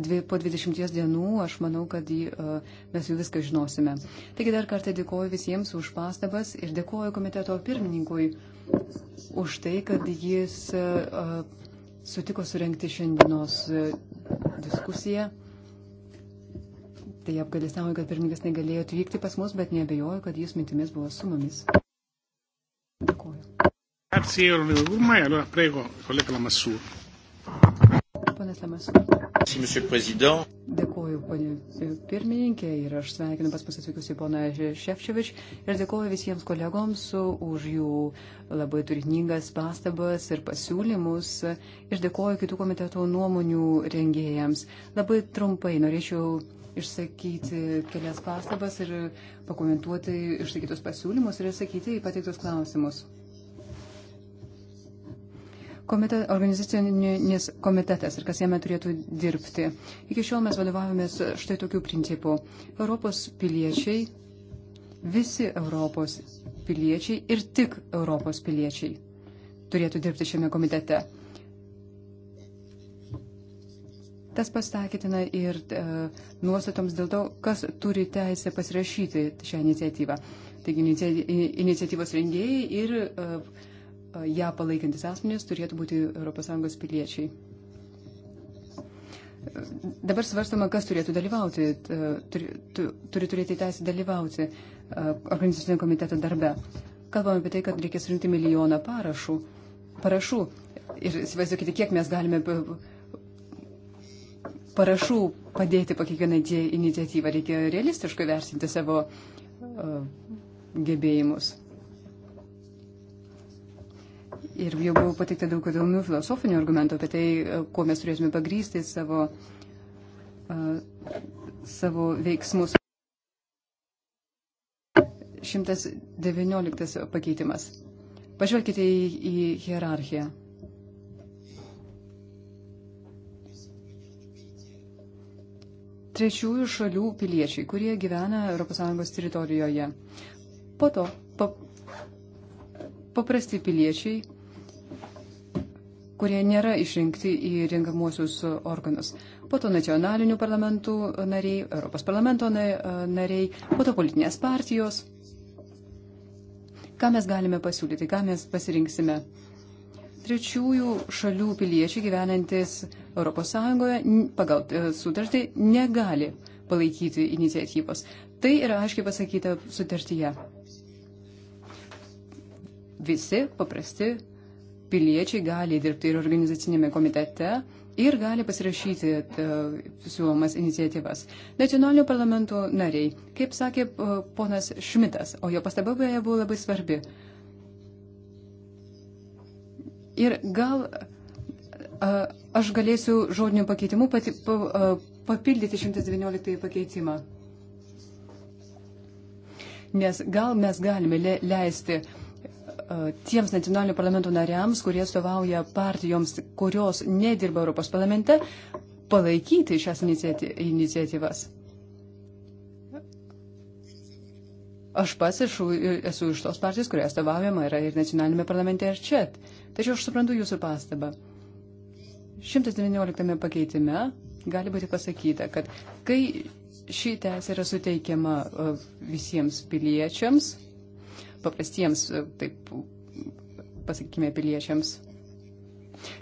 dvi, po 20 dienų, aš manau, kad jį, e, mes jau viską žinosime. Taigi dar kartą dėkoju visiems už pastabas ir dėkoju komiteto pirmininkui už tai, kad jis e, e, sutiko surenkti šiandienos diskusiją. Tai apgalėstauju, kad pirmininkas negalėjo atvykti pas mus, bet nebejoju, kad jis mintimis buvo su mumis. Dėkuoju. Grazie, onorevole Gurmai. Allora prego, collega Lamassur. Ponas Lamassur. Dėkuoju, ponė pirmininkė, ir aš sveikinu pas mus atvykusi poną Šefčiovič ir dėkuoju visiems kolegoms už jų labai turiningas pastabas ir pasiūlymus ir dėkuoju kitų komiteto nuomonių rengėjams. Labai trumpai norėčiau išsakyti kelias pastabas ir pakomentuoti išsakytus pasiūlymus ir išsakyti į pateiktus klausimus komite, organizacinis komitetas ir kas jame turėtų dirbti. Iki šiol mes vadovavomės štai tokių principų. Europos piliečiai, visi Europos piliečiai ir tik Europos piliečiai turėtų dirbti šiame komitete. Tas pasakytina ir e, nuostatoms dėl to, kas turi teisę pasirašyti šią iniciatyvą. Taigi inicia, iniciatyvos rengėjai ir e, ją palaikantis asmenys turėtų būti ES piliečiai. Dabar svarstama, kas turėtų dalyvauti, turi, turi turėti teisę dalyvauti organizacinio komiteto darbe. Kalbame apie tai, kad reikia surinkti milijoną parašų. parašų. Ir įsivaizduokite, kiek mes galime parašų padėti po kiekvieną iniciatyvą. Reikia realistiškai vertinti savo gebėjimus. Ir jau buvo pateikta daug įdomių filosofinių argumentų apie tai, e, kuo mes turėsime pagrysti savo, uh, savo veiksmus. 119 pakeitimas. Pažvelkite į, į hierarchiją. Trečiųjų šalių piliečiai, kurie gyvena ES teritorijoje. Po to pa, paprasti piliečiai kurie nėra išrinkti į rengamuosius organus. Po to nacionalinių parlamentų nariai, Europos parlamento nariai, po to politinės partijos. Ką mes galime pasiūlyti, ką mes pasirinksime? Trečiųjų šalių piliečiai gyvenantis ES pagal e, sutartį negali palaikyti iniciatyvos. Tai yra aiškiai pasakyta sutartyje. Visi paprasti piliečiai gali dirbti ir organizacinėme komitete ir gali pasirašyti e, siūlomas iniciatyvas. Nacionalinio parlamento nariai, kaip sakė e, ponas Šmitas, o jo pastaba beje buvo labai svarbi. Ir gal e, aš galėsiu žodiniu pakeitimu pati, pa, papildyti 119 pakeitimą. Nes gal mes galime leisti uh, E, tiems nacionalinių parlamentų nariams, kurie atstovauja partijoms, kurios nedirba Europos parlamente, palaikyti šias iniciatyvas. Aš pats esu, esu iš tos partijos, kurioje atstovaujama yra ir nacionalinėme parlamente, ir čia. Tačiau aš suprantu jūsų pastabą. 119 pakeitime gali būti pasakyta, kad kai ši teisė yra suteikiama e, visiems piliečiams, paprastiems, e, taip pasakykime, piliečiams.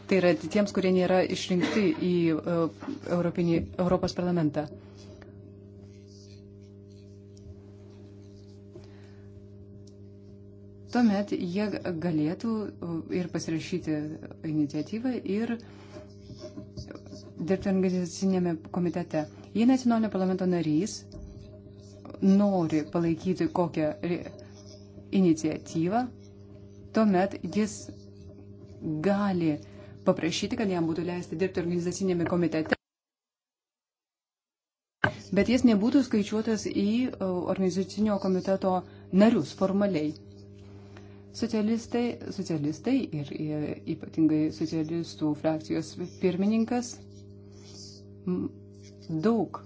Tai yra tiems, kurie nėra išrinkti į e, Europinį, Europos parlamentą. Tuomet jie galėtų e, ir pasirašyti iniciatyvą ir dirbti organizacinėme komitete. Jei nacionalinio parlamento narys nori palaikyti kokią iniciatyvą, tuomet jis gali paprašyti, kad jam būtų leisti dirbti organizacinėme komitete. Bet jis nebūtų skaičiuotas į e, organizacinio komiteto narius formaliai. Socialistai, socialistai ir e, ypatingai socialistų frakcijos pirmininkas daug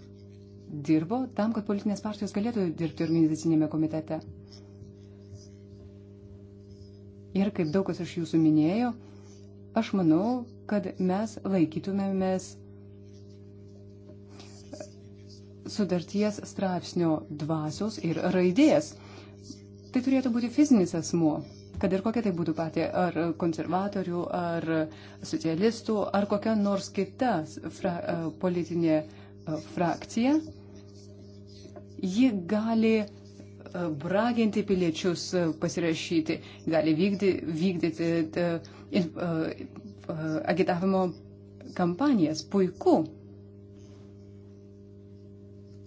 dirbo tam, kad politinės partijos galėtų dirbti organizacinėme komitete. Ir kaip daug kas iš jūsų minėjo, aš manau, kad mes laikytumėmės sudarties straipsnio dvasios ir raidės. Tai turėtų būti fizinis asmuo, kad ir kokia tai būtų pati, ar konservatorių, ar socialistų, ar kokia nors kita fra, politinė frakcija, ji gali braginti piliečius e, pasirašyti, gali vykdy, vykdyti e, e, agitavimo kampanijas. Puiku.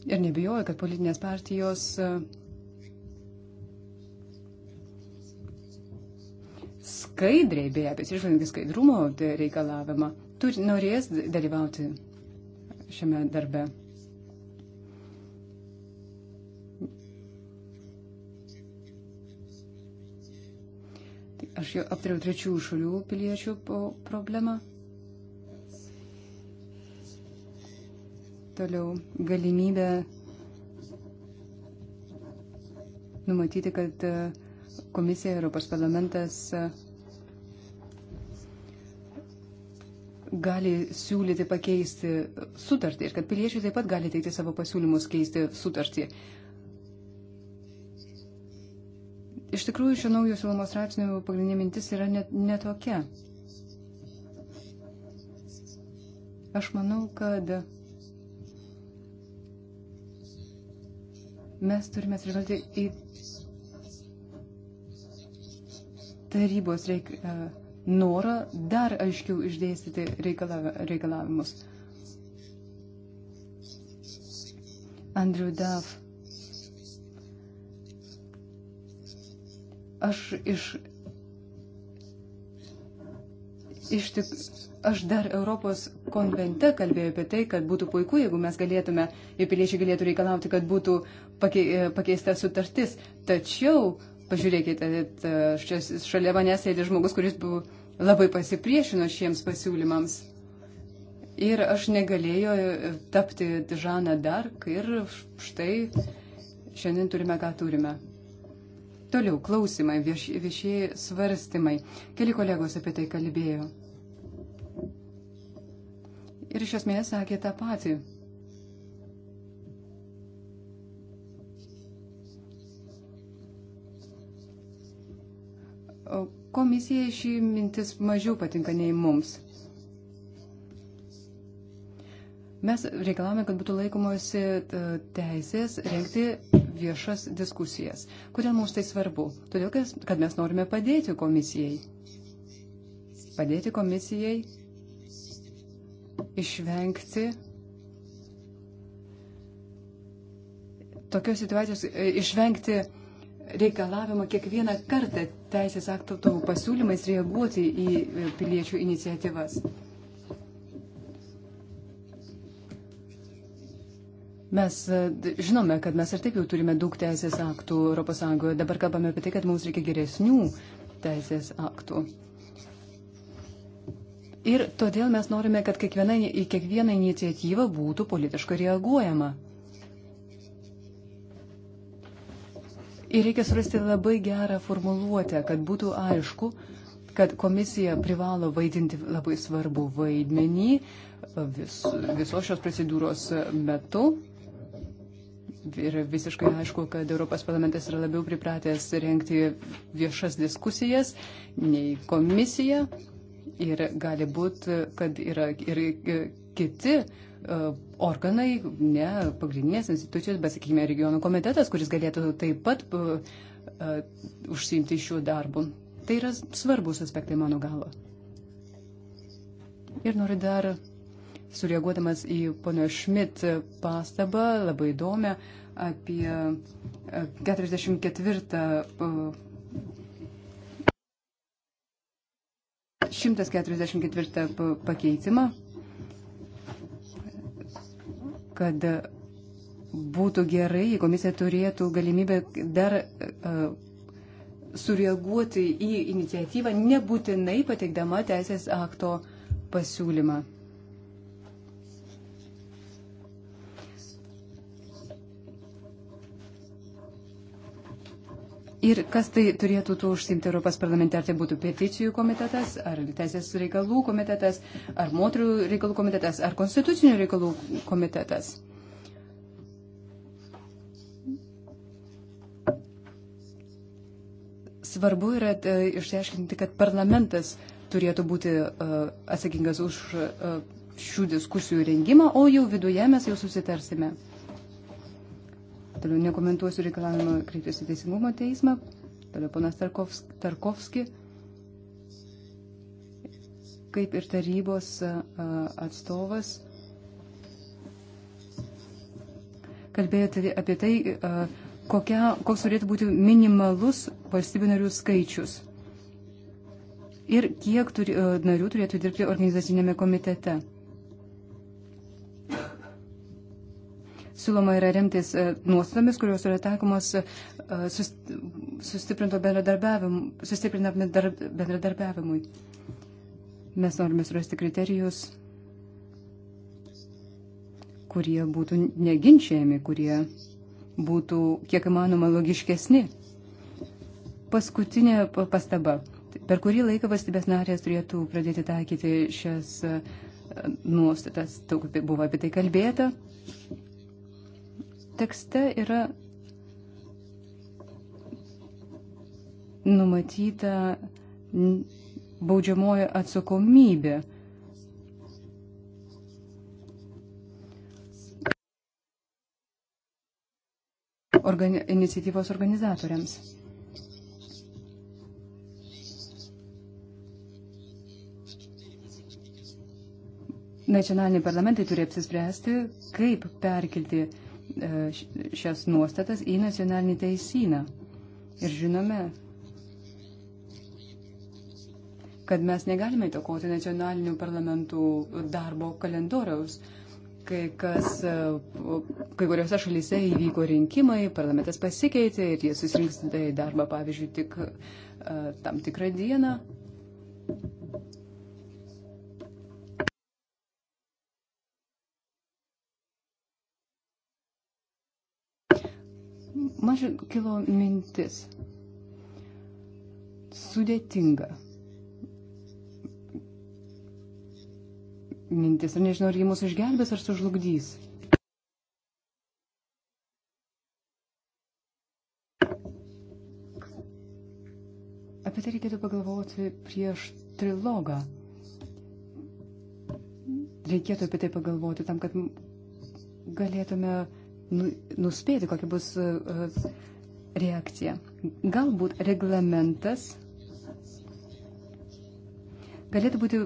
Ir nebijoju, kad politinės partijos skaidriai, beje, apie išlankį skaidrumo reikalavimą, turi, norės dalyvauti šiame darbe. Aš jau aptariau trečiųjų šalių piliečių problemą. Toliau galimybė numatyti, kad e, komisija Europos parlamentas e, gali siūlyti pakeisti sutartį ir kad piliečiai taip pat gali teikti savo pasiūlymus keisti sutartį. iš tikrųjų šio naujo siūlomo straipsnio pagrindinė mintis yra netokia. Ne, ne Aš manau, kad mes turime atsižvelgti į tarybos reik, e, norą dar aiškiau išdėstyti reikalavimus. Andrew Duff Aš iš. Iš tik, aš dar Europos konvente kalbėjau apie tai, kad būtų puiku, jeigu mes galėtume, jei piliečiai galėtų reikalauti, kad būtų e, pakeista sutartis. Tačiau, pažiūrėkite, šalia manęs sėdi žmogus, kuris buvo labai pasipriešino šiems pasiūlymams. Ir aš negalėjau e, tapti Žaną Dark ir štai šiandien turime, ką turime. Toliau klausimai, vieš, viešieji svarstymai. Keli kolegos apie tai kalbėjo. Ir iš esmės sakė tą patį. Komisijai šį mintis mažiau patinka nei mums. Mes reikalavome, kad būtų laikomasi e, teisės rengti viešas diskusijas. Kodėl mums tai svarbu? Todėl, kad mes norime padėti komisijai. Padėti komisijai išvengti tokios situacijos, e, išvengti reikalavimą kiekvieną kartą teisės aktų pasiūlymais reaguoti į piliečių iniciatyvas. Mes e, žinome, kad mes ir taip jau turime daug teisės aktų ES. Dabar kalbame apie tai, kad mums reikia geresnių teisės aktų. Ir todėl mes norime, kad kiekviena, į kiekvieną iniciatyvą būtų politiškai reaguojama. Ir reikia surasti labai gerą formuluotę, kad būtų aišku, kad komisija privalo vaidinti labai svarbu vaidmenį vis, visos šios procedūros metu. Ir visiškai aišku, kad Europos parlamentas yra labiau pripratęs rengti viešas diskusijas nei komisija. Ir gali būti, kad yra ir kiti e, organai, ne pagrindinės institucijos, bet, sakykime, regionų komitetas, kuris galėtų taip pat uh, užsiimti šiuo darbu. Tai yra svarbus aspektai mano galo. Ir noriu dar surieguodamas į pono Šmit pastabą, labai įdomią, apie 44. E, 144 e, pakeitimą, kad būtų gerai, jei komisija turėtų galimybę dar uh, sureaguoti į iniciatyvą, nebūtinai pateikdama teisės akto pasiūlymą. Ir kas tai turėtų tuo užsimti Europos parlamente, ar tai būtų peticijų komitetas, ar teisės reikalų komitetas, ar moterų reikalų komitetas, ar konstitucinių reikalų komitetas. svarbu yra tai išsiaiškinti, kad parlamentas turėtų būti uh, atsakingas už uh, šių diskusijų rengimą, o jau viduje mes jau susitarsime. Toliau nekomentuosiu reikalavimą kreiptis į Teisingumo teismą. Toliau ponas Tarkovski, Tarkovski kaip ir tarybos atstovas, kalbėjote tai apie tai, kokia, koks turėtų būti minimalus valstybių narių skaičius ir kiek turi, narių turėtų dirbti organizacinėme komitete. siūloma yra remtis e, nuostatomis, kurios yra taikomos e, sustiprinto bendradarbiavimui. Mes norime surasti kriterijus, kurie būtų neginčiami, kurie būtų kiek įmanoma logiškesni. Paskutinė pastaba. Per kurį laiką valstybės narės turėtų pradėti taikyti šias e, nuostatas. Daug buvo apie tai kalbėta. Tekste yra numatyta baudžiamoji atsakomybė. Organi iniciatyvos organizatoriams. Nacionaliniai parlamentai turi apsispręsti, kaip perkelti E, šias nuostatas į nacionalinį teisyną. Ir žinome, kad mes negalime įtakoti nacionalinių parlamentų darbo kalendoriaus. Kai, kas, e, kai kuriuose šalyse įvyko rinkimai, parlamentas pasikeitė ir jie susirinks darbą, pavyzdžiui, tik e, tam tikrą dieną. man kilo mintis. Sudėtinga. Mintis, ar nežinau, ar jie mus išgelbės, ar sužlugdys. Apie tai reikėtų pagalvoti prieš trilogą. Reikėtų apie tai pagalvoti tam, kad galėtume Nu, nuspėti, kokia bus e, reakcija. Galbūt reglamentas galėtų būti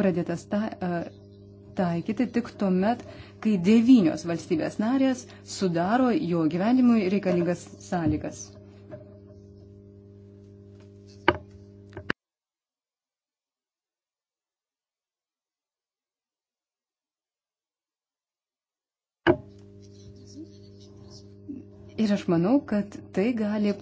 pradėtas ta, e, taikyti tik tuomet, kai devynios valstybės narės sudaro jo gyvenimui reikalingas sąlygas. Ir aš manau, kad tai gali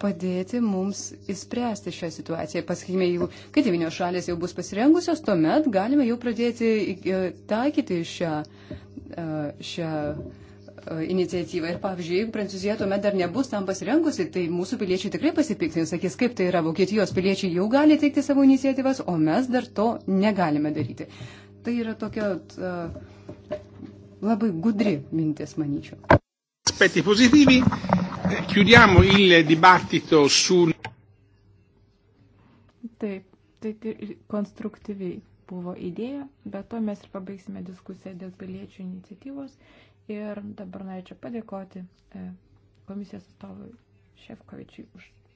padėti mums įspręsti šią situaciją. Pasakykime, jeigu, kai devynios šalės jau bus pasirengusios, tuomet galime jau pradėti e, taikyti šią, e, šią e, iniciatyvą. Ir pavyzdžiui, jeigu Prancūzija tuomet dar nebus tam pasirengusi, tai mūsų piliečiai tikrai pasipiktins, sakys, kaip tai yra, Vokietijos piliečiai jau gali teikti savo iniciatyvas, o mes dar to negalime daryti. Tai yra tokia. Uh, labai gudri mintis, manyčiau. Aspetti positivi, chiudiamo il dibattito sul. Taip, tai konstruktyviai buvo idėja, bet to mes ir pabaigsime diskusiją dėl piliečių iniciatyvos. Ir dabar norėčiau padėkoti e, komisijos atstovui Šefkovičiui,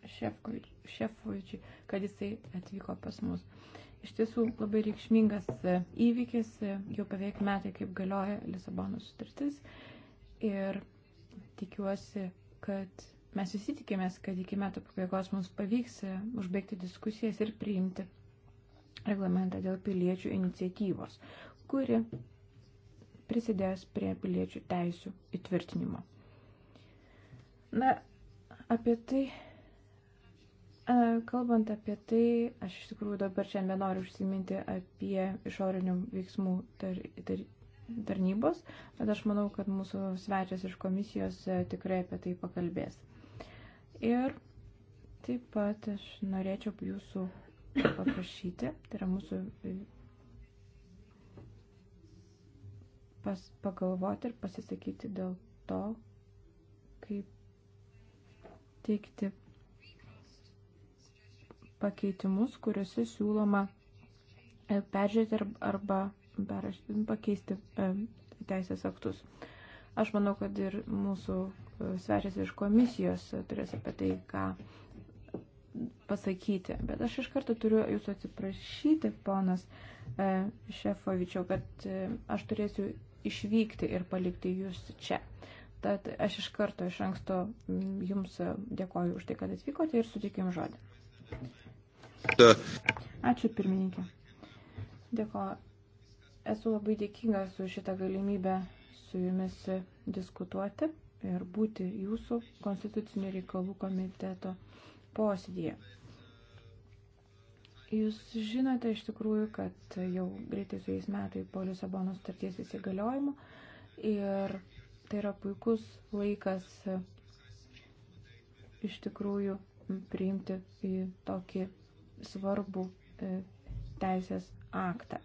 šefkovičiui, kad jisai atvyko pas mus iš tiesų labai reikšmingas e, įvykis, e, jau beveik metai kaip galioja Lisabono sutartis ir tikiuosi, kad mes visi tikimės, kad iki metų pabaigos mums pavyks e, užbaigti diskusijas ir priimti reglamentą dėl piliečių iniciatyvos, kuri prisidės prie piliečių teisų įtvirtinimo. Na, apie tai E, kalbant apie tai, aš iš tikrųjų dabar šiandien noriu užsiminti apie išorinių veiksmų tar, tar, tarnybos, bet aš manau, kad mūsų svečias iš komisijos e, tikrai apie tai pakalbės. Ir taip pat aš norėčiau jūsų paprašyti, tai yra mūsų e, pas, pagalvoti ir pasisakyti dėl to, kaip teikti pakeitimus, kuriuose siūloma e, peržiūrėti arba pakeisti e, teisės aktus. Aš manau, kad ir mūsų e, svečias iš komisijos turės apie tai, ką pasakyti. Bet aš iš karto turiu jūsų atsiprašyti, ponas Šefovičiau, kad aš turėsiu išvykti ir palikti jūs čia. Tad aš iš karto iš anksto jums dėkoju už tai, kad atvykote ir sutikim žodį. Ačiū pirmininkė. Dėkoju. Esu labai dėkinga su šitą galimybę su jumis diskutuoti ir būti jūsų konstitucinių reikalų komiteto posėdėje. Jūs žinote iš tikrųjų, kad jau greitai su jais metai po Lisabono sutarties įsigaliojimo ir tai yra puikus laikas iš tikrųjų priimti į tokį svarbų e, teisės aktą.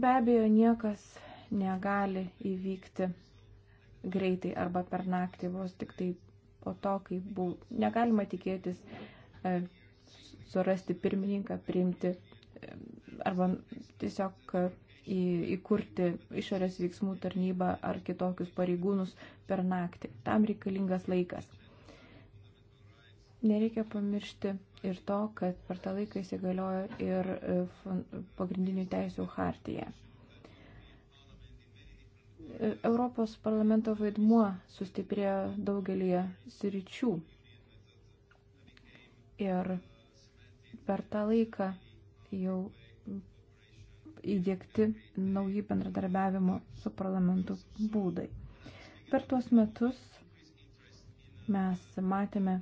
Be abejo, niekas negali įvykti greitai arba per naktį, vos tik tai po to, kai buvo. Negalima tikėtis e, surasti pirmininką, priimti e, arba tiesiog į, įkurti išorės veiksmų tarnybą ar kitokius pareigūnus per naktį. Tam reikalingas laikas. Nereikia pamiršti ir to, kad per tą laiką įsigaliojo ir e, pagrindinių teisų hartija. E, Europos parlamento vaidmuo sustiprėjo daugelį sričių. Ir per tą laiką jau įdėkti nauji bendradarbiavimo su parlamentu būdai. Per tuos metus mes matėme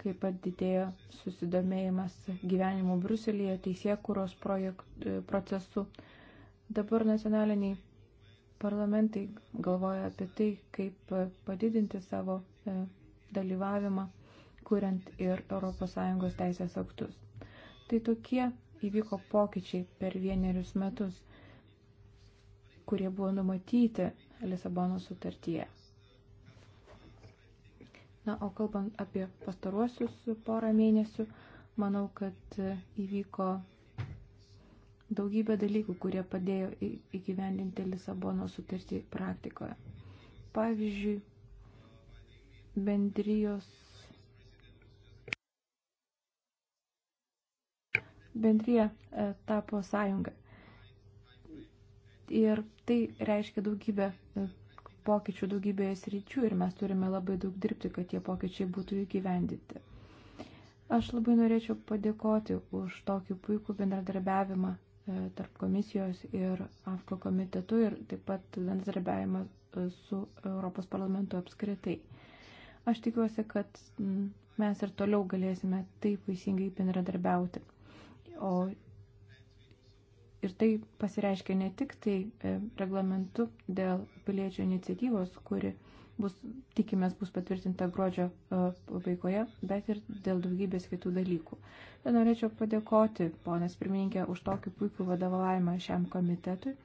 Taip pat didėjo susidomėjimas gyvenimu Bruselėje, teisėkūros e, procesu. Dabar nacionaliniai parlamentai galvoja apie tai, kaip padidinti savo e, dalyvavimą, kuriant ir ES teisės aktus. Tai tokie įvyko pokyčiai per vienerius metus, kurie buvo numatyti Lisabono sutartyje. Na, o kalbant apie pastaruosius porą mėnesių, manau, kad įvyko daugybė dalykų, kurie padėjo įgyvendinti Lisabono sutartį praktikoje. Pavyzdžiui, bendrijos bendrija e, tapo sąjunga. Ir tai reiškia daugybę e, pokyčių daugybėje sričių ir mes turime labai daug dirbti, kad tie pokyčiai būtų įgyvendinti. Aš labai norėčiau padėkoti už tokį puikų bendradarbiavimą e, tarp komisijos ir AFKO komitetu ir taip pat bendradarbiavimą e, su Europos parlamentu apskritai. Aš tikiuosi, kad mes ir toliau galėsime taip vaisingai bendradarbiauti. O Ir tai pasireiškia ne tik tai e, reglamentu dėl piliečių iniciatyvos, kuri bus, tikimės bus patvirtinta gruodžio e, pabaigoje, bet ir dėl daugybės kitų dalykų. Ir norėčiau padėkoti, ponas pirmininkė, už tokį puikų vadovavimą šiam komitetui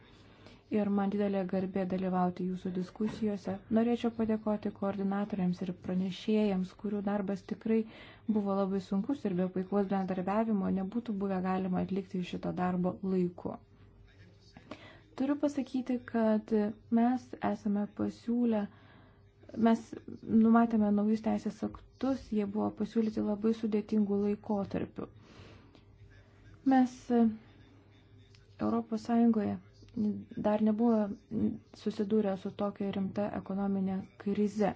ir man didelė garbė dalyvauti jūsų diskusijose. Norėčiau padėkoti koordinatoriams ir pranešėjams, kurių darbas tikrai buvo labai sunkus ir be puikaus bendarbiavimo nebūtų buvę galima atlikti šito darbo laiku. Turiu pasakyti, kad mes esame pasiūlę, mes numatėme naujus teisės aktus, jie buvo pasiūlyti labai sudėtingų laikotarpių. Mes Europos Sąjungoje dar nebuvo susidūrę su tokia rimta ekonominė krize.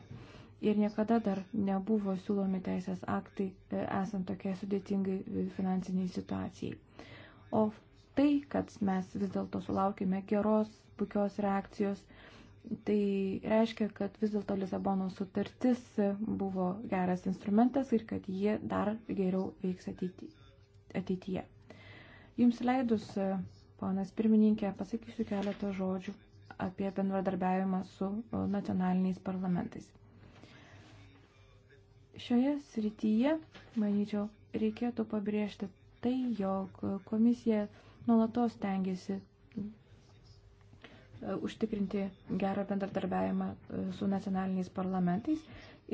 Ir niekada dar nebuvo siūlomi teisės aktai e, esant tokiai sudėtingai e, finansiniai situacijai. O tai, kad mes vis dėlto sulaukime geros, puikios reakcijos, tai reiškia, kad vis dėlto Lisabono sutartis buvo geras instrumentas ir kad jie dar geriau veiks ateityje. Jums leidus e, Ponas pirmininkė, pasakysiu keletą žodžių apie bendradarbiavimą su e, nacionaliniais parlamentais. Šioje srityje, manyčiau, reikėtų pabrėžti tai, jog komisija nuolatos tengiasi e, užtikrinti gerą bendradarbiavimą e, su nacionaliniais parlamentais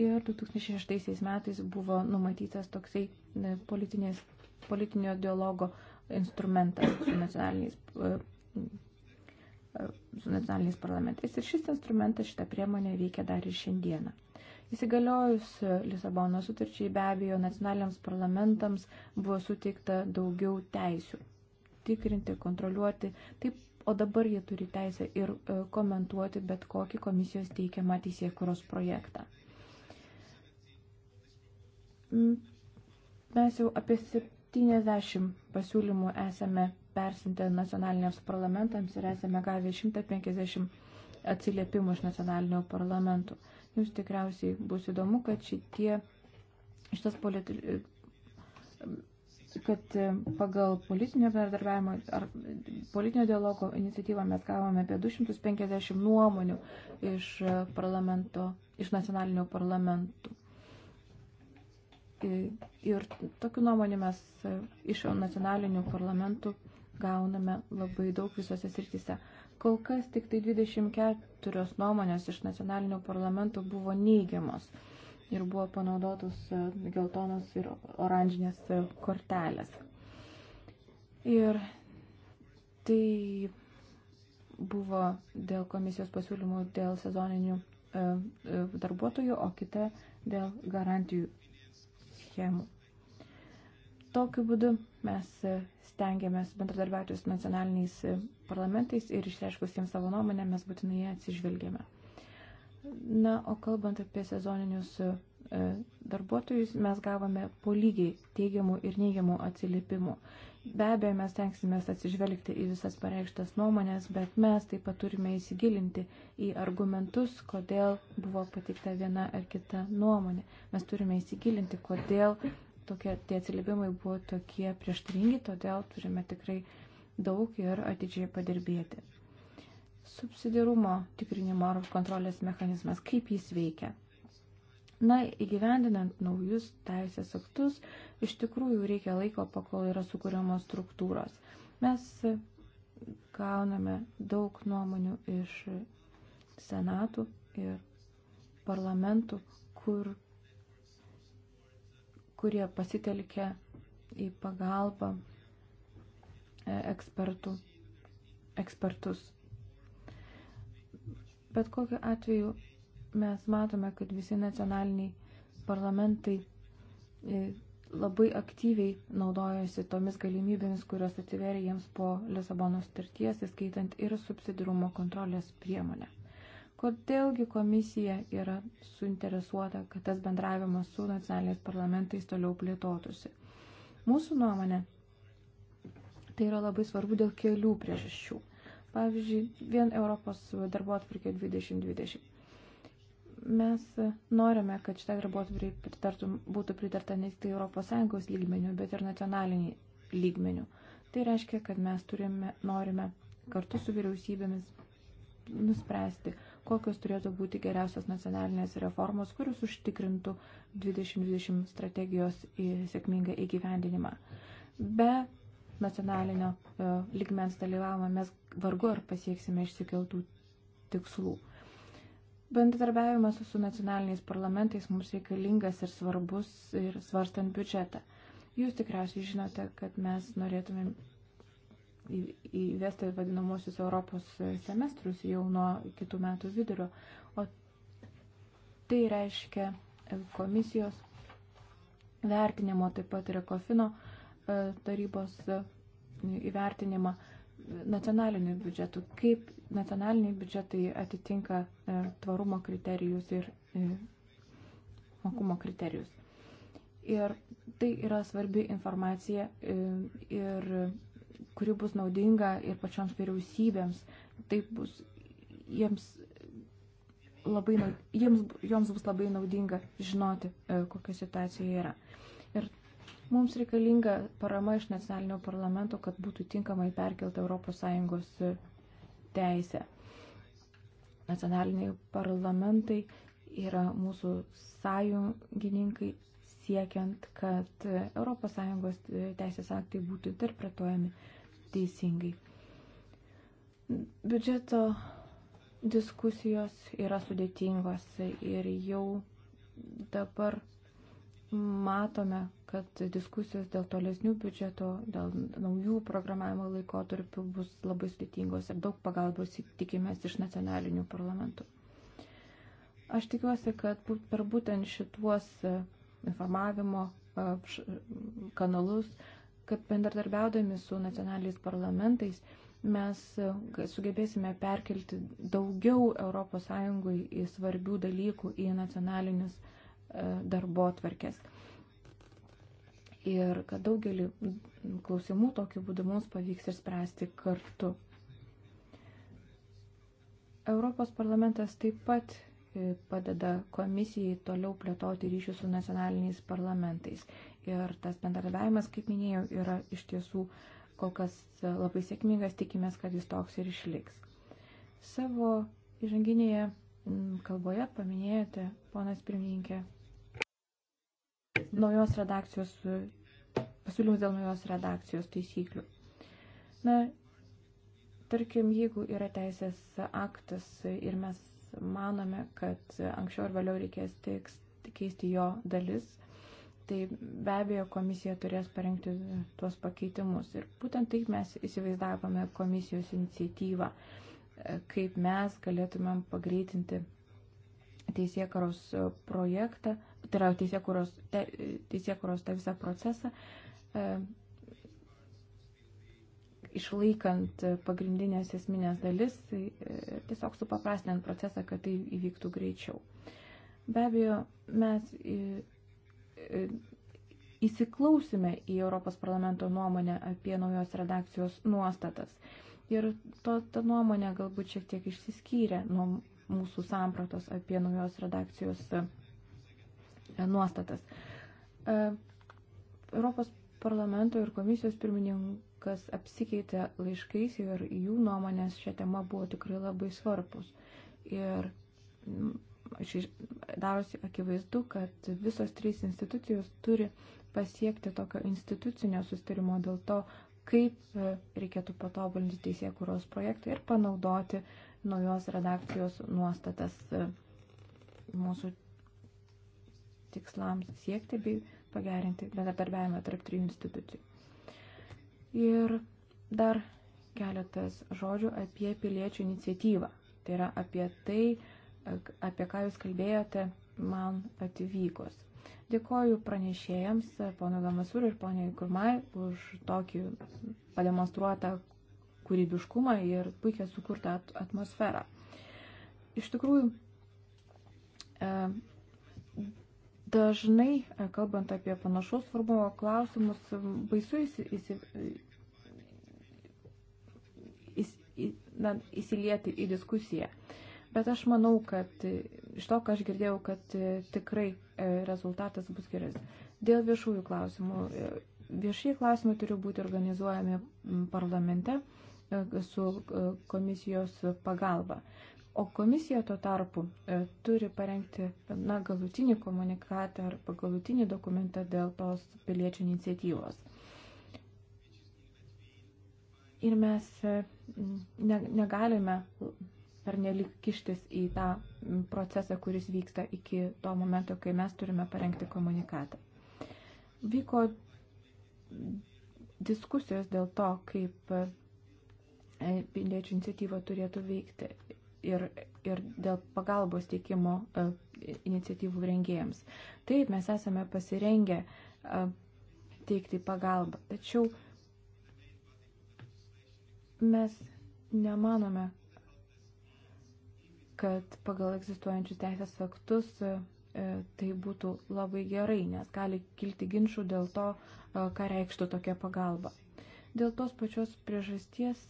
ir 2006 metais buvo numatytas toksai politinės, politinio dialogo instrumentas su nacionaliniais, e, su nacionaliniais parlamentais. Ir šis instrumentas, šita priemonė veikia dar ir šiandieną. Įsigaliojus Lisabono sutarčiai be abejo nacionaliniams parlamentams buvo suteikta daugiau teisių tikrinti, kontroliuoti. Taip, o dabar jie turi teisę ir e, komentuoti bet kokį komisijos teikiamą teisėkuros projektą. Mes jau apie 70 pasiūlymų esame persintę nacionaliniams parlamentams ir esame gavę 150 atsiliepimų iš nacionalinių parlamentų. Jums tikriausiai bus įdomu, kad šitie, šitas politi, kad pagal politinio bendradarbiavimo ar politinio dialogo iniciatyvą mes gavome apie 250 nuomonių iš parlamento, iš nacionalinių parlamentų. Ir tokių nuomonių mes iš nacionalinių parlamentų gauname labai daug visose srityse. Kol kas tik tai 24 nuomonės iš nacionalinių parlamentų buvo neigiamos ir buvo panaudotos geltonos ir oranžinės kortelės. Ir tai buvo dėl komisijos pasiūlymų dėl sezoninių e, e, darbuotojų, o kita dėl garantijų schemų. Tokiu būdu mes stengiamės bendradarbiauti su nacionaliniais parlamentais ir išreiškus jiems savo nuomonę mes būtinai ją atsižvelgiame. Na, o kalbant apie sezoninius e, darbuotojus, mes gavome po lygiai teigiamų ir neigiamų atsiliepimų. Be abejo, mes tenksime atsižvelgti į visas pareikštas nuomonės, bet mes taip pat turime įsigilinti į argumentus, kodėl buvo pateikta viena ar kita nuomonė. Mes turime įsigilinti, kodėl tokie, tie atsiliepimai buvo tokie prieštaringi, todėl turime tikrai daug ir atidžiai padirbėti. Subsidirumo tikrinimo ar kontrolės mechanizmas, kaip jis veikia. Na, įgyvendinant naujus teisės aktus, iš tikrųjų reikia laiko, pakol yra sukūriamos struktūros. Mes gauname daug nuomonių iš senatų ir parlamentų, kur, kurie pasitelkia į pagalbą e, ekspertų, ekspertus. Bet kokiu atveju Mes matome, kad visi nacionaliniai parlamentai e, labai aktyviai naudojasi tomis galimybėmis, kurios atsiveria jiems po Lisabono starties, įskaitant ir subsidirumo kontrolės priemonę. Kodėlgi komisija yra suinteresuota, kad tas bendravimas su nacionaliniais parlamentais toliau plėtotųsi? Mūsų nuomonė, tai yra labai svarbu dėl kelių priežasčių. Pavyzdžiui, vien Europos darbo atvarkė 2020 Mes norime, kad šitai darbuotojai būtų pritarta ne tik tai ES lygmenių, bet ir nacionaliniai lygmenių. Tai reiškia, kad mes turime, norime kartu su vyriausybėmis nuspręsti, kokios turėtų būti geriausios nacionalinės reformos, kuris užtikrintų 2020 strategijos sėkmingą įgyvendinimą. Be nacionalinio e, lygmens dalyvavimo mes vargu ar pasieksime išsikeltų tikslų. Bendradarbiavimas su nacionaliniais parlamentais mums reikalingas ir svarbus ir svarstant biudžetą. Jūs tikriausiai žinote, kad mes norėtumėm įvesti vadinamosius Europos semestrus jau nuo kitų metų vidurio, o tai reiškia komisijos vertinimo, taip pat ir kofino e, tarybos e, įvertinimą nacionaliniu biudžetu, kaip nacionaliniai biudžetai atitinka e, tvarumo kriterijus ir e, mokumo kriterijus. Ir tai yra svarbi informacija, e, ir, kuri bus naudinga ir pačioms vyriausybėms. Tai bus jiems labai, jiems, joms bus labai naudinga žinoti, kokia situacija yra. Mums reikalinga parama iš nacionalinio parlamento, kad būtų tinkamai perkelta ES e, teisė. Nacionaliniai parlamentai yra mūsų sąjungininkai siekiant, kad ES e, teisės aktai būtų interpretuojami teisingai. Biudžeto diskusijos yra sudėtingos ir jau dabar matome, kad diskusijos dėl tolesnių biudžeto, dėl naujų programavimo laikotarpių bus labai sudėtingos ir daug pagalbos tikimės iš nacionalinių parlamentų. Aš tikiuosi, kad per būtent šituos e, informavimo e, kanalus, kad bendradarbiaudami su nacionaliais parlamentais mes e, sugebėsime perkelti daugiau ES į svarbių dalykų į nacionalinius darbo atvarkės ir kad daugelį klausimų tokiu būdu mums pavyks ir spręsti kartu. Europos parlamentas taip pat e, padeda komisijai toliau plėtoti ryšius su nacionaliniais parlamentais. Ir tas bendradarbiavimas, kaip minėjau, yra iš tiesų kol kas e, labai sėkmingas, tikimės, kad jis toks ir išliks. Savo įžanginėje kalboje paminėjote, ponas pirmininkė, naujos redakcijos, pasiūlymus dėl naujos redakcijos taisyklių. Na, tarkim, jeigu yra teisės aktas ir mes manome, kad anksčiau ar vėliau reikės tekst, keisti jo dalis, tai be abejo komisija turės parengti tuos pakeitimus. Ir būtent taip mes įsivaizdavome komisijos iniciatyvą, kaip mes galėtumėm pagreitinti teisėkaros projektą, tai yra teisėkuros, te, teisėkuros tą visą procesą, e, išlaikant pagrindinės esminės dalis, tai, e, tiesiog supaprastinant procesą, kad tai įvyktų greičiau. Be abejo, mes e, e, įsiklausime į Europos parlamento nuomonę apie naujos redakcijos nuostatas. Ir to, ta nuomonė galbūt šiek tiek išsiskyrė nuo mūsų sampratos apie naujos redakcijos nuostatas E, nuostatas. E, Europos parlamento ir komisijos pirmininkas apsikeitė laiškais ir jų nuomonės šią temą buvo tikrai labai svarbus. Ir darosi akivaizdu, kad visos trys institucijos turi pasiekti tokio institucinio sustarimo dėl to, kaip e, reikėtų patobulinti teisėkūros projektą ir panaudoti naujos redakcijos nuostatas mūsų tikslams siekti bei pagerinti bendradarbiavimą tarp trijų institucijų. Ir dar keletas žodžių apie piliečių iniciatyvą. Tai yra apie tai, apie ką jūs kalbėjote man atvykus. Dėkoju pranešėjams, pono Damasūrui ir poniai Kurmai, už tokį pademonstruotą kūrybiškumą ir puikiai sukurtą atmosferą. Iš tikrųjų, e, Dažnai, e, kalbant apie panašaus svarbumo klausimus, baisu įsi, įsi, įs, į, na, įsilieti į diskusiją. Bet aš manau, kad e, iš to, ką aš girdėjau, kad e, tikrai rezultatas bus geras. Dėl viešųjų klausimų. Viešieji klausimai turi būti organizuojami parlamente su komisijos pagalba. O komisija tuo tarpu e, turi parengti na, galutinį komunikatą ar galutinį dokumentą dėl tos piliečių iniciatyvos. Ir mes e, ne, negalime per nelik kištis į tą procesą, kuris vyksta iki to momento, kai mes turime parengti komunikatą. Vyko diskusijos dėl to, kaip e, piliečių iniciatyva turėtų veikti ir, ir dėl pagalbos teikimo e, iniciatyvų rengėjams. Taip, mes esame pasirengę e, teikti pagalbą, tačiau mes nemanome, kad pagal egzistuojančius teisės aktus e, tai būtų labai gerai, nes gali kilti ginčių dėl to, ką reikštų tokia pagalba. Dėl tos pačios priežasties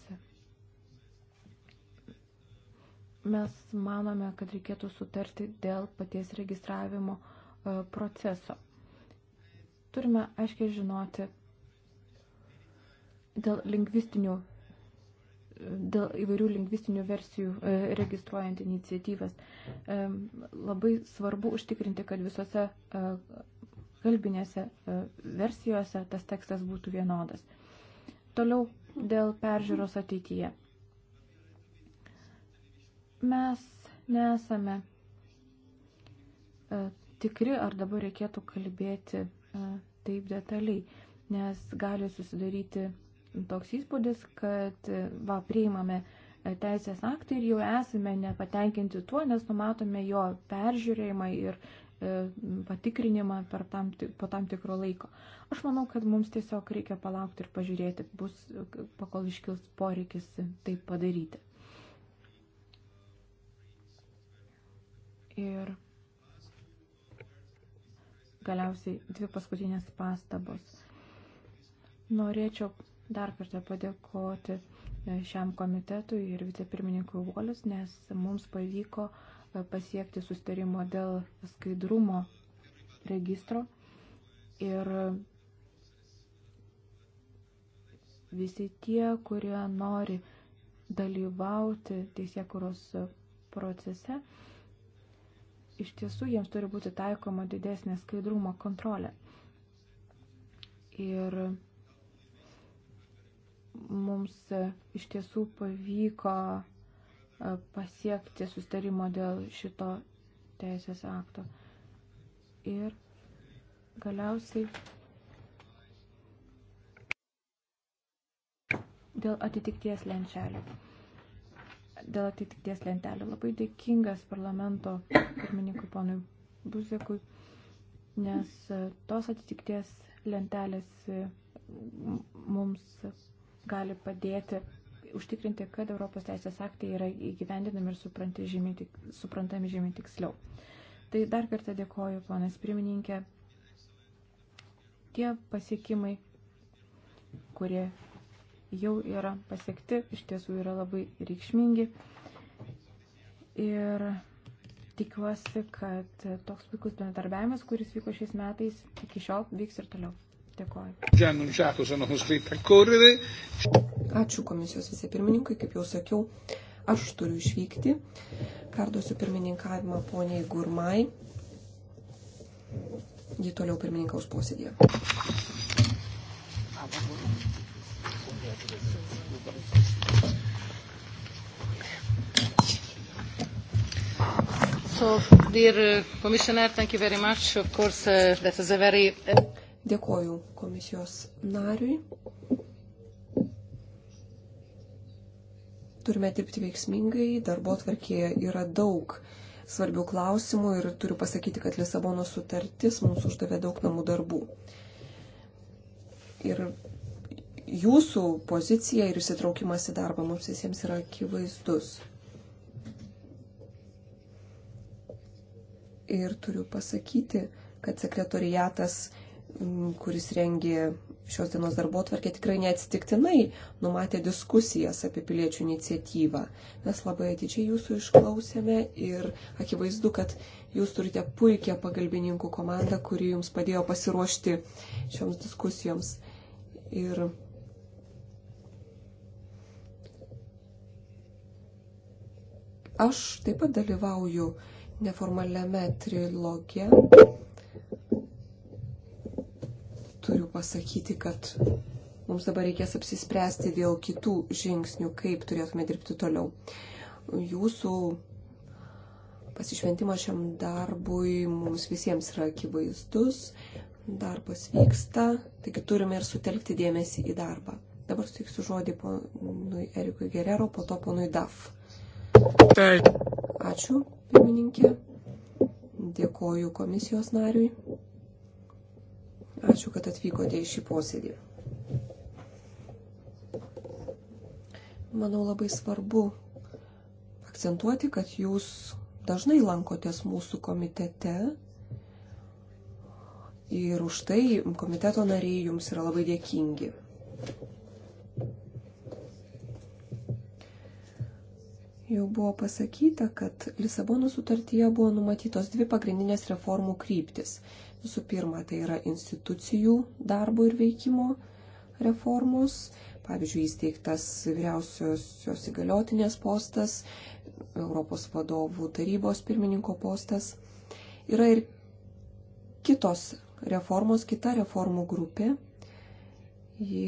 Mes manome, kad reikėtų sutarti dėl paties registravimo e, proceso. Turime aiškiai žinoti dėl lingvistinių e, dėl įvairių lingvistinių versijų e, registruojant iniciatyvas. E, labai svarbu užtikrinti, kad visose e, kalbinėse e, versijose tas tekstas būtų vienodas. Toliau dėl peržiūros ateityje. Mes nesame e, tikri, ar dabar reikėtų kalbėti e, taip detaliai, nes gali susidaryti toks įspūdis, kad e, va, priimame teisės aktai ir jau esame nepatenkinti tuo, nes numatome jo peržiūrėjimą ir patikrinimą per tam, po tam tikro laiko. Aš manau, kad mums tiesiog reikia palaukti ir pažiūrėti, bus, pakol iškils poreikis tai padaryti. Ir galiausiai dvi paskutinės pastabos. Norėčiau dar kartą padėkoti e, šiam komitetui ir vicepirmininkui Volis, nes mums pavyko e, pasiekti sustarimo dėl skaidrumo registro ir visi tie, kurie nori dalyvauti teisėkuros procese, iš tiesų jiems turi būti taikoma didesnė skaidrumo kontrolė. Ir mums e, iš tiesų pavyko e, pasiekti sustarimo dėl šito teisės akto. Ir galiausiai dėl atitikties lenčelių dėl atitikties lentelė. Labai dėkingas parlamento pirmininkui ponui Buzekui, nes e, tos atitikties lentelės e, mums gali padėti užtikrinti, kad Europos teisės aktai yra įgyvendinami ir suprantami žymiai, suprantami žymiai tiksliau. Tai dar kartą dėkoju, ponas pirmininkė. Tie pasiekimai, kurie jau yra pasiekti, iš tiesų yra labai reikšmingi. Ir tikiuosi, kad toks puikus bendradarbiavimas, kuris vyko šiais metais, iki šiol vyks ir toliau. Dėkoju. Ačiū komisijos vicepirmininkai, kaip jau sakiau, aš turiu išvykti. Perduosiu pirmininkavimą poniai Gurmai. Ji toliau pirmininkaus posėdėje. So, dear uh, Commissioner, thank you very much. Of course, uh, that is a very... Uh, Dėkoju komisijos nariui. Turime dirbti veiksmingai, darbo atvarkėje yra daug svarbių klausimų ir turiu pasakyti, kad Lisabono sutartis mums uždavė daug namų darbų. Ir jūsų pozicija ir įsitraukimas į darbą mums visiems yra akivaizdus. Ir turiu pasakyti, kad sekretoriatas, mm, kuris rengė šios dienos darbo tvarkė, tikrai neatsitiktinai numatė diskusijas apie piliečių iniciatyvą. Mes labai atidžiai jūsų išklausėme ir akivaizdu, kad jūs turite puikią pagalbininkų komandą, kuri jums padėjo pasiruošti šioms diskusijoms. Ir aš taip pat dalyvauju neformaliame trilogė. Turiu pasakyti, kad mums dabar reikės apsispręsti dėl kitų žingsnių, kaip turėtume dirbti toliau. Jūsų pasišventimas šiam darbui mums visiems yra akivaizdus, darbas vyksta, taigi turime ir sutelkti dėmesį į darbą. Dabar suteiksiu žodį ponui Erikui Gerero, po to ponui DAF. Tai- Ačiū pirmininkė. Dėkoju komisijos nariui. Ačiū, kad atvykote į šį posėdį. Manau labai svarbu akcentuoti, kad jūs dažnai lankotės mūsų komitete ir už tai komiteto nariai jums yra labai dėkingi. Jau buvo pasakyta, kad Lisabono sutartyje buvo numatytos dvi pagrindinės reformų kryptis. Visų pirma, tai yra institucijų darbo ir veikimo reformos. Pavyzdžiui, įsteigtas vyriausiosios įgaliotinės postas, Europos vadovų tarybos pirmininko postas. Yra ir kitos reformos, kita reformų grupė. Ji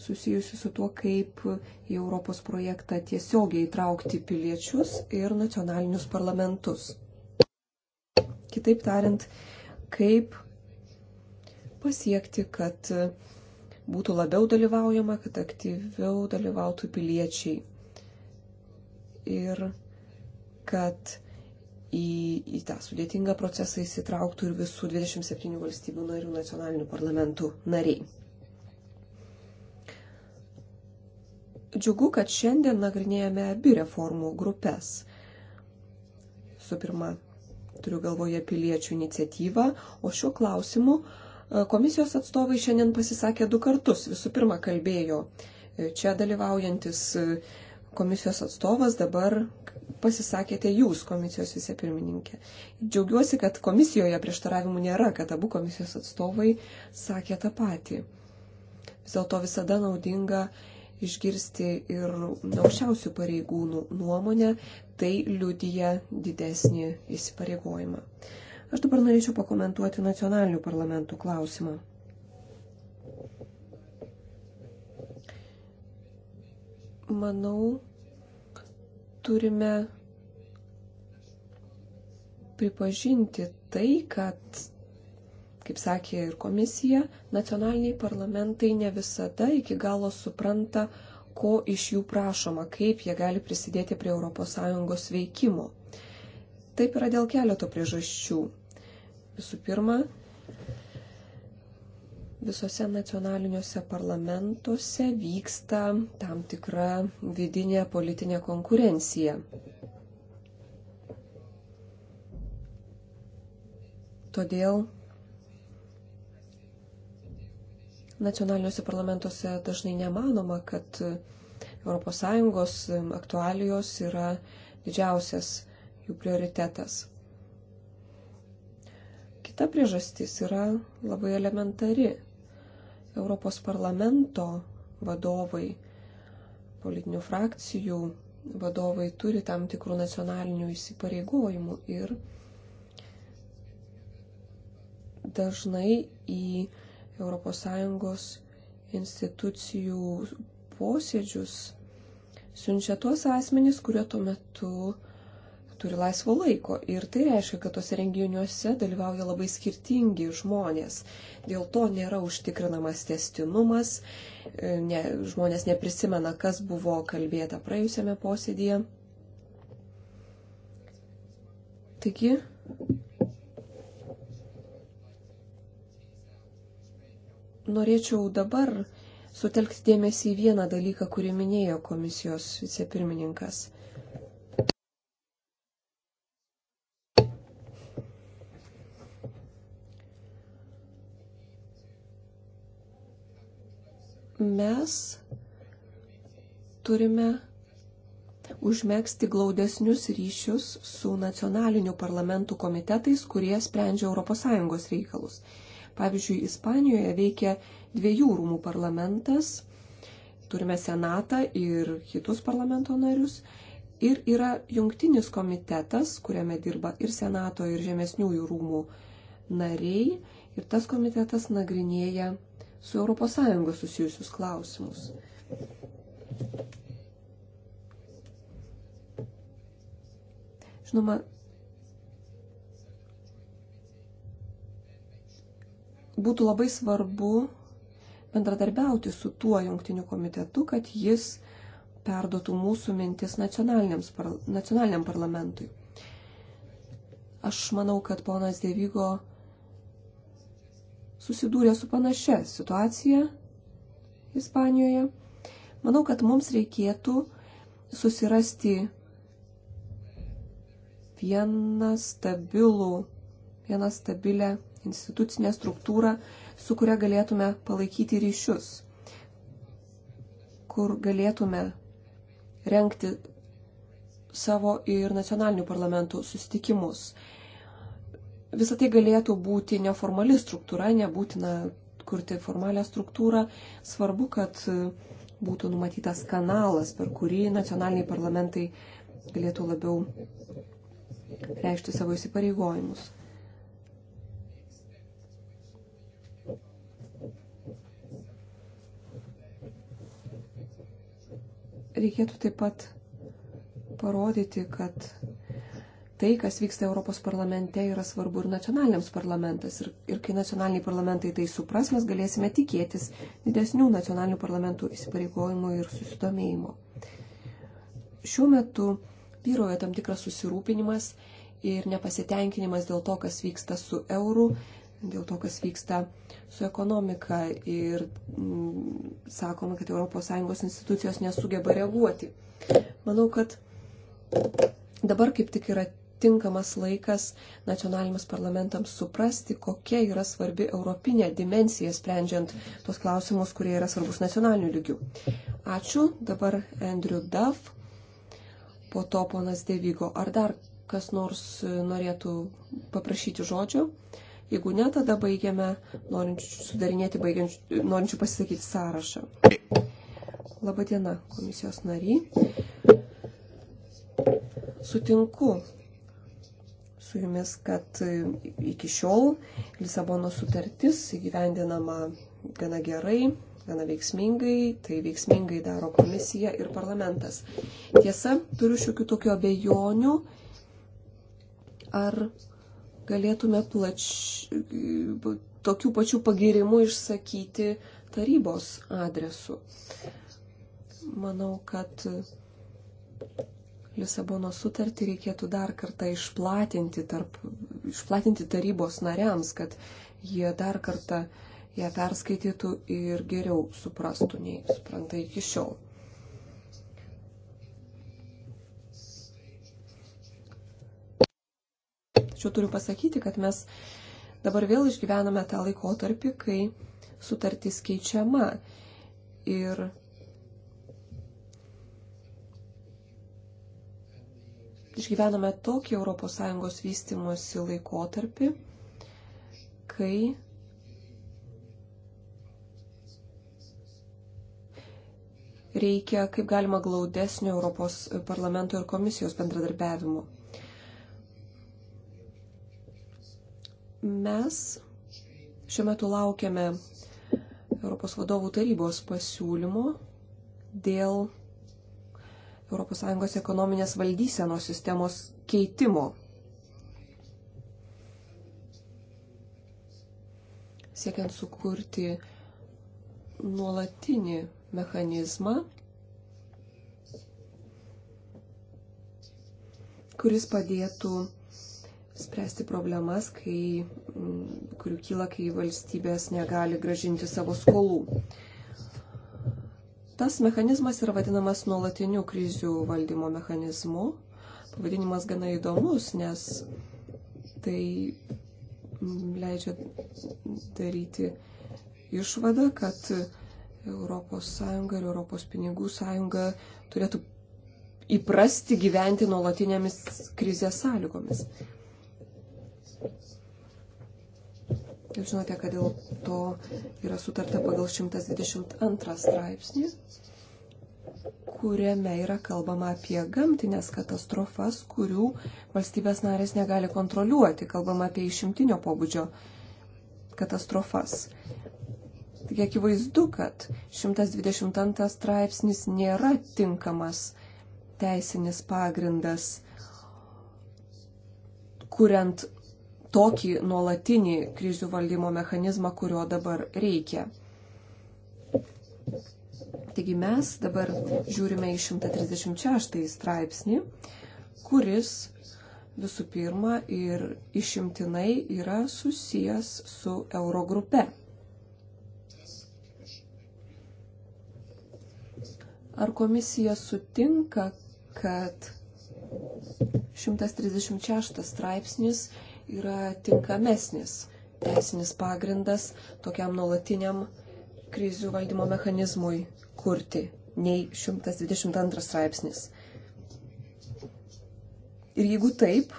susijusių su tuo, kaip į Europos projektą tiesiogiai įtraukti piliečius ir nacionalinius parlamentus. Kitaip tariant, kaip pasiekti, kad būtų labiau dalyvaujama, kad aktyviau dalyvautų piliečiai ir kad į, į tą sudėtingą procesą įsitrauktų ir visų 27 valstybių narių nacionalinių parlamentų nariai. Džiugu, kad šiandien nagrinėjame abi reformų grupės. Su pirma, turiu galvoje piliečių iniciatyvą, o šiuo klausimu e, komisijos atstovai šiandien pasisakė du kartus. Visų pirma, kalbėjo e, čia dalyvaujantis e, komisijos atstovas, dabar pasisakėte jūs, komisijos vicepirmininkė. Džiaugiuosi, kad komisijoje prieštaravimų nėra, kad abu komisijos atstovai sakė tą patį. Vis dėlto visada naudinga išgirsti ir aukščiausių pareigūnų nuomonę, tai liudija didesnį įsipareigojimą. Aš dabar norėčiau pakomentuoti nacionalinių parlamentų klausimą. Manau, turime pripažinti tai, kad Kaip sakė ir komisija, nacionaliniai parlamentai ne visada iki galo supranta, ko iš jų prašoma, kaip jie gali prisidėti prie ES veikimo. Taip yra dėl keleto priežasčių. Visų pirma, visose nacionaliniuose parlamentuose vyksta tam tikra vidinė politinė konkurencija. Todėl Nacionaliniuose parlamentuose dažnai nemanoma, kad ES aktualijos yra didžiausias jų prioritetas. Kita priežastis yra labai elementari. Europos parlamento vadovai, politinių frakcijų vadovai turi tam tikrų nacionalinių įsipareigojimų ir dažnai į ES institucijų posėdžius siunčia tuos asmenys, kurie tuo metu turi laisvo laiko. Ir tai reiškia, kad tuose renginiuose dalyvauja labai skirtingi žmonės. Dėl to nėra užtikrinamas testinumas, ne, žmonės neprisimena, kas buvo kalbėta praėjusiame posėdėje. Taigi, norėčiau dabar sutelkti dėmesį į vieną dalyką, kurį minėjo komisijos vicepirmininkas. Mes turime užmėgsti glaudesnius ryšius su nacionaliniu parlamentų komitetais, kurie sprendžia ES reikalus. Pavyzdžiui, Ispanijoje veikia dviejų rūmų parlamentas, turime senatą ir kitus parlamento narius. Ir yra jungtinis komitetas, kuriame dirba ir senato, ir žemesniųjų rūmų nariai. Ir tas komitetas nagrinėja su ES susijusius klausimus. Žinoma, būtų labai svarbu bendradarbiauti su tuo jungtiniu komitetu, kad jis perdotų mūsų mintis par, nacionaliniam parlamentui. Aš manau, kad ponas Devygo susidūrė su panašia situacija Ispanijoje. Manau, kad mums reikėtų susirasti vieną stabilų, vieną stabilę institucinę struktūrą, su kuria galėtume palaikyti ryšius, kur galėtume renkti savo ir nacionalinių parlamentų susitikimus. Visą tai galėtų būti neformali struktūra, nebūtina kurti formalią struktūrą. Svarbu, kad būtų numatytas kanalas, per kurį nacionaliniai parlamentai galėtų labiau reikšti savo įsipareigojimus. reikėtų taip pat parodyti, kad tai, kas vyksta Europos parlamente, yra svarbu ir nacionaliniams parlamentas. Ir, ir kai nacionaliniai parlamentai tai supras, mes galėsime tikėtis didesnių nacionalinių parlamentų įsipareigojimų ir susidomėjimo. Šiuo metu vyroja tam tikras susirūpinimas ir nepasitenkinimas dėl to, kas vyksta su euru, dėl to, kas vyksta su ekonomika ir m, mm, sakoma, kad ES institucijos nesugeba reaguoti. Manau, kad dabar kaip tik yra tinkamas laikas nacionaliniams parlamentams suprasti, kokia yra svarbi europinė dimensija sprendžiant tos klausimus, kurie yra svarbus nacionaliniu lygiu. Ačiū. Dabar Andrew Duff, po to ponas Devygo. Ar dar kas nors norėtų paprašyti žodžio? Jeigu ne, tada baigiame norinčių sudarinėti, norinčių pasisakyti sąrašą. Labadiena, komisijos nariai. Sutinku su jumis, kad iki šiol Lisabono sutartis įgyvendinama gana gerai, gana veiksmingai, tai veiksmingai daro komisija ir parlamentas. Tiesa, turiu šiokių tokių abejonių, ar galėtume plač... tokių pačių pagirimų išsakyti tarybos adresu. Manau, kad Lisabono sutartį reikėtų dar kartą išplatinti, tarp, išplatinti tarybos nariams, kad jie dar kartą ją perskaitytų ir geriau suprastų, nei supranta iki šiol. Tačiau turiu pasakyti, kad mes dabar vėl išgyvename tą laikotarpį, kai sutartis keičiama. Ir išgyvename tokį ES vystimosi laikotarpį, kai reikia kaip galima glaudesnio Europos parlamento ir komisijos bendradarbiavimo. Mes šiuo metu laukiame Europos vadovų tarybos pasiūlymo dėl ES ekonominės valdysenos sistemos keitimo. Siekiant sukurti nuolatinį mechanizmą, kuris padėtų spręsti problemas, kai, mm, kurių kyla, kai valstybės negali gražinti savo skolų. Tas mechanizmas yra vadinamas nuolatiniu krizių valdymo mechanizmu. Pavadinimas gana įdomus, nes tai mm, leidžia daryti išvadą, kad ES ir ES pinigų sąjunga turėtų įprasti gyventi nuolatinėmis krizės sąlygomis. Jūs žinote, kad dėl to yra sutarta pagal 122 straipsnį, kuriame yra kalbama apie gamtinės katastrofas, kurių valstybės narės negali kontroliuoti, kalbama apie išimtinio pobūdžio katastrofas. Tik akivaizdu, kad 122 straipsnis nėra tinkamas teisinis pagrindas, kuriant tokį nuolatinį krizių valdymo mechanizmą, kurio dabar reikia. Taigi mes dabar žiūrime į 136 straipsnį, kuris visų pirma ir išimtinai yra susijęs su Eurogrupe. Ar komisija sutinka, kad 136 straipsnis yra tinkamesnis teisinis pagrindas tokiam nuolatiniam krizių valdymo mechanizmui kurti nei 122 straipsnis. Ir jeigu taip,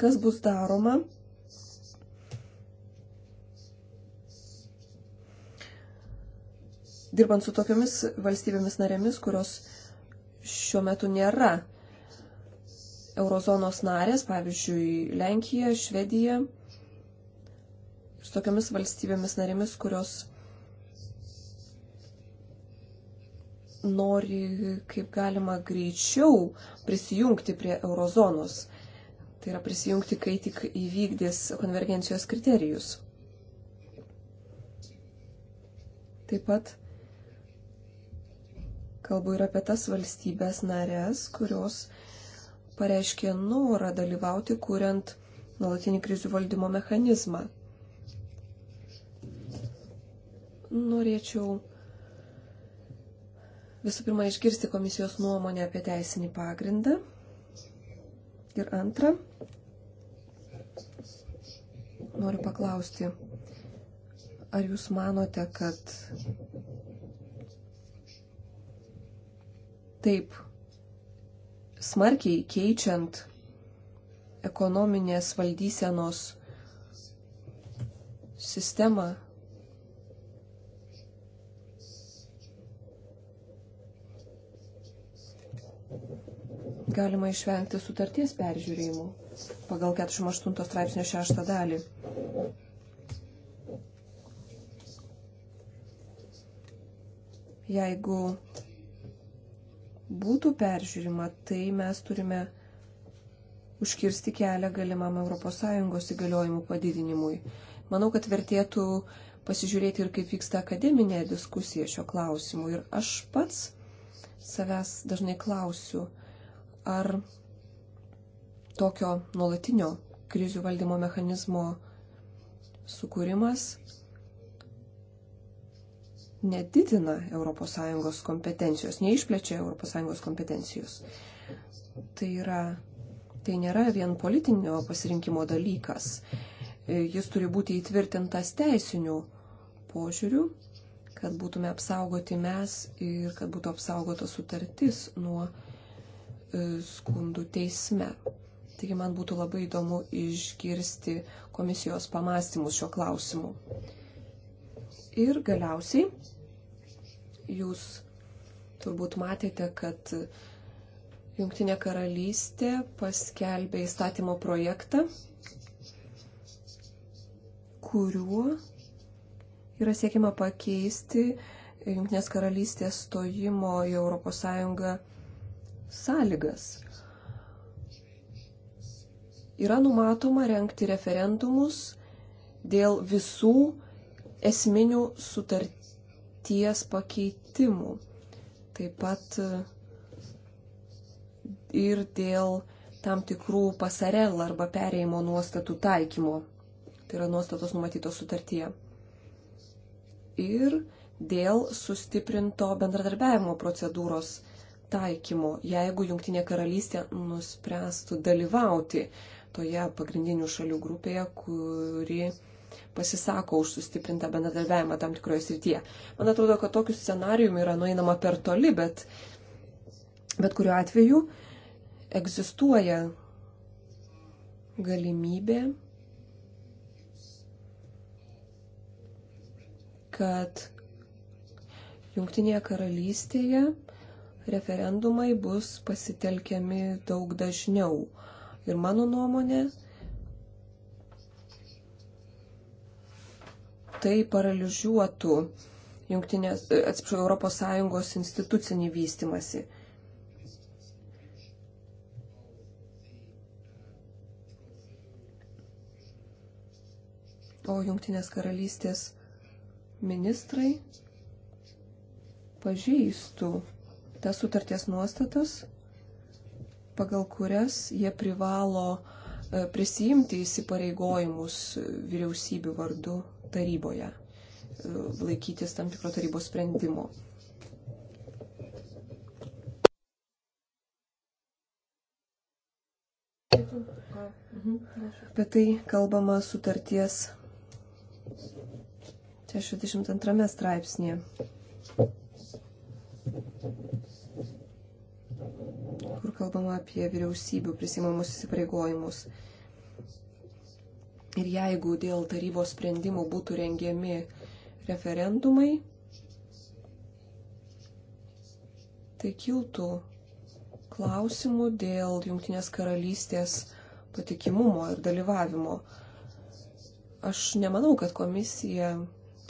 kas bus daroma? Dirbant su tokiamis valstybėmis narėmis, kurios šiuo metu nėra eurozonos narės, pavyzdžiui, Lenkija, Švedija, su tokiamis valstybėmis narėmis, kurios nori kaip galima greičiau prisijungti prie eurozonos. Tai yra prisijungti, kai tik įvykdys konvergencijos kriterijus. Taip pat kalbu ir apie tas valstybės narės, kurios pareiškė norą dalyvauti, kuriant nuolatinį krizių valdymo mechanizmą. Norėčiau visų pirma išgirsti komisijos nuomonę apie teisinį pagrindą. Ir antra, noriu paklausti, ar jūs manote, kad taip smarkiai keičiant ekonominės valdysenos sistemą. Galima išvengti sutarties peržiūrėjimų pagal 48 straipsnio 6 dalį. Jeigu būtų peržiūrima, tai mes turime užkirsti kelią galimam ES įgaliojimų padidinimui. Manau, kad vertėtų pasižiūrėti ir kaip vyksta akademinė diskusija šio klausimu. Ir aš pats savęs dažnai klausiu, ar tokio nuolatinio krizių valdymo mechanizmo sukūrimas nedidina ES kompetencijos, neišplečia ES kompetencijos. Tai, yra, tai nėra vien politinio pasirinkimo dalykas. E, jis turi būti įtvirtintas teisinių požiūrių, kad būtume apsaugoti mes ir kad būtų apsaugota sutartis nuo e, skundų teisme. Taigi man būtų labai įdomu išgirsti komisijos pamastymus šio klausimu. Ir galiausiai Jūs turbūt matėte, kad Junktinė karalystė paskelbė įstatymo projektą, kuriuo yra siekiama pakeisti Junktinės karalystės stojimo į ES sąlygas. Yra numatoma renkti referendumus dėl visų esminių sutart, sutarties pakeitimų. Taip pat e, ir dėl tam tikrų pasarel arba pereimo nuostatų taikymo. Tai yra nuostatos numatytos sutartyje. Ir dėl sustiprinto bendradarbiavimo procedūros taikymo, jeigu Junktinė karalystė nuspręstų dalyvauti toje pagrindinių šalių grupėje, kuri pasisako už sustiprintą bendradarbiavimą tam tikroje srityje. Man atrodo, kad tokius scenarijumi yra nueinama per toli, bet, bet kuriuo atveju egzistuoja galimybė, kad Junktinėje karalystėje referendumai bus pasitelkiami daug dažniau. Ir mano nuomonė, tai paralyžiuotų jungtinės, e, atsiprašau, Europos Sąjungos institucinį vystimasi. O jungtinės karalystės ministrai pažįstų tas sutarties nuostatas, pagal kurias jie privalo e, prisijimti įsipareigojimus vyriausybių vardu taryboje, e, laikytis tam tikro tarybos sprendimo. Apie tai kalbama sutarties 62 straipsnėje, kur kalbama apie vyriausybių prisimamus įsipareigojimus. Ir jeigu dėl tarybos sprendimų būtų rengiami referendumai, tai kiltų klausimų dėl Junktinės karalystės patikimumo ir dalyvavimo. Aš nemanau, kad komisija,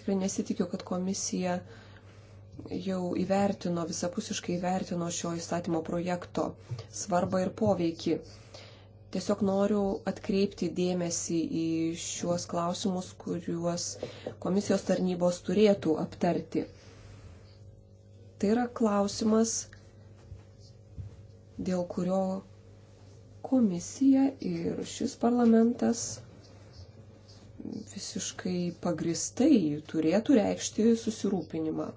tikrai nesitikiu, kad komisija jau įvertino, visapusiškai įvertino šio įstatymo projekto svarbą ir poveikį. Tiesiog noriu atkreipti dėmesį į šiuos klausimus, kuriuos komisijos tarnybos turėtų aptarti. Tai yra klausimas, dėl kurio komisija ir šis parlamentas visiškai pagristai turėtų reikšti susirūpinimą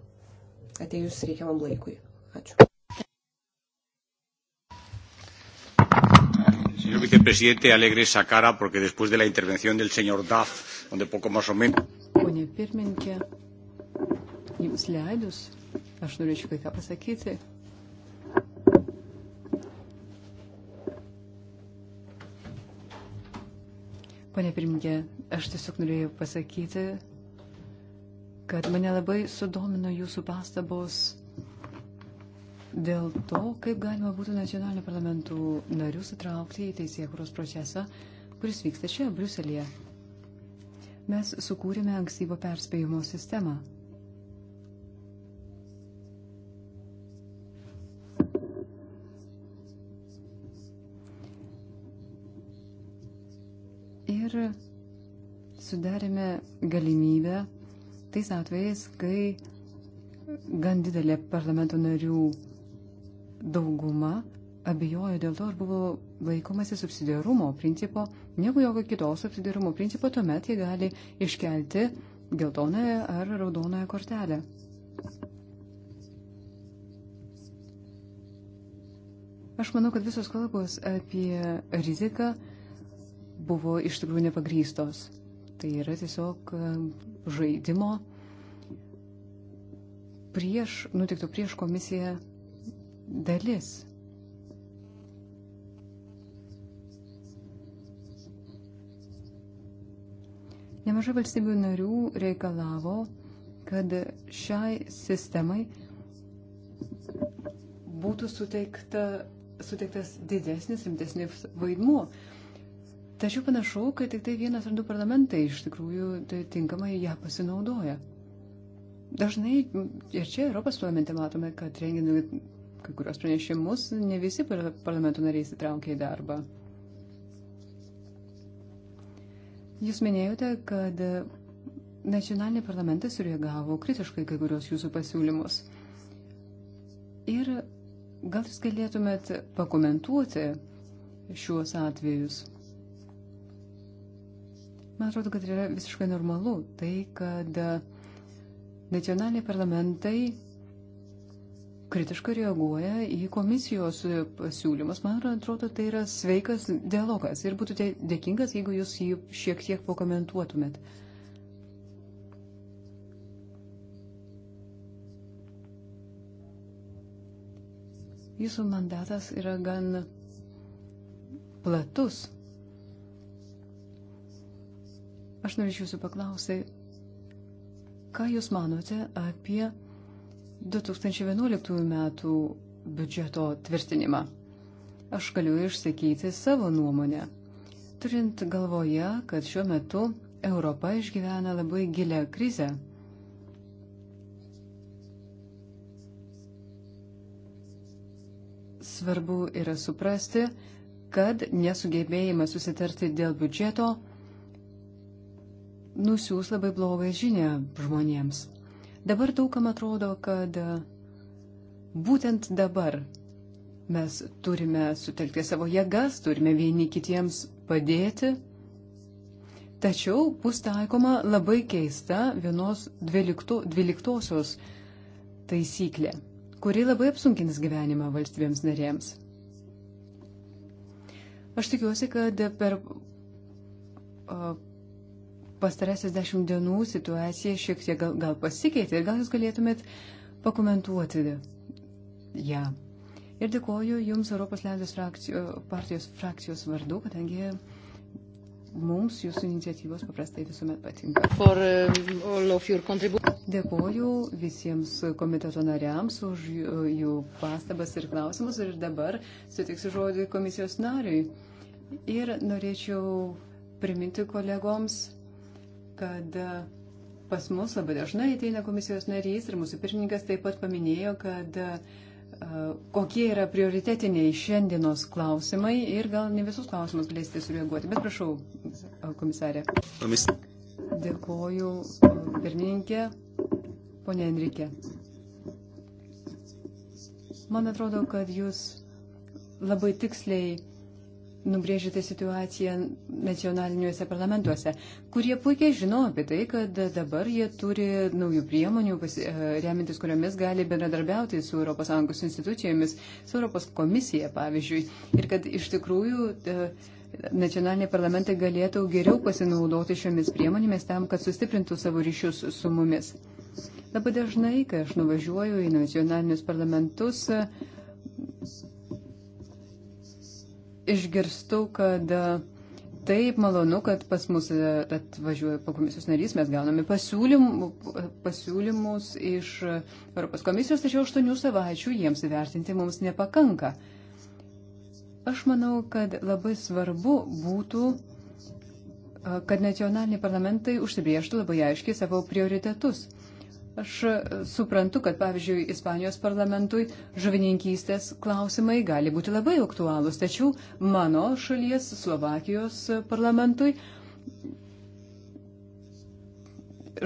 atėjus reikiamam laikui. Ačiū. Señor vicepresidente, alegre esa cara porque después de la intervención del señor Duff, donde poco más o menos. Pone pirmininkė, jums leidus, aš norėčiau kai ką pasakyti. Pone pirmininkė, aš tiesiog norėjau pasakyti, kad mane labai sudomino jūsų pastabos dėl to, kaip galima būtų nacionalinių parlamentų narius įtraukti į teisėkuros procesą, kuris vyksta čia, Bruselėje. Mes sukūrėme ankstyvo perspėjimo sistemą. Ir sudarėme galimybę tais atvejais, kai gan didelė parlamento narių dauguma abejojo dėl to, ar buvo laikomasi subsidiarumo principo, negu jokio kito subsidiarumo principo, tuomet jie gali iškelti geltonąją ar raudonąją kortelę. Aš manau, kad visos kalbos apie riziką buvo iš tikrųjų nepagrystos. Tai yra tiesiog e, žaidimo prieš, nutikto prieš komisiją dalis. Nemažai valstybių narių reikalavo, kad šiai sistemai būtų suteikta, suteiktas didesnis, rimtesnis vaidmuo. Tačiau panašu, kad tik tai vienas ar du parlamentai iš tikrųjų tai tinkamai ją pasinaudoja. Dažnai ir čia Europos parlamente matome, kad rengiant kai kurios pranešimus ne visi parlamento nariai įsitraukia į darbą. Jūs minėjote, kad nacionaliniai parlamentai sureagavo kritiškai kai kurios jūsų pasiūlymus. Ir gal jūs galėtumėt pakomentuoti šiuos atvejus? Man atrodo, kad yra visiškai normalu tai, kad nacionaliniai parlamentai kritiškai reaguoja į komisijos pasiūlymus. Man atrodo, tai yra sveikas dialogas ir būtų dėkingas, jeigu jūs jį šiek tiek pakomentuotumėt. Jūsų mandatas yra gan platus. Aš norėčiau jūsų paklausyti, ką jūs manote apie 2011 metų biudžeto tvirtinimą. Aš galiu išsakyti savo nuomonę, turint galvoje, kad šiuo metu Europa išgyvena labai gilę krizę. Svarbu yra suprasti, kad nesugebėjimas susitarti dėl biudžeto nusiūs labai blogą žinę žmonėms. Dabar daugam atrodo, kad e, būtent dabar mes turime sutelkti savo jėgas, turime vieni kitiems padėti. Tačiau bus taikoma labai keista vienos dvylikto, dvyliktosios taisyklė, kuri labai apsunkins gyvenimą valstybėms narėms. Aš tikiuosi, kad per pastarasis dešimt dienų situacija šiek tiek gal, gal pasikeitė ir gal jūs galėtumėt pakomentuoti ją. Ja. Ir dėkoju Jums Europos Liaudės partijos frakcijos vardu, kadangi mums Jūsų iniciatyvos paprastai visuomet patinka. For, um, dėkoju visiems komiteto nariams už jų, jų pastabas ir klausimus ir dabar sutiksiu žodį komisijos nariui. Ir norėčiau priminti kolegoms kad pas mus labai dažnai ateina komisijos narys ir mūsų pirmininkas taip pat paminėjo, kad e, kokie yra prioritetiniai šiandienos klausimai ir gal ne visus klausimus galėsite sureaguoti. Bet prašau, komisarė. Dėkoju, pirmininkė, ponė Enrikė. Man atrodo, kad jūs labai tiksliai nubrėžėte situaciją nacionaliniuose parlamentuose, kurie puikiai žino apie tai, kad dabar jie turi naujų priemonių, e, remintis kuriomis gali bendradarbiauti su ES institucijomis, su ES komisija, pavyzdžiui, ir kad iš tikrųjų e, nacionaliniai parlamentai galėtų geriau pasinaudoti šiomis priemonėmis tam, kad sustiprintų savo ryšius su mumis. Labai dažnai, kai aš nuvažiuoju į nacionalinius parlamentus, išgirstu, kad e, taip malonu, kad pas mus e, atvažiuoja komisijos narys, mes gauname pasiūlymų, pasiūlymus iš Europos komisijos, tačiau aštuonių savaičių jiems įvertinti mums nepakanka. Aš manau, kad labai svarbu būtų, e, kad nacionaliniai parlamentai užsibrieštų labai aiškiai savo prioritetus. Aš e, suprantu, kad pavyzdžiui, Ispanijos parlamentui žuvininkystės klausimai gali būti labai aktualūs, tačiau mano šalies, Slovakijos parlamentui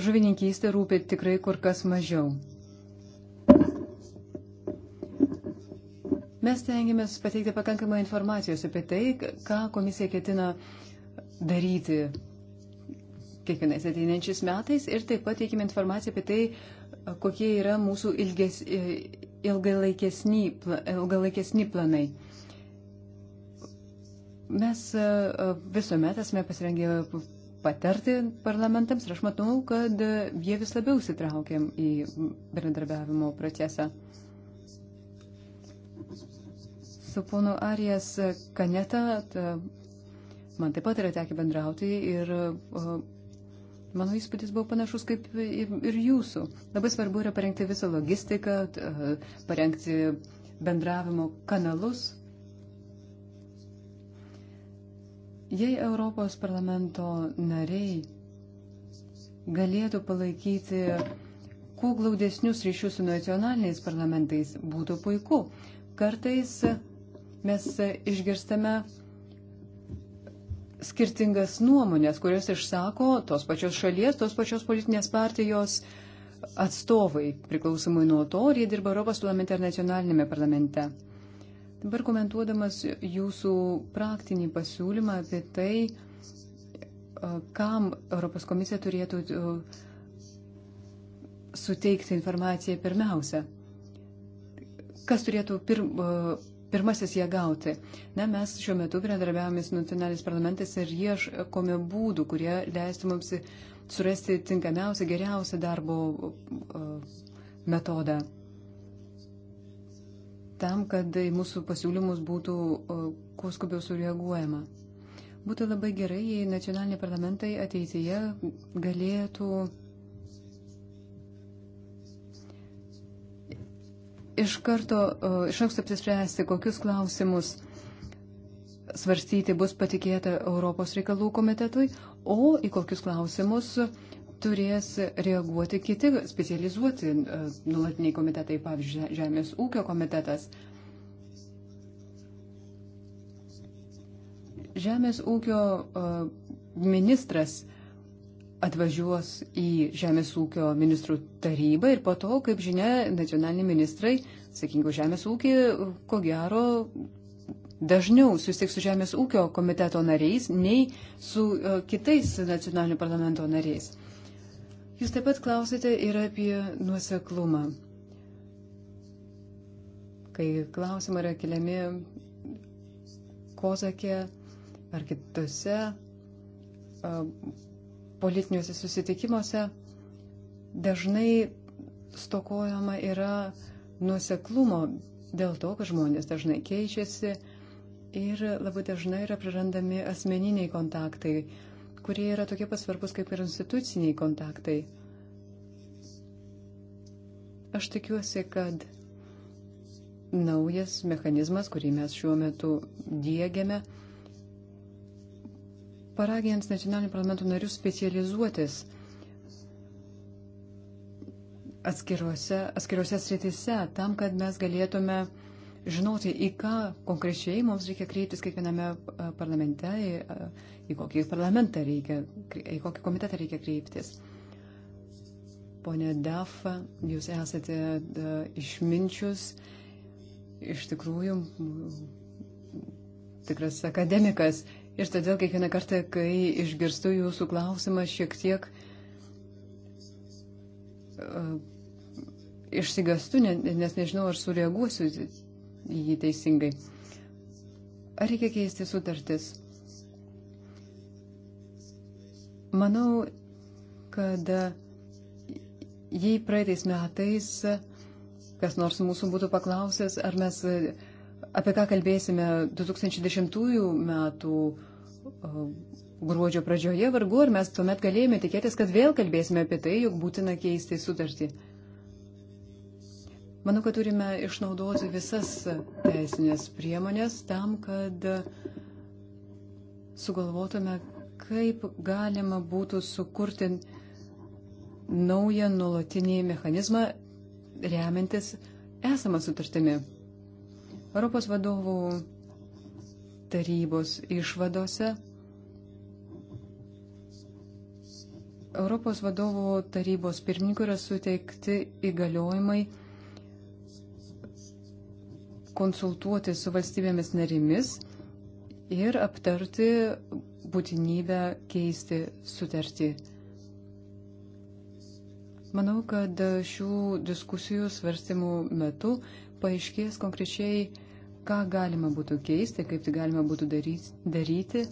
žuvininkystė rūpi tikrai kur kas mažiau. Mes tengiamės pateikti pakankamą informacijos apie tai, ką komisija ketina daryti kiekvienais ateinančiais metais ir taip pat teikime informaciją apie tai, kokie yra mūsų ilges, e, ilgalaikesni, ilgalaikesni planai. Mes e, visuomet esame pasirengę patarti parlamentams ir aš matau, kad jie vis labiau sitraukiam į bendradarbiavimo procesą. Su ponu Arijas Kaneta man taip pat yra tekę bendrauti ir Mano įspūdis buvo panašus kaip ir jūsų. Labai svarbu yra parengti visą logistiką, e, parengti bendravimo kanalus. Jei Europos parlamento nariai galėtų palaikyti kuo glaudesnius ryšius su nacionaliniais parlamentais, būtų puiku. Kartais mes išgirstame skirtingas nuomonės, kurias išsako tos pačios šalies, tos pačios politinės partijos atstovai, priklausomai nuo to, ar jie dirba Europos parlamente ar nacionalinėme parlamente. Dabar komentuodamas jūsų praktinį pasiūlymą apie tai, kam Europos komisija turėtų suteikti informaciją pirmiausia. Kas turėtų pirm, pirmasis ją gauti. Na, mes šiuo metu bendradarbiavome su nacionalinis parlamentais ir ieškome būdų, kurie leistų mums surasti tinkamiausią, geriausią darbo metodą. Tam, kad į mūsų pasiūlymus būtų kuo skubiau sureaguojama. Būtų labai gerai, jei nacionaliniai parlamentai ateityje galėtų iš karto, iš anksto apsispręsti, kokius klausimus svarstyti bus patikėta Europos reikalų komitetui, o į kokius klausimus turės reaguoti kiti specializuoti e, nulatiniai komitetai, pavyzdžiui, Žemės ūkio komitetas. Žemės ūkio e, ministras atvažiuos į Žemės ūkio ministrų tarybą ir po to, kaip žinia, nacionaliniai ministrai, sakingo Žemės ūkį, ko gero, dažniau susitiks su Žemės ūkio komiteto nariais nei su e, kitais nacionalinių parlamento nariais. Jūs taip pat klausėte ir apie nuoseklumą. Kai klausimai yra keliami Kozakė ar kitose e, politiniuose susitikimuose dažnai stokojama yra nuseklumo dėl to, kad žmonės dažnai keičiasi ir labai dažnai yra prarandami asmeniniai kontaktai, kurie yra tokie pasvarbus kaip ir instituciniai kontaktai. Aš tikiuosi, kad naujas mechanizmas, kurį mes šiuo metu dėgiame, paragins nacionalinių parlamentų narius specializuotis atskiruose, atskiruose sritise, tam, kad mes galėtume žinoti, į ką konkrečiai mums reikia kreiptis kiekviename parlamente, į, į kokį parlamentą reikia, į kokį komitetą reikia kreiptis. Pone Dafa, jūs esate da, išminčius, iš tikrųjų tikras akademikas Ir todėl kiekvieną kartą, kai išgirstu jūsų klausimą, šiek tiek uh, e, išsigastu, nes nežinau, ar sureaguosiu į jį teisingai. Ar reikia keisti sutartis? Manau, kad jei praeitais metais kas nors mūsų būtų paklausęs, ar mes uh, apie ką kalbėsime 2010 metų gruodžio pradžioje, vargu ar mes tuomet galėjome tikėtis, kad vėl kalbėsime apie tai, jog būtina keisti sutartį. Manau, kad turime išnaudoti visas teisinės priemonės tam, kad sugalvotume, kaip galima būtų sukurti naują nulatinį mechanizmą remiantis esamą sutartimi. Europos vadovų tarybos išvadose Europos vadovų tarybos pirmininkui yra suteikti įgaliojimai konsultuoti su valstybėmis narimis ir aptarti būtinybę keisti sutartį. Manau, kad šių diskusijų svarstymų metu paaiškės konkrečiai, ką galima būtų keisti, kaip tai galima būtų daryti.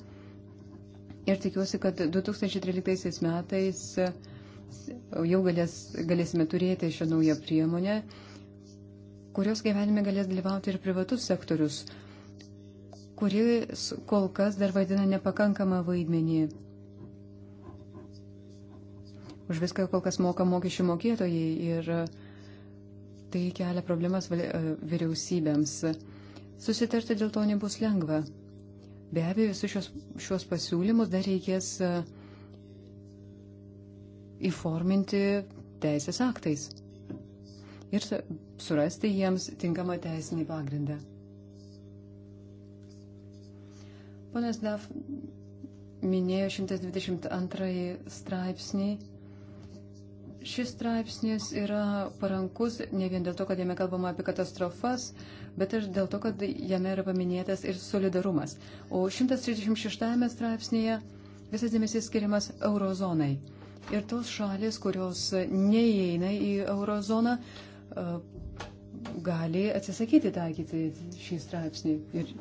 Ir tikiuosi, kad 2013 metais e, jau galės, galėsime turėti šią naują priemonę, kurios gyvenime galės dalyvauti ir privatus sektorius, kuris kol kas dar vaidina nepakankamą vaidmenį. Už viską kol kas moka mokesčių mokėtojai ir uh, tai kelia problemas e, vyriausybėms. Susitarti dėl to nebus lengva. Be abejo, visus šios, šios pasiūlymus dar reikės e, įforminti teisės aktais ir surasti jiems tinkamą teisinį pagrindą. Ponas Daf minėjo 122 straipsnį Šis straipsnis yra parankus ne vien dėl to, kad jame kalbama apie katastrofas, bet ir dėl to, kad jame yra paminėtas ir solidarumas. O 136 straipsnėje visas dėmesys skiriamas eurozonai. Ir tos šalis, kurios neįeina į eurozoną, e, gali atsisakyti taikyti šį straipsnį. Ir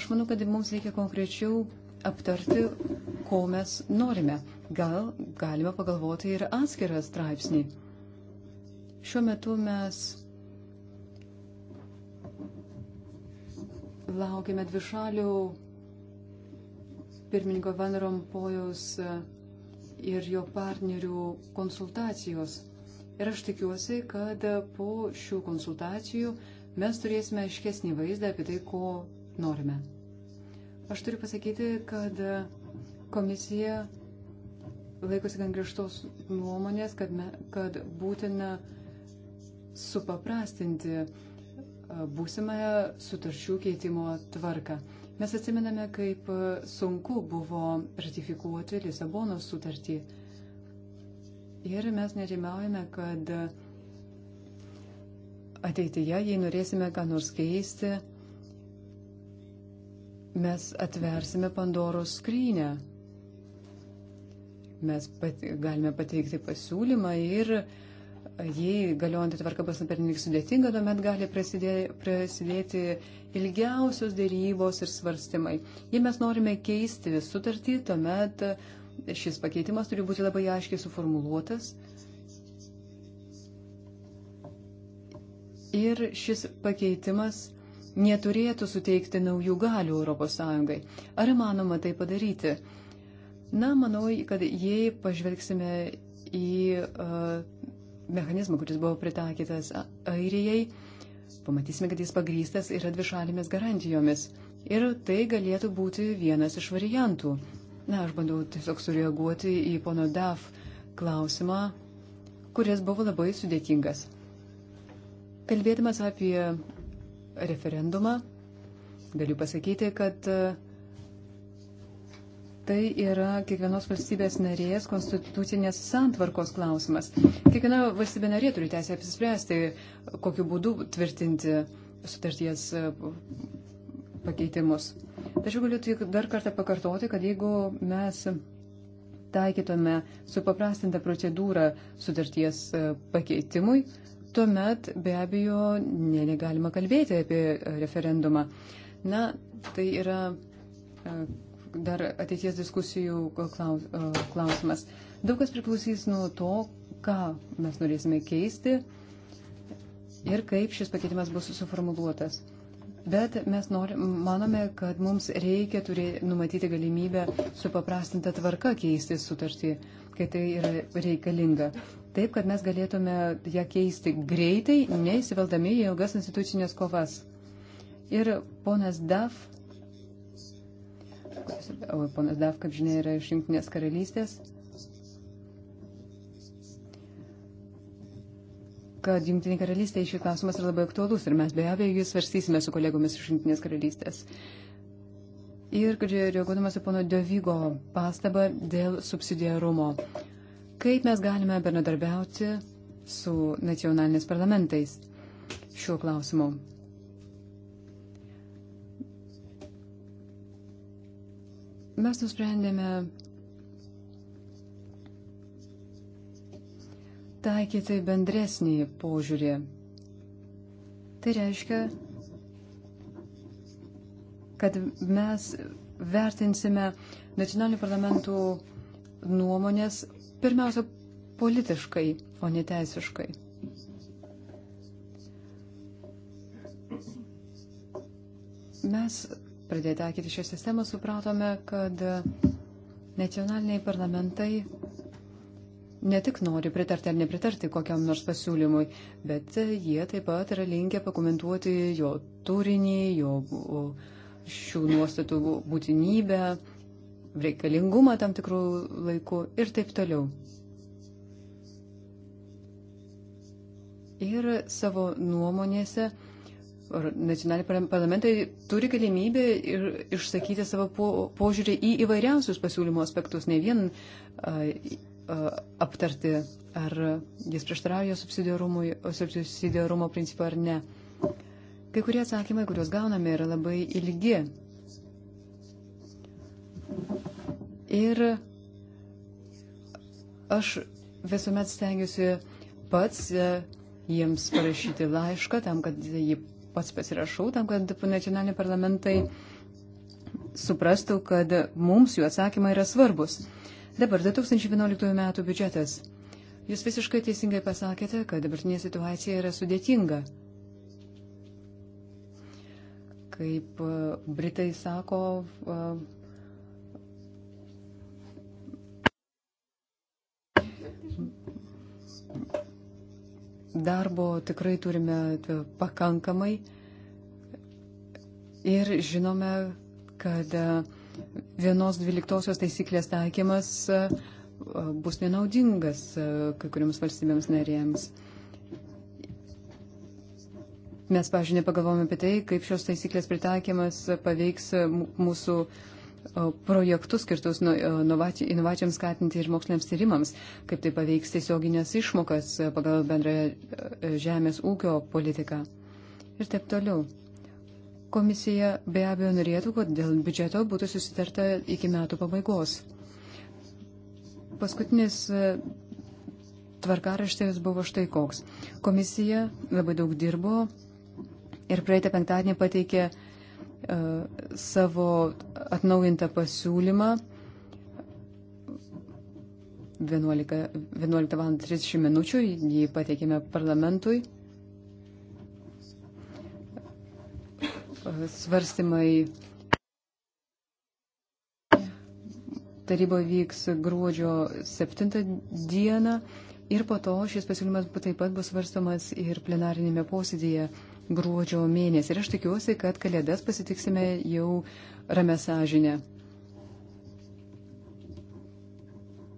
aš manau, kad mums reikia konkrečiau aptarti, ko mes norime. Gal galime pagalvoti ir atskirą straipsnį. Šiuo metu mes laukime dvišalių pirmininko Van Rompojaus ir jo partnerių konsultacijos. Ir aš tikiuosi, kad po šių konsultacijų mes turėsime aiškesnį vaizdą apie tai, ko norime. Aš turiu pasakyti, kad komisija laikosi gan griežtos nuomonės, kad, me, kad būtina supaprastinti būsimąją sutarčių keitimo tvarką. Mes atsimename, kaip sunku buvo ratifikuoti Lisabono sutartį. Ir mes nerimaujame, kad ateityje, jei norėsime ką nors keisti, mes atversime Pandoros skrynę. Mes pat, galime pateikti pasiūlymą ir jei galiojantį tvarką bus pernelik sudėtinga, tuomet gali prasidė, prasidėti ilgiausios dėrybos ir svarstymai. Jei mes norime keisti sutartį, tuomet šis pakeitimas turi būti labai aiškiai suformuluotas. Ir šis pakeitimas neturėtų suteikti naujų galių ES. Ar įmanoma tai padaryti? Na, manau, kad jei pažvelgsime į uh, mechanizmą, kuris buvo pritaikytas Airijai, pamatysime, kad jis pagrystas yra dvišalėmis garantijomis. Ir tai galėtų būti vienas iš variantų. Na, aš bandau tiesiog sureaguoti į pono DAF klausimą, kuris buvo labai sudėtingas. Kalbėdamas apie referendumą, galiu pasakyti, kad uh, Tai yra kiekvienos valstybės narės konstitucinės santvarkos klausimas. Kiekviena valstybė narė turi teisę apsispręsti, kokiu būdu tvirtinti sutarties e, pakeitimus. Tačiau galiu tik dar kartą pakartoti, kad jeigu mes taikytume supaprastintą procedūrą sutarties e, pakeitimui, tuomet be abejo negalima kalbėti apie e, referendumą. Na, tai yra dar ateities diskusijų e, e, klausimas. Daug kas priklausys nuo to, ką mes norėsime keisti ir kaip šis pakeitimas bus suformuluotas. Bet mes norim, manome, kad mums reikia turė, numatyti galimybę supaprastinta tvarka keisti sutartį, kai tai yra reikalinga. Taip, kad mes galėtume ją keisti greitai, neįsiveldami į ilgas institucinės kovas. Ir ponas Daf Ponas Dav, kaip žinia, yra iš Junktinės karalystės. kad Junktinė karalystė iš jų klausimas yra labai aktuolus ir mes be abejo jūs svarstysime su kolegomis iš Junktinės karalystės. Ir kad reaguodamas į pono Diovygo pastabą dėl subsidiarumo. Kaip mes galime bendradarbiauti su nacionalinės parlamentais šiuo klausimu? Mes nusprendėme taikyti bendresnį požiūrį. Tai reiškia, kad mes vertinsime nacionalinių parlamentų nuomonės pirmiausia politiškai, o ne teisiškai. Mes pradėję taikyti šią sistemą, supratome, kad nacionaliniai parlamentai ne tik nori pritarti ar nepritarti kokiam nors pasiūlymui, bet jie taip pat yra linkę pakomentuoti jo turinį, jo šių nuostatų būtinybę, reikalingumą tam tikrų laikų ir taip toliau. Ir savo nuomonėse uh, nacionaliniai parlamentai turi galimybę ir išsakyti savo po, požiūrį į įvairiausius pasiūlymo aspektus, ne vien a, a, aptarti, ar jis prieštarauja subsidiarumo principą ar ne. Kai kurie atsakymai, kuriuos gauname, yra labai ilgi. Ir aš visuomet stengiuosi pats e, jiems parašyti laišką tam, kad jį pats pasirašau tam, kad nacionaliniai parlamentai suprastų, kad mums jų atsakymai yra svarbus. Dabar 2011 metų biudžetas. Jūs visiškai teisingai pasakėte, kad dabartinė situacija yra sudėtinga. Kaip e, Britai sako, e, Darbo tikrai turime e, pakankamai ir žinome, kad e, vienos dvyliktosios taisyklės taikymas e, bus nenaudingas kai kuriams valstybėms narėms. Mes, pažiūrėjau, nepagalvojame apie tai, kaip šios taisyklės pritaikymas paveiks mūsų uh, projektus skirtus nu, inovacijoms skatinti ir moksliniams tyrimams, kaip tai paveiks tiesioginės išmokas e, pagal bendrąją e, žemės ūkio politiką ir taip toliau. Komisija be abejo norėtų, kad dėl biudžeto būtų susitarta iki metų pabaigos. Paskutinis e, tvarkaraštis buvo štai koks. Komisija labai daug dirbo ir praeitą penktadienį pateikė uh, E, savo atnaujintą pasiūlymą 11, 11 val. 30 minučių, jį pateikėme parlamentui. Svarstymai taryboje vyks gruodžio 7 dieną ir po to šis pasiūlymas taip pat bus svarstomas ir plenarinėme posėdėje gruodžio mėnesį. Ir aš tikiuosi, kad kalėdas pasitiksime jau ramę sąžinę.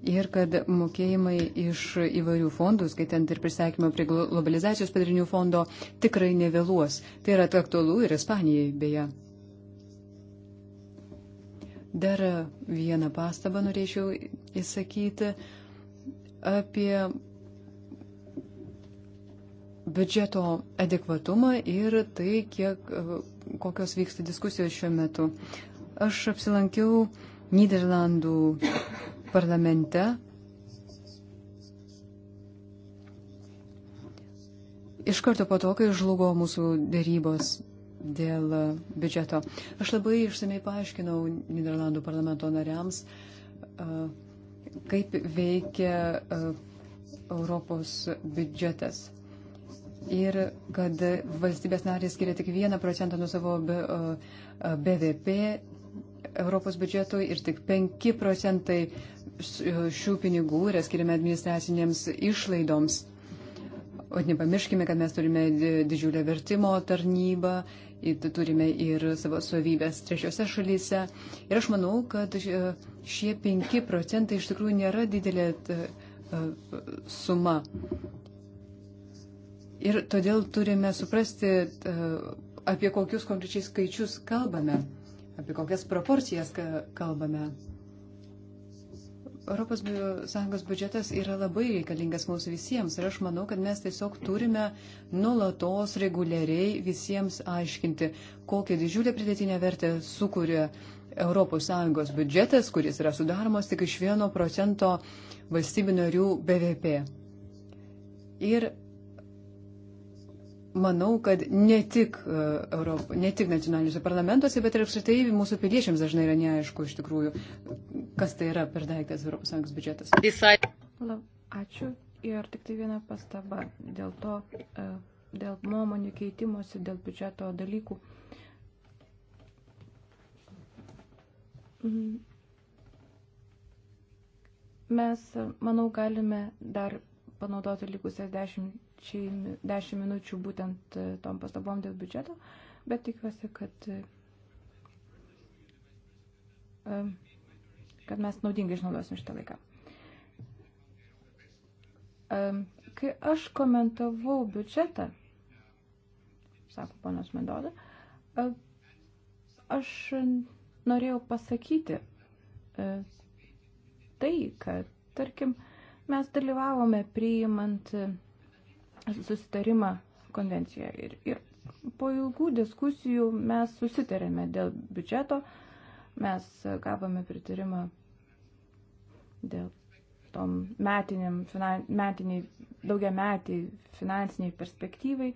Ir kad mokėjimai iš įvairių fondų, skaitant ir prisakymo prie globalizacijos padarinių fondo, tikrai nevėluos. Tai yra aktualu ir Ispanijai beje. Dar vieną pastabą norėčiau įsakyti apie biudžeto adekvatumą ir tai, kiek, kokios vyksta diskusijos šiuo metu. Aš apsilankiau Niderlandų parlamente. Iš karto po to, kai žlugo mūsų dėrybos dėl biudžeto. Aš labai išsamei paaiškinau Niderlandų parlamento nariams, kaip veikia Europos biudžetas ir kad valstybės narės skiria tik vieną procentą nuo savo BVP Europos biudžetui ir tik 5 procentai e, šių pinigų yra skiriami administracinėms išlaidoms. O nepamirškime, kad mes turime didžiulę vertimo tarnybą, turime ir savo savybės trečiose šalyse. Ir aš manau, kad šie 5 procentai iš tikrųjų nėra didelė e, suma. Ir todėl turime suprasti, e, apie kokius konkrečiai skaičius kalbame, apie kokias proporcijas kalbame. Europos Sąjungos biudžetas yra labai reikalingas mums visiems ir aš manau, kad mes tiesiog turime nulatos reguliariai visiems aiškinti, kokią didžiulę pridėtinę vertę sukuria Europos Sąjungos biudžetas, kuris yra sudaromas tik iš vieno procento valstybinio narių BVP. Ir manau, kad ne tik, e, Europo, ne tik nacionaliniuose parlamentuose, bet ir apskritai mūsų piliečiams dažnai yra neaišku iš tikrųjų, kas tai yra per daiktas ES biudžetas. Lab, ačiū. Ir tik tai viena pastaba dėl to, e, dėl nuomonių keitimosi, dėl biudžeto dalykų. Mhm. Mes, manau, galime dar panaudoti likusias dešimt 10 minučių būtent e, tom pastabom dėl biudžeto, bet tikiuosi, kad, e, e, kad mes naudingai išnaudosim šitą laiką. Kai aš komentavau biudžetą, sako ponas Mendoda, aš norėjau pasakyti tai, kad, tarkim, mes dalyvavome priimant susitarimą konvencijoje. Ir, ir po ilgų diskusijų mes susitarėme dėl biudžeto, mes gavome pritarimą dėl tom metiniam, finan, metiniai, daugiametį finansiniai perspektyvai.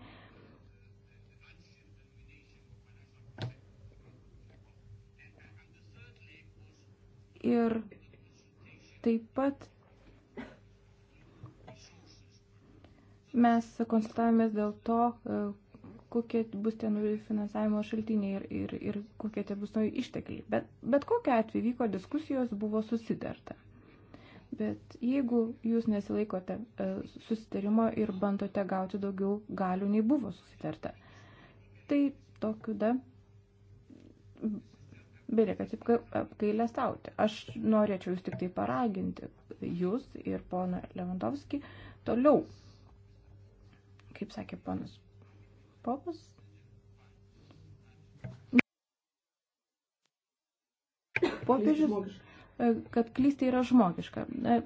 Ir taip pat Mes konsultavomės dėl to, e, kokie bus tie nauji finansavimo šaltiniai ir, ir, ir kokie tie bus nauji ištekliai. Bet, bet kokia atveju vyko diskusijos, buvo susidarta. Bet jeigu jūs nesilaikote e, susitarimo ir bandote gauti daugiau galių, nei buvo susitarta, tai tokiu da belieka tik apgailę stauti. Aš norėčiau jūs tik tai paraginti, jūs ir poną Levandovskį, toliau kaip sakė ponas Popas. Popiežius, kad klysti yra žmogiška. E,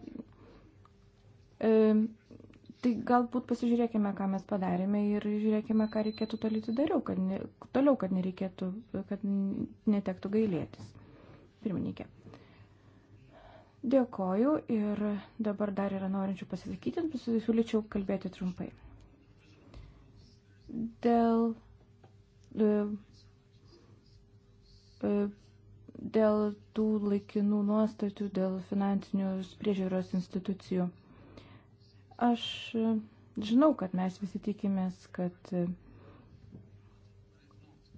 e, tai galbūt pasižiūrėkime, ką mes padarėme ir žiūrėkime, ką reikėtų tolyti dariau, kad ne, toliau, kad nereikėtų, kad netektų gailėtis. Pirmininkė. Dėkoju ir dabar dar yra norinčių pasisakyti, pasisiūlyčiau kalbėti trumpai dėl, e, e, dėl tų laikinų nuostatų, dėl finansinius priežiūros institucijų. Aš e, žinau, kad mes visi tikimės, kad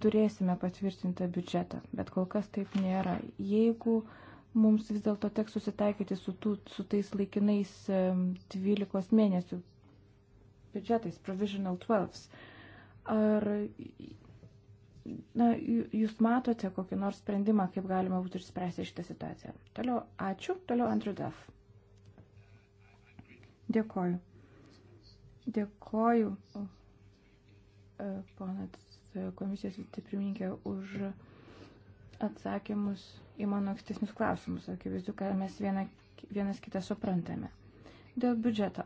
turėsime patvirtintą biudžetą, bet kol kas taip nėra. Jeigu mums vis dėlto teks susitaikyti su, tų, su tais laikinais 12 mėnesių biudžetais, provisional 12, Ar na, jūs matote kokį nors sprendimą, kaip galima būtų išspręsti šitą situaciją? Toliau, ačiū. Toliau, Andrew Duff. Dėkoju. Dėkoju, e, ponas komisijos pirmininkė, už atsakymus į mano ankstesnius klausimus. Akivaizdu, kad mes viena, vienas kitą suprantame. Dėl biudžeto.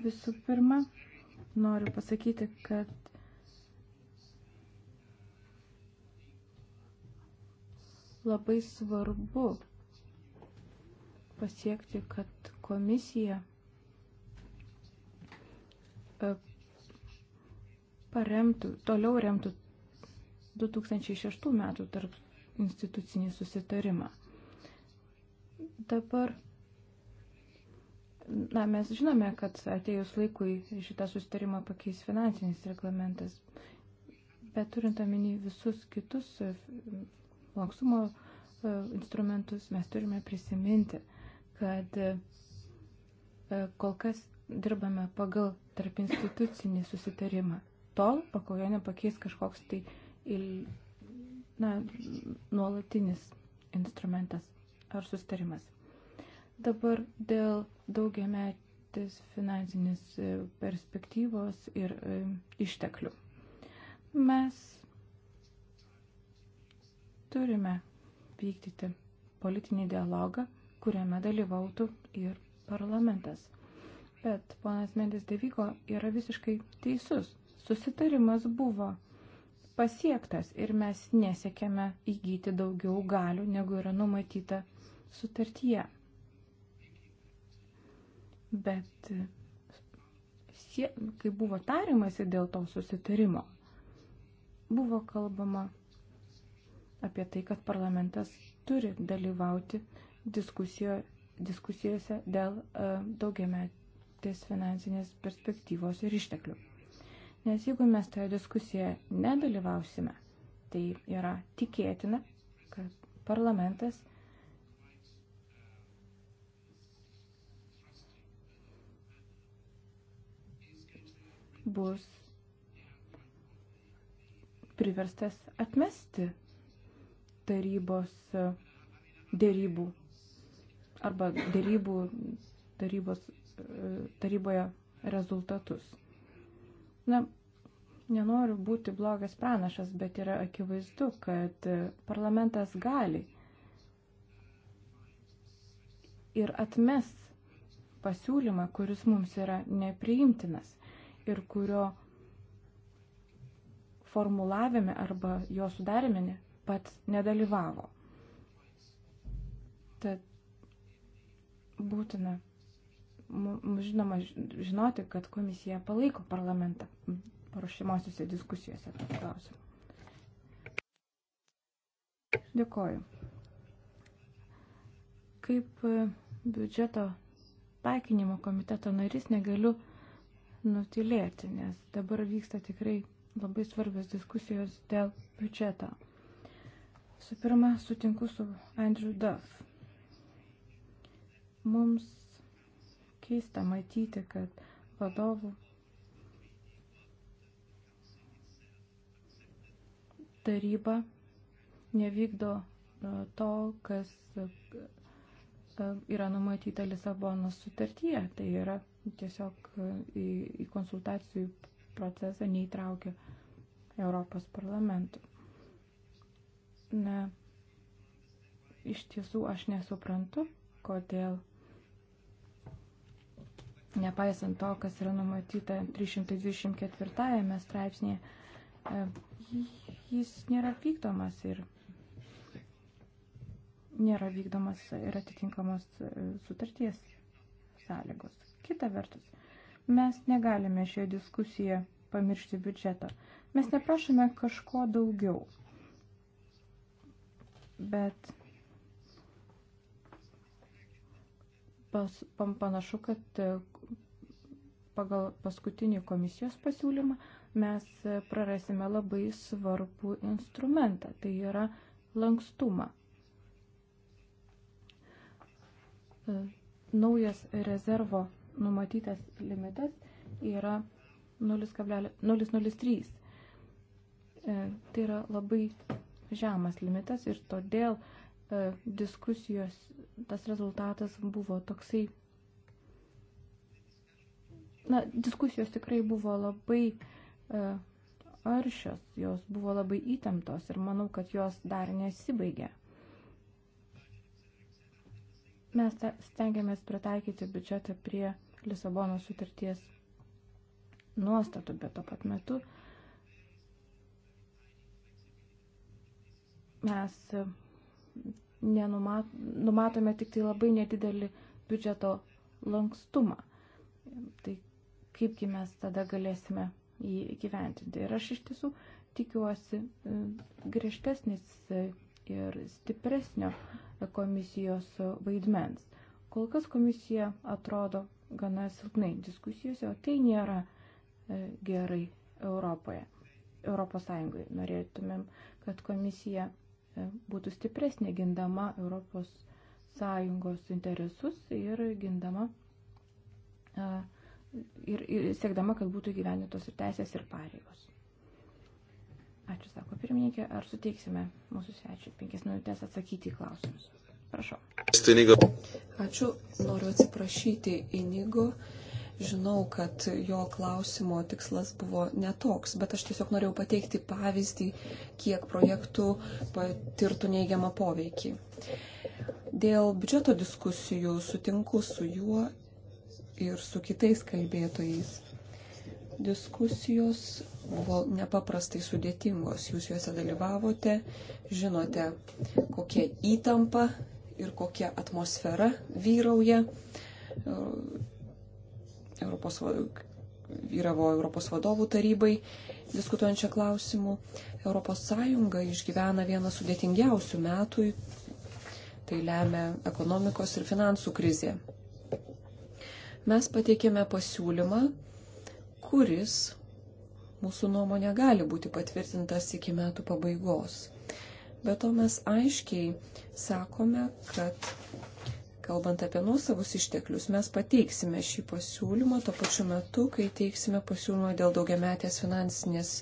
Visų pirma, noriu pasakyti, kad labai svarbu pasiekti, kad komisija e, paremtų, toliau remtų 2006 metų tarp institucinį susitarimą. Dabar Na, mes žinome, kad atėjus laikui šitą susitarimą pakeis finansinis reglamentas, bet turint omeny visus kitus e, lankstumo e, instrumentus, mes turime prisiminti, kad e, kol kas dirbame pagal tarp institucinį susitarimą, tol, pakol jo nepakeis kažkoks tai il, na, nuolatinis instrumentas ar susitarimas. Dabar dėl daugiametės finansinės e, perspektyvos ir e, išteklių. Mes turime vykdyti politinį dialogą, kuriame dalyvautų ir parlamentas. Bet ponas Mendes Devyko yra visiškai teisus. Susitarimas buvo pasiektas ir mes nesiekėme įgyti daugiau galių, negu yra numatyta sutartyje. Bet kai buvo tarimasi dėl to susitarimo, buvo kalbama apie tai, kad parlamentas turi dalyvauti diskusijo, diskusijose dėl uh, daugiametės finansinės perspektyvos ir išteklių. Nes jeigu mes toje diskusijoje nedalyvausime, tai yra tikėtina, kad parlamentas bus priverstas atmesti tarybos dėrybų arba dėrybų tarybos, taryboje rezultatus. Na, nenoriu būti blogas pranašas, bet yra akivaizdu, kad parlamentas gali ir atmes pasiūlymą, kuris mums yra nepriimtinas ir kurio formulavime arba jo sudarimine pats nedalyvavo. Tad būtina, žinoma, žinoti, kad komisija palaiko parlamentą paruošimuosiuose diskusijose to klausimu. Dėkoju. Kaip biudžeto taikinimo komiteto narys negaliu nutilėti, nes dabar vyksta tikrai labai svarbios diskusijos dėl biudžeto. Su pirma, sutinku su Andrew Duff. Mums keista matyti, kad vadovų taryba nevykdo e, to, kas e, e, yra numatyta Lisabonos sutartyje. Tai yra tiesiog E, į, į konsultacijų procesą neįtraukė Europos parlamentų. Na, iš tiesų aš nesuprantu, kodėl, nepaisant to, kas yra numatyta 324 straipsnėje, e, jis nėra vykdomas ir nėra vykdomas ir atitinkamos e, sutarties sąlygos. Kita vertus, Mes negalime šią diskusiją pamiršti biudžeto. Mes neprašome kažko daugiau. Bet pas, panašu, kad e, pagal paskutinį komisijos pasiūlymą mes e, prarasime labai svarbų instrumentą, tai yra lankstumą. E, naujas rezervo numatytas limitas yra 0,003. E, tai yra labai žemas limitas ir todėl e, diskusijos tas rezultatas buvo toksai. Na, diskusijos tikrai buvo labai e, aršios, jos buvo labai įtemptos ir manau, kad jos dar nesibaigė. Mes stengiamės pritaikyti biudžetą prie Lisabonos sutarties nuostatų, bet to pat metu mes e, nenumat, numatome tik tai labai nedidelį biudžeto lankstumą. Tai kaipgi mes tada galėsime jį gyventinti. Ir aš iš tiesų tikiuosi e, griežtesnis e, ir stipresnio komisijos vaidmens. Kol kas komisija atrodo gana silpnai diskusijose, o tai nėra e, gerai Europoje. Europos Sąjungoje norėtumėm, kad komisija e, būtų stipresnė gindama Europos Sąjungos interesus ir gindama e, ir, ir siekdama, kad būtų gyvenintos ir teisės ir pareigos. Ačiū, sako pirmininkė. Ar suteiksime mūsų svečiui penkias minutės atsakyti į klausimus? Prašau. Ačiū, noriu atsiprašyti Inigo. Žinau, kad jo klausimo tikslas buvo netoks, bet aš tiesiog norėjau pateikti pavyzdį, kiek projektų patirtų neigiamą poveikį. Dėl biudžeto diskusijų sutinku su juo ir su kitais kalbėtojais. Diskusijos buvo nepaprastai sudėtingos, jūs juose dalyvavote, žinote, kokia įtampa ir kokia atmosfera vyrauja. Europos, vyravo Europos vadovų tarybai diskutuojančią klausimų. Europos Sąjunga išgyvena vieną sudėtingiausių metų, tai lemia ekonomikos ir finansų krizė. Mes pateikėme pasiūlymą, kuris mūsų nuomonė gali būti patvirtintas iki metų pabaigos. Bet to mes aiškiai sakome, kad kalbant apie nuosavus išteklius, mes pateiksime šį pasiūlymą tuo pačiu metu, kai teiksime pasiūlymą dėl daugiametės finansinės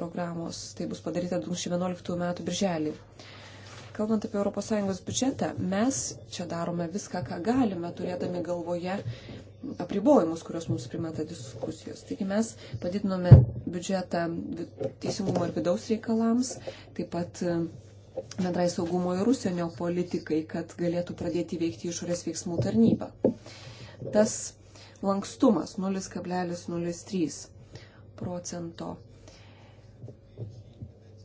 programos. Tai bus padaryta 2011 m. birželį. Kalbant apie ES biudžetą, mes čia darome viską, ką galime, turėdami galvoje apribojimus, kuriuos mums primeta diskusijos. Taigi mes padidinome biudžetą teisingumo ir vidaus reikalams, taip pat e, bendrai saugumo ir užsienio politikai, kad galėtų pradėti veikti išorės veiksmų tarnybą. Tas lankstumas 0,03 procento.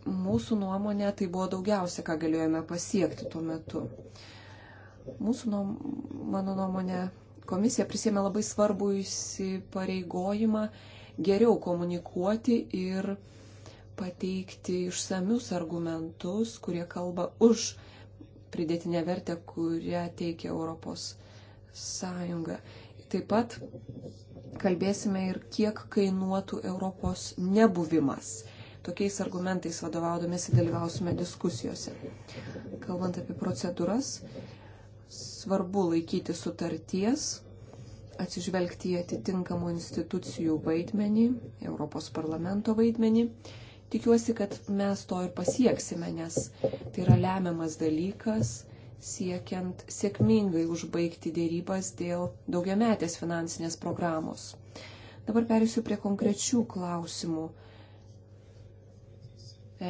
Mūsų nuomonė tai buvo daugiausia, ką galėjome pasiekti tuo metu. Mūsų, nuom, mano nuomonė, Komisija prisėmė labai svarbų įsipareigojimą geriau komunikuoti ir pateikti išsamius argumentus, kurie kalba už pridėtinę vertę, kurią teikia Europos Sąjunga. Taip pat kalbėsime ir kiek kainuotų Europos nebuvimas. Tokiais argumentais vadovaudomėsi dalyvausime diskusijose. Kalbant apie procedūras, svarbu laikyti sutarties, atsižvelgti į atitinkamų institucijų vaidmenį, Europos parlamento vaidmenį. Tikiuosi, kad mes to ir pasieksime, nes tai yra lemiamas dalykas siekiant sėkmingai užbaigti dėrybas dėl daugiametės finansinės programos. Dabar perėsiu prie konkrečių klausimų.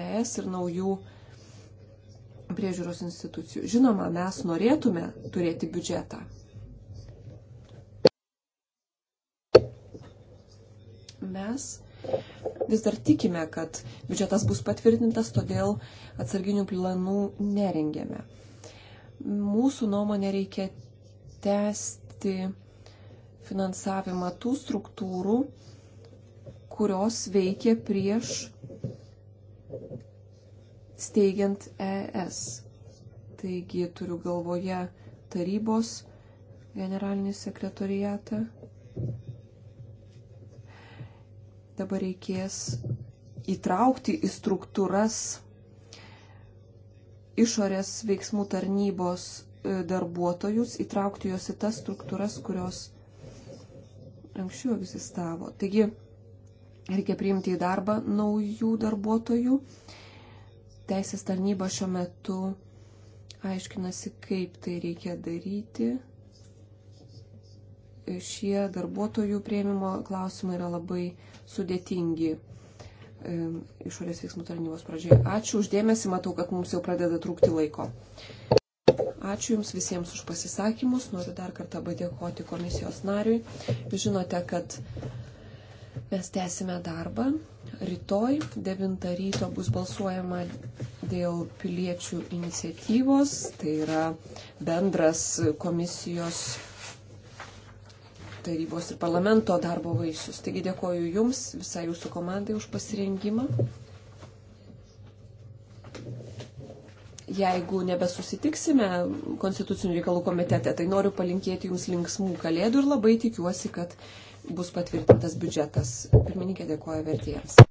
ES ir naujų priežiūros institucijų. Žinoma, mes norėtume turėti biudžetą. Mes vis dar tikime, kad biudžetas bus patvirtintas, todėl atsarginių planų nerengėme. Mūsų nuomonė reikia tęsti finansavimą tų struktūrų, kurios veikė prieš steigiant ES. Taigi turiu galvoje tarybos generalinį sekretoriatą. Dabar reikės įtraukti į struktūras išorės veiksmų tarnybos e, darbuotojus, įtraukti juos į tas struktūras, kurios anksčiau egzistavo. Taigi reikia priimti į darbą naujų darbuotojų, Teisės tarnyba šiuo metu aiškinasi, kaip tai reikia daryti. Šie darbuotojų prieimimo klausimai yra labai sudėtingi išorės veiksmų tarnybos pradžioje. Ačiū uždėmesi, matau, kad mums jau pradeda trūkti laiko. Ačiū Jums visiems už pasisakymus. Noriu dar kartą padėkoti komisijos nariui. Žinote, kad mes tęsime darbą. Rytoj 9 ryto bus balsuojama dėl piliečių iniciatyvos, tai yra bendras komisijos tarybos ir parlamento darbo vaisius. Taigi dėkoju Jums, visai Jūsų komandai už pasirengimą. Jeigu nebesusitiksime Konstitucinių reikalų komitete, tai noriu palinkėti Jums linksmų kalėdų ir labai tikiuosi, kad bus patvirtintas biudžetas. Pirmininkė dėkoja vertėjams.